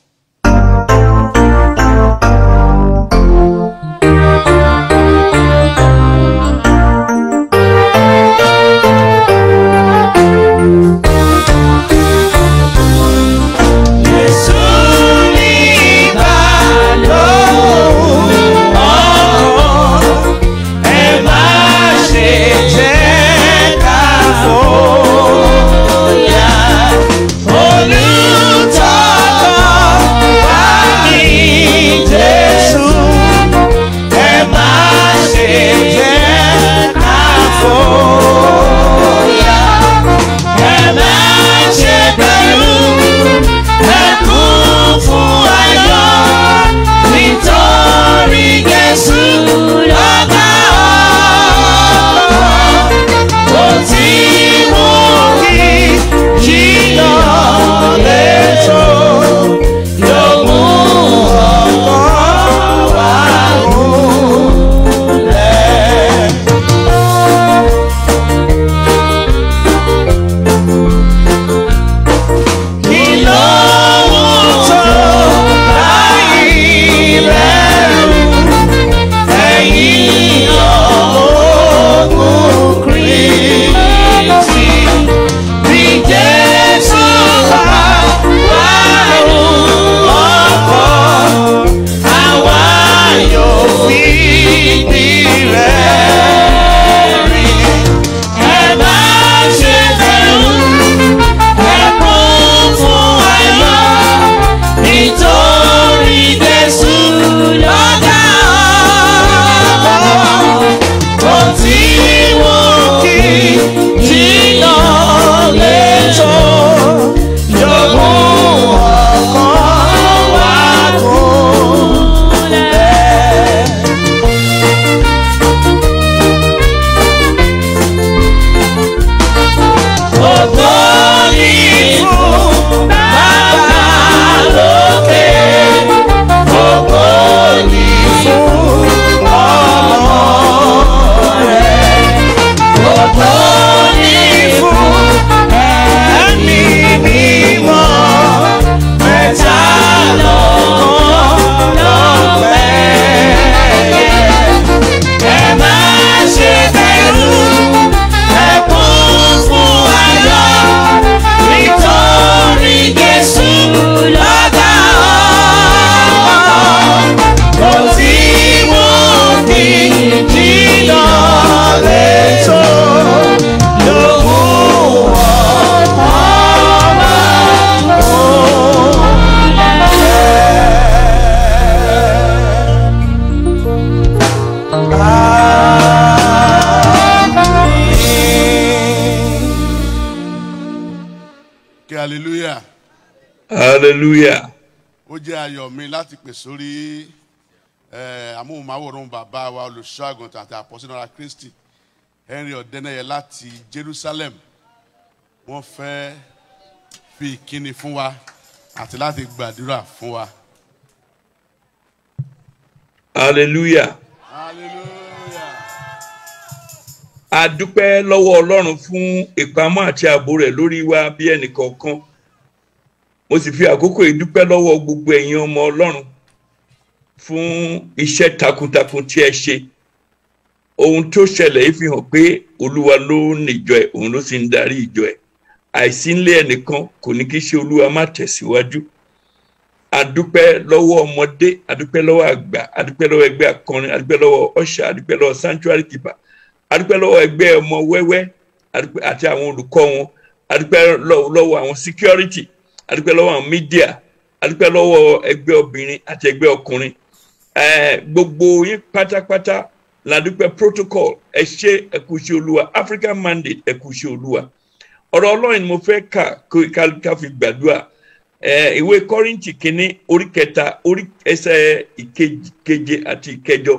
hallelujah. ó jẹ́ ayọ̀ mi láti pè sórí amóhùnmáwòrán bàbá wa olùṣọ́àgùn àti àpọ́sínara kristi henry ọ̀dẹ́nẹ́yẹ láti jerusalem wọ́n fẹ́ fi ìkíni fún wa àti láti gbàdúrà fún wa. hallelujah. hallelujah. a dúpẹ́ lọ́wọ́ ọlọ́run fún ìpamọ́ àti ààbò rẹ̀ lórí wa bí ẹnìkọ̀ọ̀kan mo sì fi àkókò yìí dúpẹ́ lọ́wọ́ gbogbo ẹ̀yin ọmọ ọlọ́run fún iṣẹ́ takuntakun tí ẹ ṣe ohun tó ṣẹlẹ̀ yìí fi hàn pé olúwa ló ní ìjọ ẹ̀ òun ló sì ń darí ìjọ ẹ̀ àìsí nílé ẹnìkan kò ní kí ṣe olúwa má tẹ̀síwájú adúpẹ́ lọ́wọ́ ọmọdé adúpẹ́ lọ́wọ́ àgbà adúpẹ́ lọ́wọ́ ẹgbẹ́ akọrin adúpẹ́ lọ́wọ́ ọ̀ṣà adúpẹ́ lọ́wọ́ sanctuary keeper adúpẹ́ lọ́wọ́ ẹgbẹ́ ọmọ wẹ́wẹ́ àti àwọn olùkọ́ wọn adúpẹ́ lọ́wọ́ àwọn security adúpẹ́ lọ́wọ́ àwọn mídíà adúpẹ́ lọ́wọ́ ẹgbẹ́ obìnrin àti ẹgbẹ́ ọkùnrin gbogbo yín pátápátá ládùúpẹ́ protocol ẹ ṣé ẹ olúwa African mandate ẹ kú iṣẹ́ olúwa ọ̀rọ̀ ọlọ́run ni mo fẹ́ kà ká fi gbàdúrà ìwé kọ́rìntì kínní orí kẹta orí ẹsẹ̀ ìkeje àti ìkẹjọ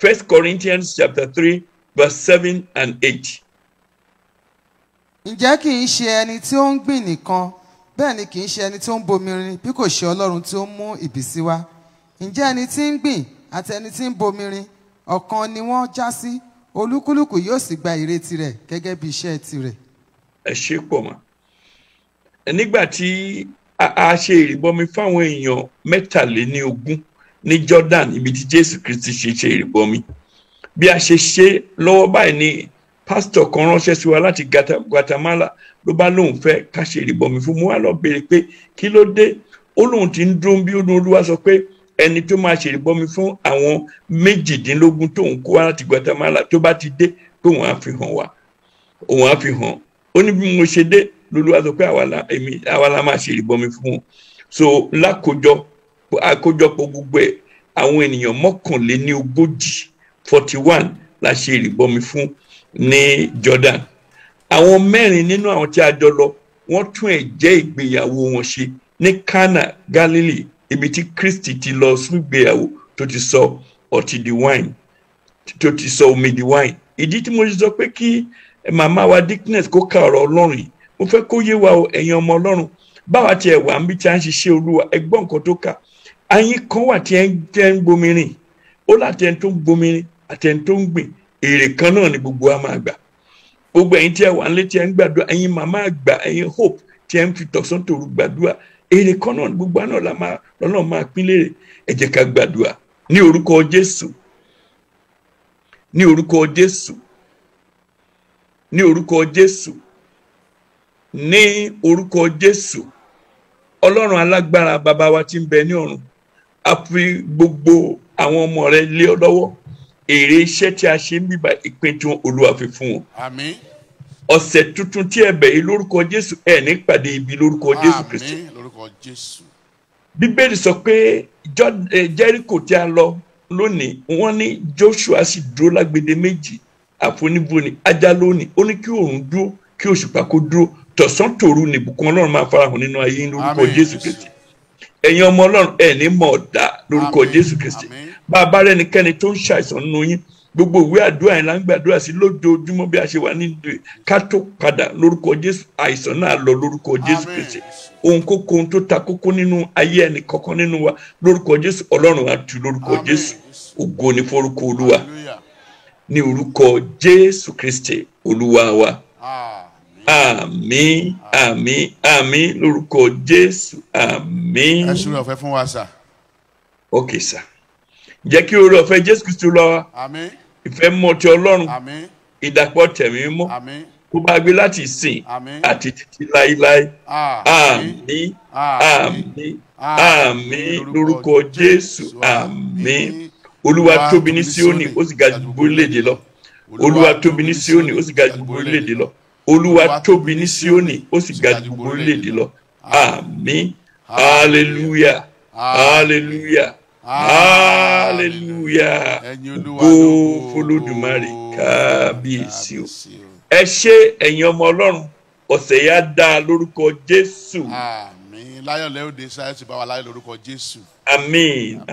First Corinthians chapter three verse seven and eight. ǹjẹ́ kì í ṣe ẹni tí ó ń gbìn nìkan bẹ́ẹ̀ ni kì í ṣe ẹni tí ó ń bomirin bí kò ṣe ọlọ́run tí ó mú ìbísí wá ǹjẹ́ ẹni tí ń gbìn àti ẹni tí ń bomirin ọ̀kan ni wọ́n já sí olúkúlùkù yóò sì gba èrè tirẹ̀ gẹ́gẹ́ bí iṣẹ́ tirẹ̀. ẹ ṣe pọ̀ mọ́ nígbà tí a ṣe ìrìbọmi fáwọn èèyàn mẹ́tàléníogún ní Jordan ibi tí Jésù Kristi ṣe ṣe ìrìbọmi bí a ṣe ṣe lọ́wọ́ báyìí ni pásítọ̀ kan ránṣẹ́ sí wa láti Guatemala. Gata, ló bá lóun fẹ́ ká ṣe ìrìbọmi fún mu wá lọ béèrè pé kí ló dé ó lóun ti ń dún bí ọdún olúwa sọ pé ẹni tó máa ṣèrìbọmi fún àwọn méjìdínlógún tóun kó wá láti Guatemala tó bá ti dé tóun á fi hàn wá òun á fi hàn ó ní bí mo ṣe dé lolúwa sọ pé àwa la máa ṣèrìbọmi fún wọn so lákòjọ àkójọpọ̀ gbogbo ẹ̀ àwọn ènìyàn mọ́kànléní ogójì forty one la ṣe ìrìbọmi fún ní Jordan àwọn mẹ́rin nínú àwọn tí a jọ lọ wọ́n tún ẹ̀jẹ́ ìgbéyàwó wọn ṣe ní Cana Galilee ibi tí Kristi ti lọ súngbéyàwó tó ti sọ ọtí di wine tó ti sọ omi di wine ìdí tí mo sọ pé kí màmá wa Dickness kó ka ọ̀rọ̀ Ọlọ́run yìí mo fẹ́ kó yé wa o ẹ̀yin ọmọ Ọlọ́run báwa tiẹ̀ wà ń bí tí a ń ṣiṣẹ́ Olúwa ẹgbọ́n nǹkan tó kà ayin kan wà tí ẹ ń gbomi rìn ó láti ẹni tó ń gbomi rìn àti ẹni tó ń gbìn èrè kan náà ni gbogbo wa máa gbà gbogbo ẹ̀yin tí ẹ wà nílé tí ẹ ń gbàdúrà ẹ̀yin màmá àgbà ẹ̀yin hope tí ẹ ń fi tọ̀sán tòru gbàdúrà èrè kan náà gbogbo àná la máa lọ́nà máa pín lérè ẹ jẹ́ ká gbàdúrà ní orúkọ Jésù ní orúkọ Jésù ní orúkọ Jésù ní orúkọ Jésù ọlọ́run alágbára bàbá wa tí ń bẹ ní ọ̀run a fi gbogbo àwọn ọmọ rẹ lé ọ lọ́wọ́ èrè iṣẹ́ tí a ṣe ń bíbá ìpín tí ọ̀sẹ̀ tuntun tí ẹ bẹ̀ lórúkọ jésù ẹ̀ nípàdé ibi lórúkọ jésù kristu. bíbélì sọ pé jẹ́ríkò tí a lọ lónìí wọ́n ní joshua sì dúró lágbede méjì àfonífoni ajá lónìí ó ní kí oòrùn dúró kí òṣùpá kó dúró tọ̀sán tòru nìbùkún ọlọ́run máa farahàn nínú ayé lórúkọ jésù kristu ẹ̀yin ọmọ ọlọ́run ẹ̀ ní mọ̀ lórúkọ jésù kristu bá a bá rẹ nìkẹ́ni tó ń ṣàìsàn nínú yín gbogbo ìwé àdúrà yẹn la ń gbàdúrà sí lójoojúmọ́ bí a ṣe wà nídìí ká tó padà lórúkọ jésù àìsàn náà lọ lórúkọ jésù pèsè ohun kókó ohun tó ta kókó nínú ayé ẹnì kankan nínú wa lórúkọ jésù ọlọ́run á tú lórúkọ jésù ògo ni forúkọ olúwa ní orúkọ jésù kristi olúwa wa àmín àmín àmín lórúkọ jésù àmín. ẹ ṣúlẹ̀ ọ̀fẹ́ fún wa sà. ok sà jẹ́ kí oore ọ̀fẹ́ jésù kristu lọ wa ìfẹ́ mọ̀ ti ọlọ́run ìdàpọ̀ tẹ̀mí mọ́ kó bá gbé láti sìn àti títí láéláé àmín àmín àmín lórúkọ jésù àmín olúwa tóbi ní síónì ó sì ga jù gbogbo orílẹ̀-èdè lọ olúwa tóbi ní síónì ó sì ga jù gbogbo orílẹ̀ lọ olúwa tóbi ní síónì ó sì ga gbogbo orílẹ̀ lọ àmín hallelujah hallelujah hallelujah gbó folódùmarè kábíyèsí o ẹ ṣé ẹ̀yin ọmọ ọlọ́run ọ̀sẹ̀ yá dáa lórúkọ jésù. àmín láyọ̀ lẹ́yìn òde sáyẹ́sì bá wa láyọ̀ lórúkọ jésù. àmín.